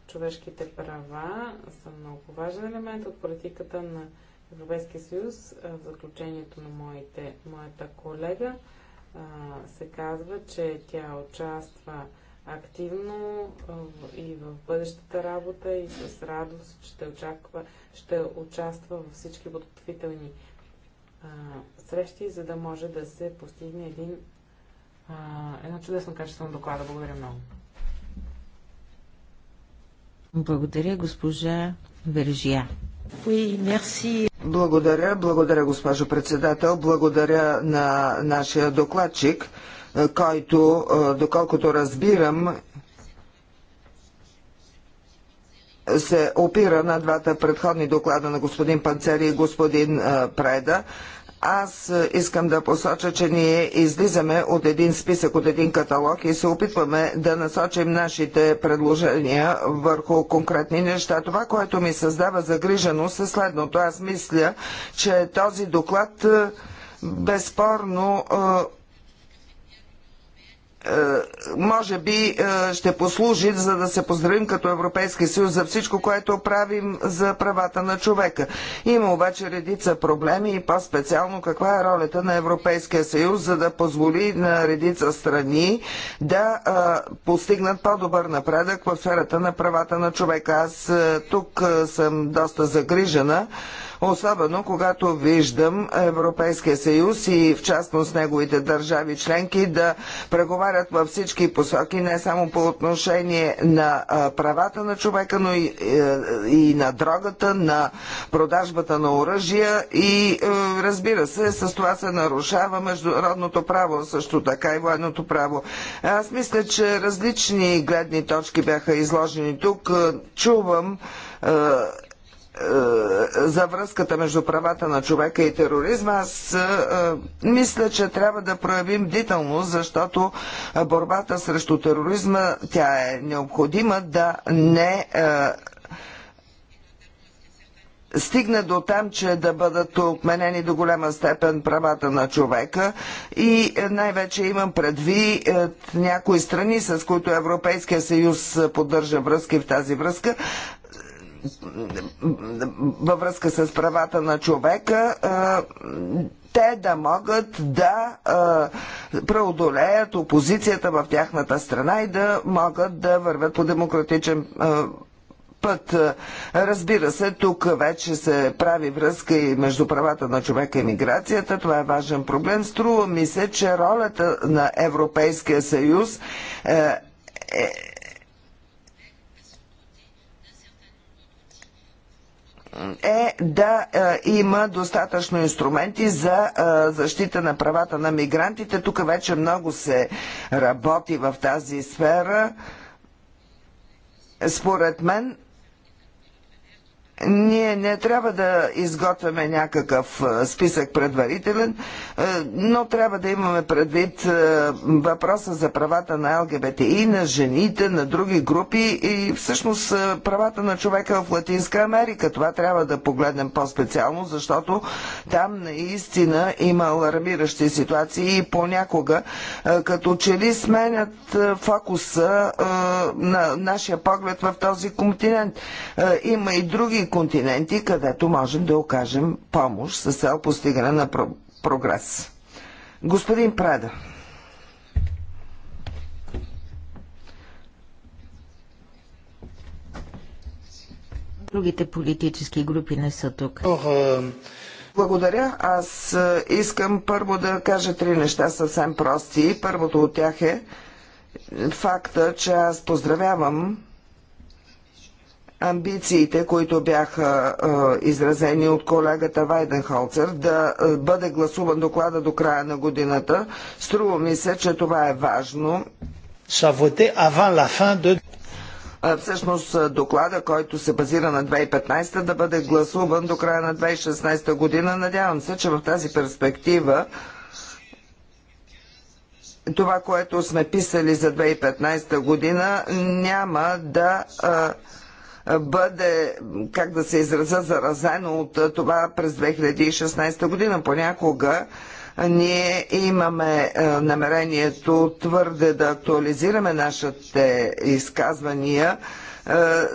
човешките права са много важен елемент от политиката на Европейския съюз. В заключението на моите, моята колега а, се казва, че тя участва активно и в бъдещата работа и с радост ще, очаква, ще участва във всички подготвителни а, срещи, за да може да се постигне един, едно чудесно качество на доклада. Благодаря много. Благодаря, госпожа Вержия. Oui, merci. Благодаря, благодаря, госпожо председател. Благодаря на нашия докладчик, е, който, е, доколкото разбирам, се опира на двата предходни доклада на господин Панцери и господин е, Преда. Аз искам да посоча, че ние излизаме от един списък, от един каталог и се опитваме да насочим нашите предложения върху конкретни неща. Това, което ми създава загриженост е следното. Аз мисля, че този доклад е, безспорно е, може би е, ще послужи, за да се поздравим като Европейски съюз за всичко, което правим за правата на човека. Има обаче редица проблеми и по-специално каква е ролята на Европейския съюз, за да позволи на редица страни да е, постигнат по-добър напредък в сферата на правата на човека. Аз е, тук съм доста загрижена особено когато виждам Европейския съюз и в частност неговите държави членки да преговарят във всички посоки, не само по отношение на правата на човека, но и, е, и на дрогата, на продажбата на оръжия и е, разбира се, с това се нарушава международното право, също така и военното право. Аз мисля, че различни гледни точки бяха изложени тук. Е, чувам е, за връзката между правата на човека и тероризма, аз е, е, мисля, че трябва да проявим бдителност, защото борбата срещу тероризма, тя е необходима да не стигне до там, че да бъдат отменени до голяма степен правата на човека и най-вече имам предвид някои страни, с които Европейския съюз поддържа връзки в тази връзка, във връзка с правата на човека, те да могат да преодолеят опозицията в тяхната страна и да могат да вървят по демократичен път. Разбира се, тук вече се прави връзка и между правата на човека и миграцията. Това е важен проблем. Струва ми се, че ролята на Европейския съюз е, е е да е, има достатъчно инструменти за е, защита на правата на мигрантите. Тук вече много се работи в тази сфера. Според мен ние не трябва да изготвяме някакъв списък предварителен, но трябва да имаме предвид въпроса за правата на ЛГБТИ, на жените, на други групи и всъщност правата на човека в Латинска Америка. Това трябва да погледнем по-специално, защото там наистина има алармиращи ситуации и понякога като че ли сменят фокуса на нашия поглед в този континент. Има и други континенти, където можем да окажем помощ с цел постигане на про прогрес. Господин Преда. Другите политически групи не са тук. Е, Благодаря. Аз е, искам първо да кажа три неща съвсем прости. Първото от тях е факта, че аз поздравявам амбициите, които бяха е, изразени от колегата Вайденхолцер да е, бъде гласуван доклада до края на годината. Струва ми се, че това е важно. Всъщност доклада, който се базира на 2015 да бъде гласуван до края на 2016 година. Надявам се, че в тази перспектива това, което сме писали за 2015 година, няма да а, бъде, как да се израза, заразено от това през 2016 година. Понякога ние имаме намерението твърде да актуализираме нашите изказвания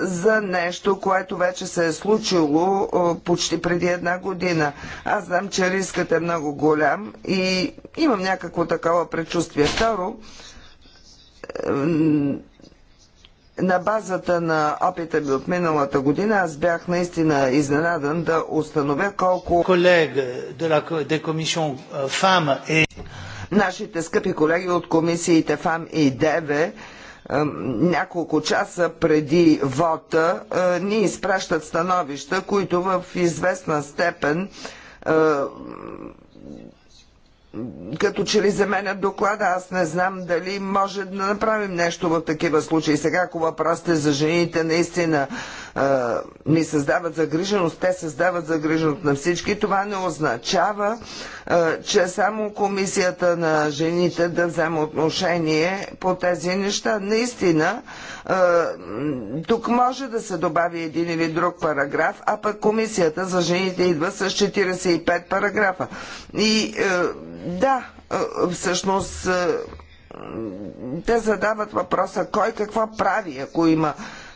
за нещо, което вече се е случило почти преди една година. Аз знам, че рискът е много голям и имам някакво такова предчувствие. Второ, на базата на опита ми от миналата година, аз бях наистина изненадан да установя колко uh, е- нашите скъпи колеги от комисиите ФАМ и ДЕВЕ няколко часа преди вота е, ни изпращат становища, които в известна степен е, като че ли заменят доклада, аз не знам дали може да направим нещо в такива случаи. Сега, ако въпросът е за жените, наистина ни създават загриженост, те създават загриженост на всички. Това не означава, че само комисията на жените да взема отношение по тези неща. Наистина, тук може да се добави един или друг параграф, а пък комисията за жените идва с 45 параграфа. И да, всъщност те задават въпроса кой какво прави, ако има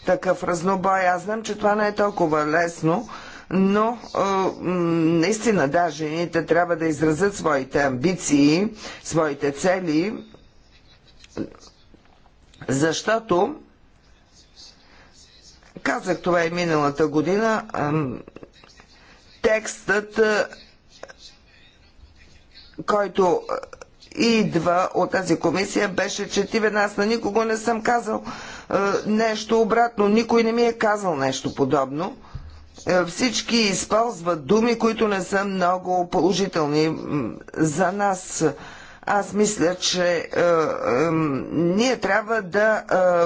такъв разнобой. Аз знам, че това не е толкова лесно, но е, наистина, да, жените трябва да изразят своите амбиции, своите цели, защото казах това и миналата година, е, текстът, който идва от тази комисия, беше, че ти веднага на никого не съм казал, е, нещо обратно. Никой не ми е казал нещо подобно. Е, всички използват думи, които не са много положителни за нас. Аз мисля, че е, е, ние трябва да е,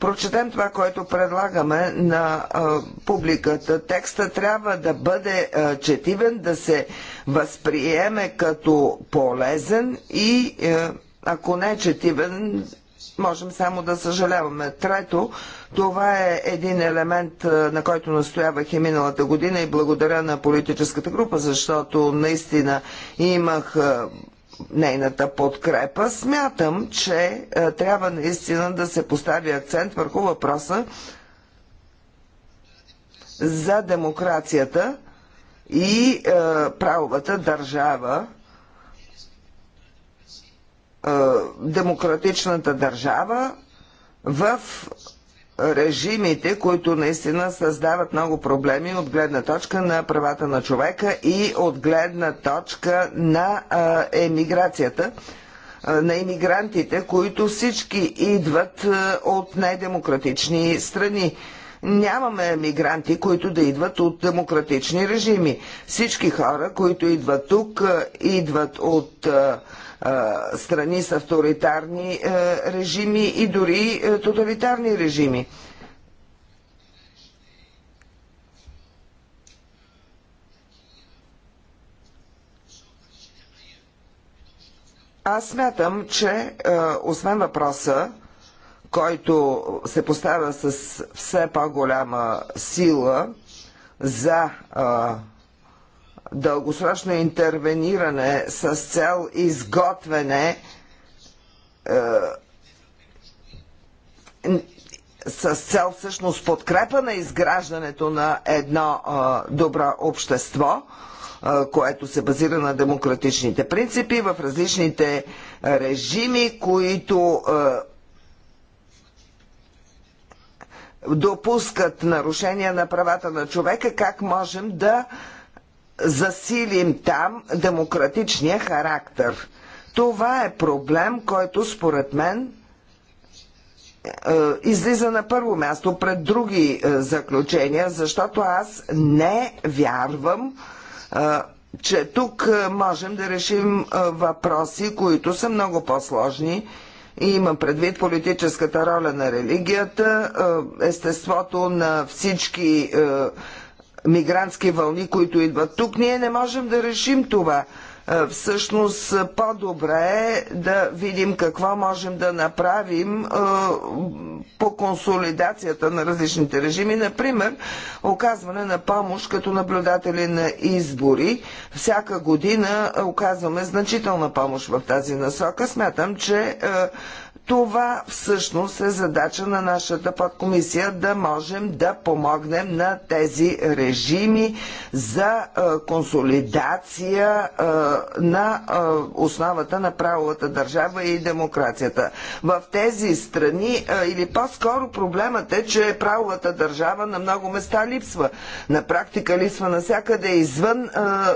прочетем това, което предлагаме на е, публиката. Текста трябва да бъде е, четивен, да се възприеме като полезен и е, ако не е четивен, можем само да съжаляваме. Трето, това е един елемент, е, на който настоявах и миналата година и благодаря на политическата група, защото наистина имах е, нейната подкрепа. Смятам, че е, трябва наистина да се постави акцент върху въпроса за демокрацията и правовата държава е, демократичната държава в режимите, които наистина създават много проблеми от гледна точка на правата на човека и от гледна точка на е, емиграцията, е, на иммигрантите, които всички идват от недемократични страни. Нямаме мигранти, които да идват от демократични режими. Всички хора, които идват тук, идват от а, страни с авторитарни режими и дори тоталитарни режими. Аз смятам, че освен въпроса, който се поставя с все по-голяма сила за а, дългосрочно интервениране с цел изготвяне е, с цел всъщност подкрепа на изграждането на едно а, е, добро общество, а, е, което се базира на демократичните принципи в различните режими, които а, допускат нарушения на правата на човека, как можем да а, засилим там демократичния характер. Това е проблем, който според мен е, излиза на първо място пред други е, заключения, защото аз не вярвам, е, че тук можем да решим въпроси, които са много по-сложни. И имам предвид политическата роля на религията, естеството на всички мигрантски вълни, които идват тук. Ние не можем да решим това. Е, всъщност по-добре е да видим какво можем да направим е, по консолидацията на различните режими. Например, оказване на помощ като наблюдатели на избори. Всяка година оказваме значителна помощ в тази насока. Смятам, че е, това всъщност е задача на нашата подкомисия да можем да помогнем на тези режими за консолидация на основата на правовата държава и демокрацията. В тези страни, или по-скоро проблемът е, че правовата държава на много места липсва. На практика липсва навсякъде извън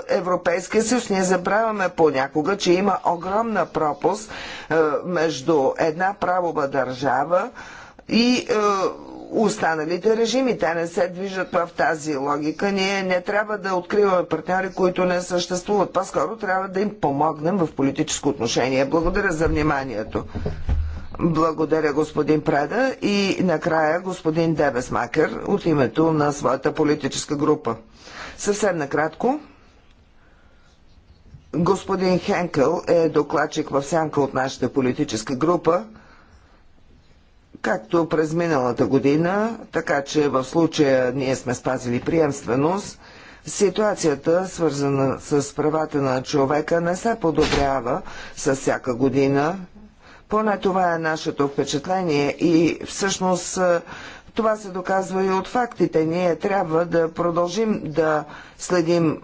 Европейския съюз. Ние забравяме понякога, че има огромна пропуск между една една правова държава и е, останалите режими. Те не се движат в тази логика. Ние не трябва да откриваме партньори, които не съществуват. По-скоро трябва да им помогнем в политическо отношение. Благодаря за вниманието. Благодаря господин Преда и накрая господин Дебесмакер от името на своята политическа група. Съвсем накратко. Господин Хенкъл е докладчик в сянка от нашата политическа група, както през миналата година, така че в случая ние сме спазили приемственост. Ситуацията, свързана с правата на човека, не се подобрява с всяка година. Поне това е нашето впечатление и всъщност е, това се доказва и от фактите. Ние трябва да продължим да следим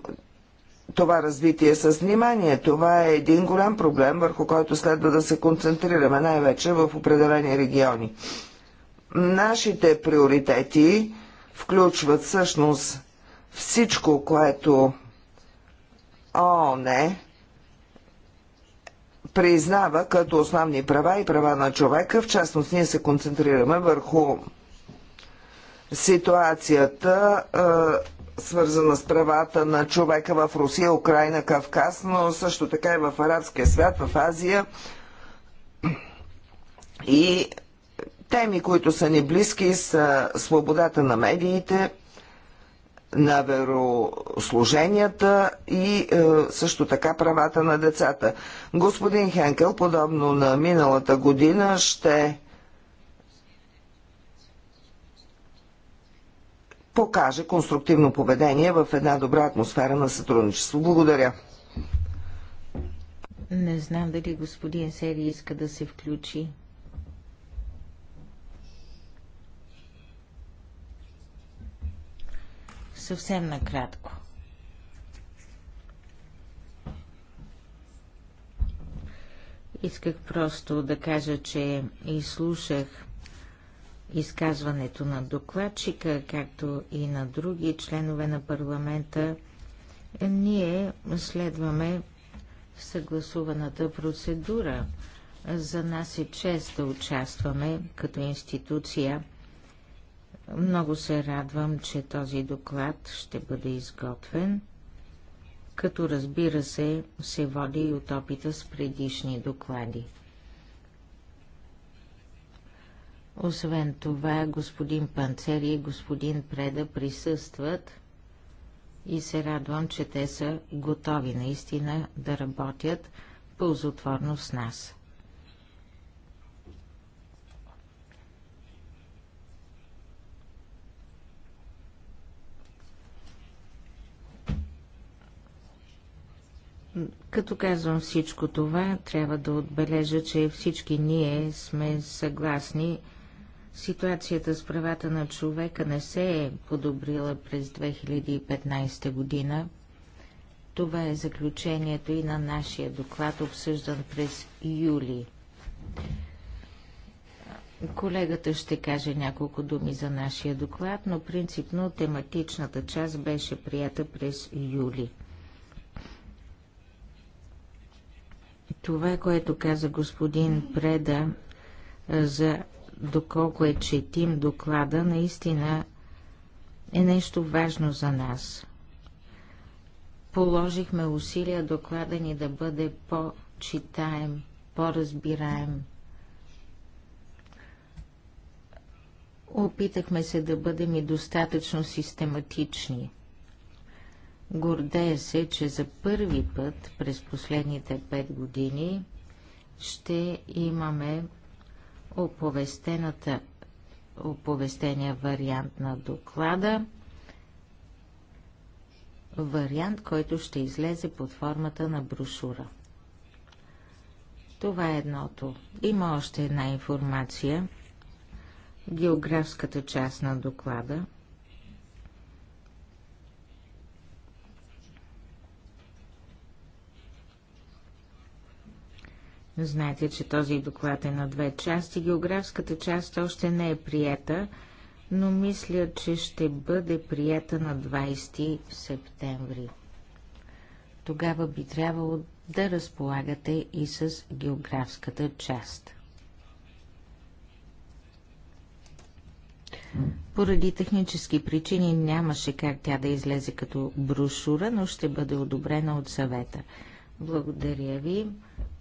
това развитие с внимание. Това е един голям проблем, върху който следва да се концентрираме най-вече в определени региони. Нашите приоритети включват всъщност всичко, което ООН признава като основни права и права на човека. В частност, ние се концентрираме върху ситуацията свързана с правата на човека в Русия, Украина, Кавказ, но също така и в арабския свят, в Азия. И теми, които са ни близки, са свободата на медиите, на верослуженията и е, също така правата на децата. Господин Хенкел, подобно на миналата година, ще покаже конструктивно поведение в една добра атмосфера на сътрудничество. Благодаря. Не знам дали господин Сери иска да се включи. Съвсем накратко. Исках просто да кажа, че изслушах изказването на докладчика, както и на други членове на парламента, ние следваме съгласуваната процедура. За нас е чест да участваме като институция. Много се радвам, че този доклад ще бъде изготвен, като разбира се, се води и от опита с предишни доклади. Освен това, господин Панцери и господин Преда присъстват и се радвам, че те са готови наистина да работят ползотворно с нас. Като казвам всичко това, трябва да отбележа, че всички ние сме съгласни Ситуацията с правата на човека не се е подобрила през 2015 година. Това е заключението и на нашия доклад, обсъждан през юли. Колегата ще каже няколко думи за нашия доклад, но принципно тематичната част беше прията през юли. Това, което каза господин Преда за доколко е четим доклада, наистина е нещо важно за нас. Положихме усилия доклада ни да бъде по-читаем, по-разбираем. Опитахме се да бъдем и достатъчно систематични. Гордея се, че за първи път през последните пет години ще имаме оповестената, оповестения вариант на доклада, вариант, който ще излезе под формата на брошура. Това е едното. Има още една информация. Географската част на доклада – Знаете, че този доклад е на две части. Географската част още не е приета, но мисля, че ще бъде прията на 20 септември. Тогава би трябвало да разполагате и с географската част. Поради технически причини нямаше как тя да излезе като брошура, но ще бъде одобрена от съвета. Благодаря ви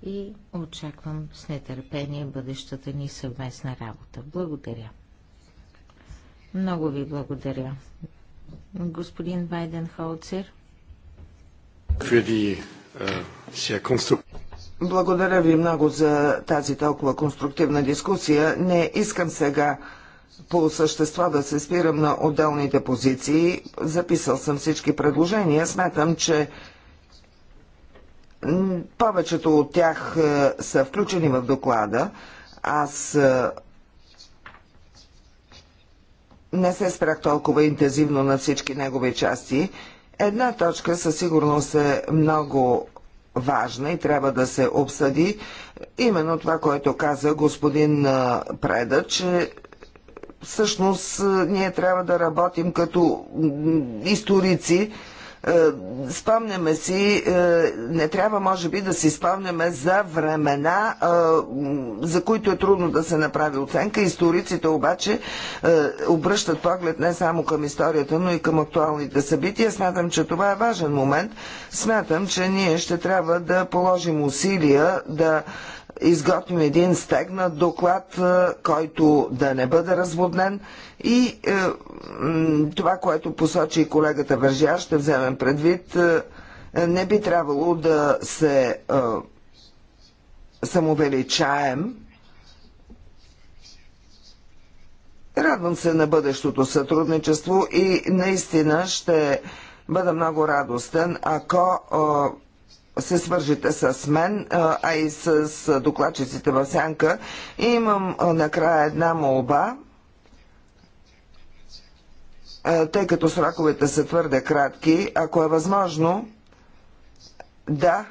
и очаквам с нетърпение бъдещата ни съвместна работа. Благодаря. Много ви благодаря. Господин Байден Холцер. Uh, благодаря ви много за тази толкова конструктивна дискусия. Не искам сега по същество да се спирам на отделните позиции. Записал съм всички предложения. Смятам, че повечето от тях е, са включени в доклада. Аз е, не се спрях толкова интензивно на всички негови части. Една точка със сигурност е много важна и трябва да се обсъди. Именно това, което каза господин е, Преда, че всъщност ние трябва да работим като историци е, спомняме си, е, не трябва може би да си спомняме за времена, е, за които е трудно да се направи оценка. Историците обаче обръщат поглед не само към историята, но и към актуалните събития. Смятам, че това е важен момент. Смятам, че ние ще трябва да положим усилия да изготвим един стегнат доклад, е, който да не бъде разводнен и е, това, което посочи колегата Вържия, ще вземем предвид, е, не би трябвало да се самовеличаем. Радвам се на бъдещото сътрудничество и наистина ще бъда много радостен, ако се свържете с мен, а и с докладчиците в Сянка. И имам накрая една молба, тъй като сроковете са твърде кратки, ако е възможно, да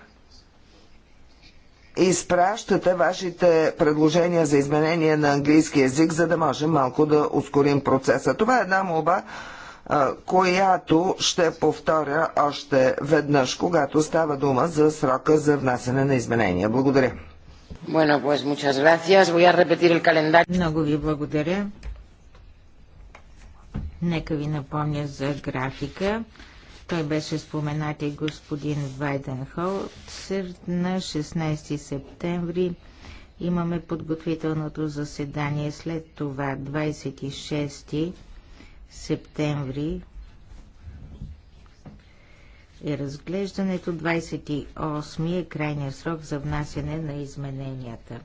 изпращате вашите предложения за изменение на английски язик, за да можем малко да ускорим процеса. Това е една молба, която ще повторя още веднъж, когато става дума за срока за внасяне на изменения. Благодаря. Bueno, pues muchas gracias. Voy a repetir el calendario. Много ви благодаря. Нека ви напомня за графика. Той беше споменат и господин Вайденхолцер на 16 септември. Имаме подготвителното заседание след това 26 септември е разглеждането. 28 е крайния срок за внасяне на измененията.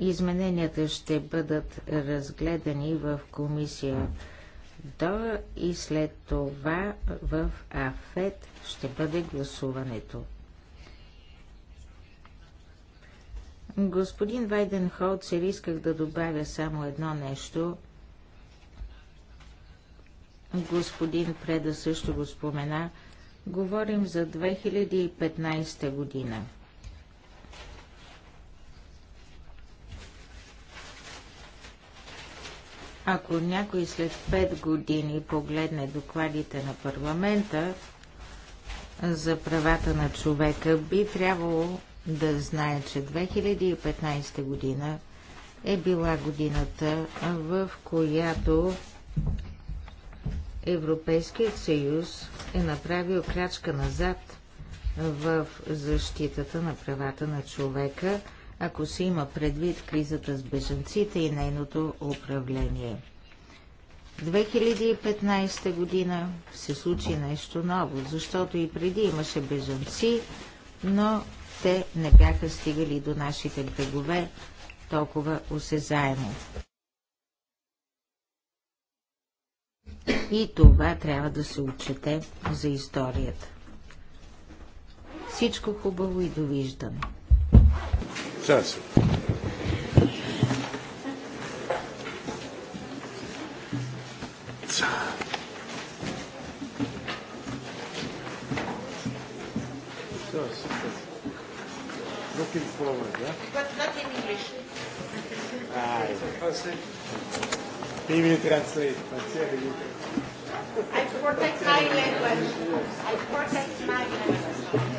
Измененията ще бъдат разгледани в комисия до и след това в АФЕТ ще бъде гласуването. Господин Вайден исках да добавя само едно нещо – господин Преда също го спомена, говорим за 2015 година. Ако някой след 5 години погледне докладите на парламента за правата на човека, би трябвало да знае, че 2015 година е била годината, в която Европейският съюз е направил крачка назад в защитата на правата на човека, ако се има предвид кризата с бежанците и нейното управление. 2015 година се случи нещо ново, защото и преди имаше бежанци, но те не бяха стигали до нашите брегове толкова осезаемо. И това трябва да се отчете за историята. Всичко хубаво и довиждане. Часо. Look forward, yeah? But not in English. Ah, yeah. translate. I protect my language. I protect my language.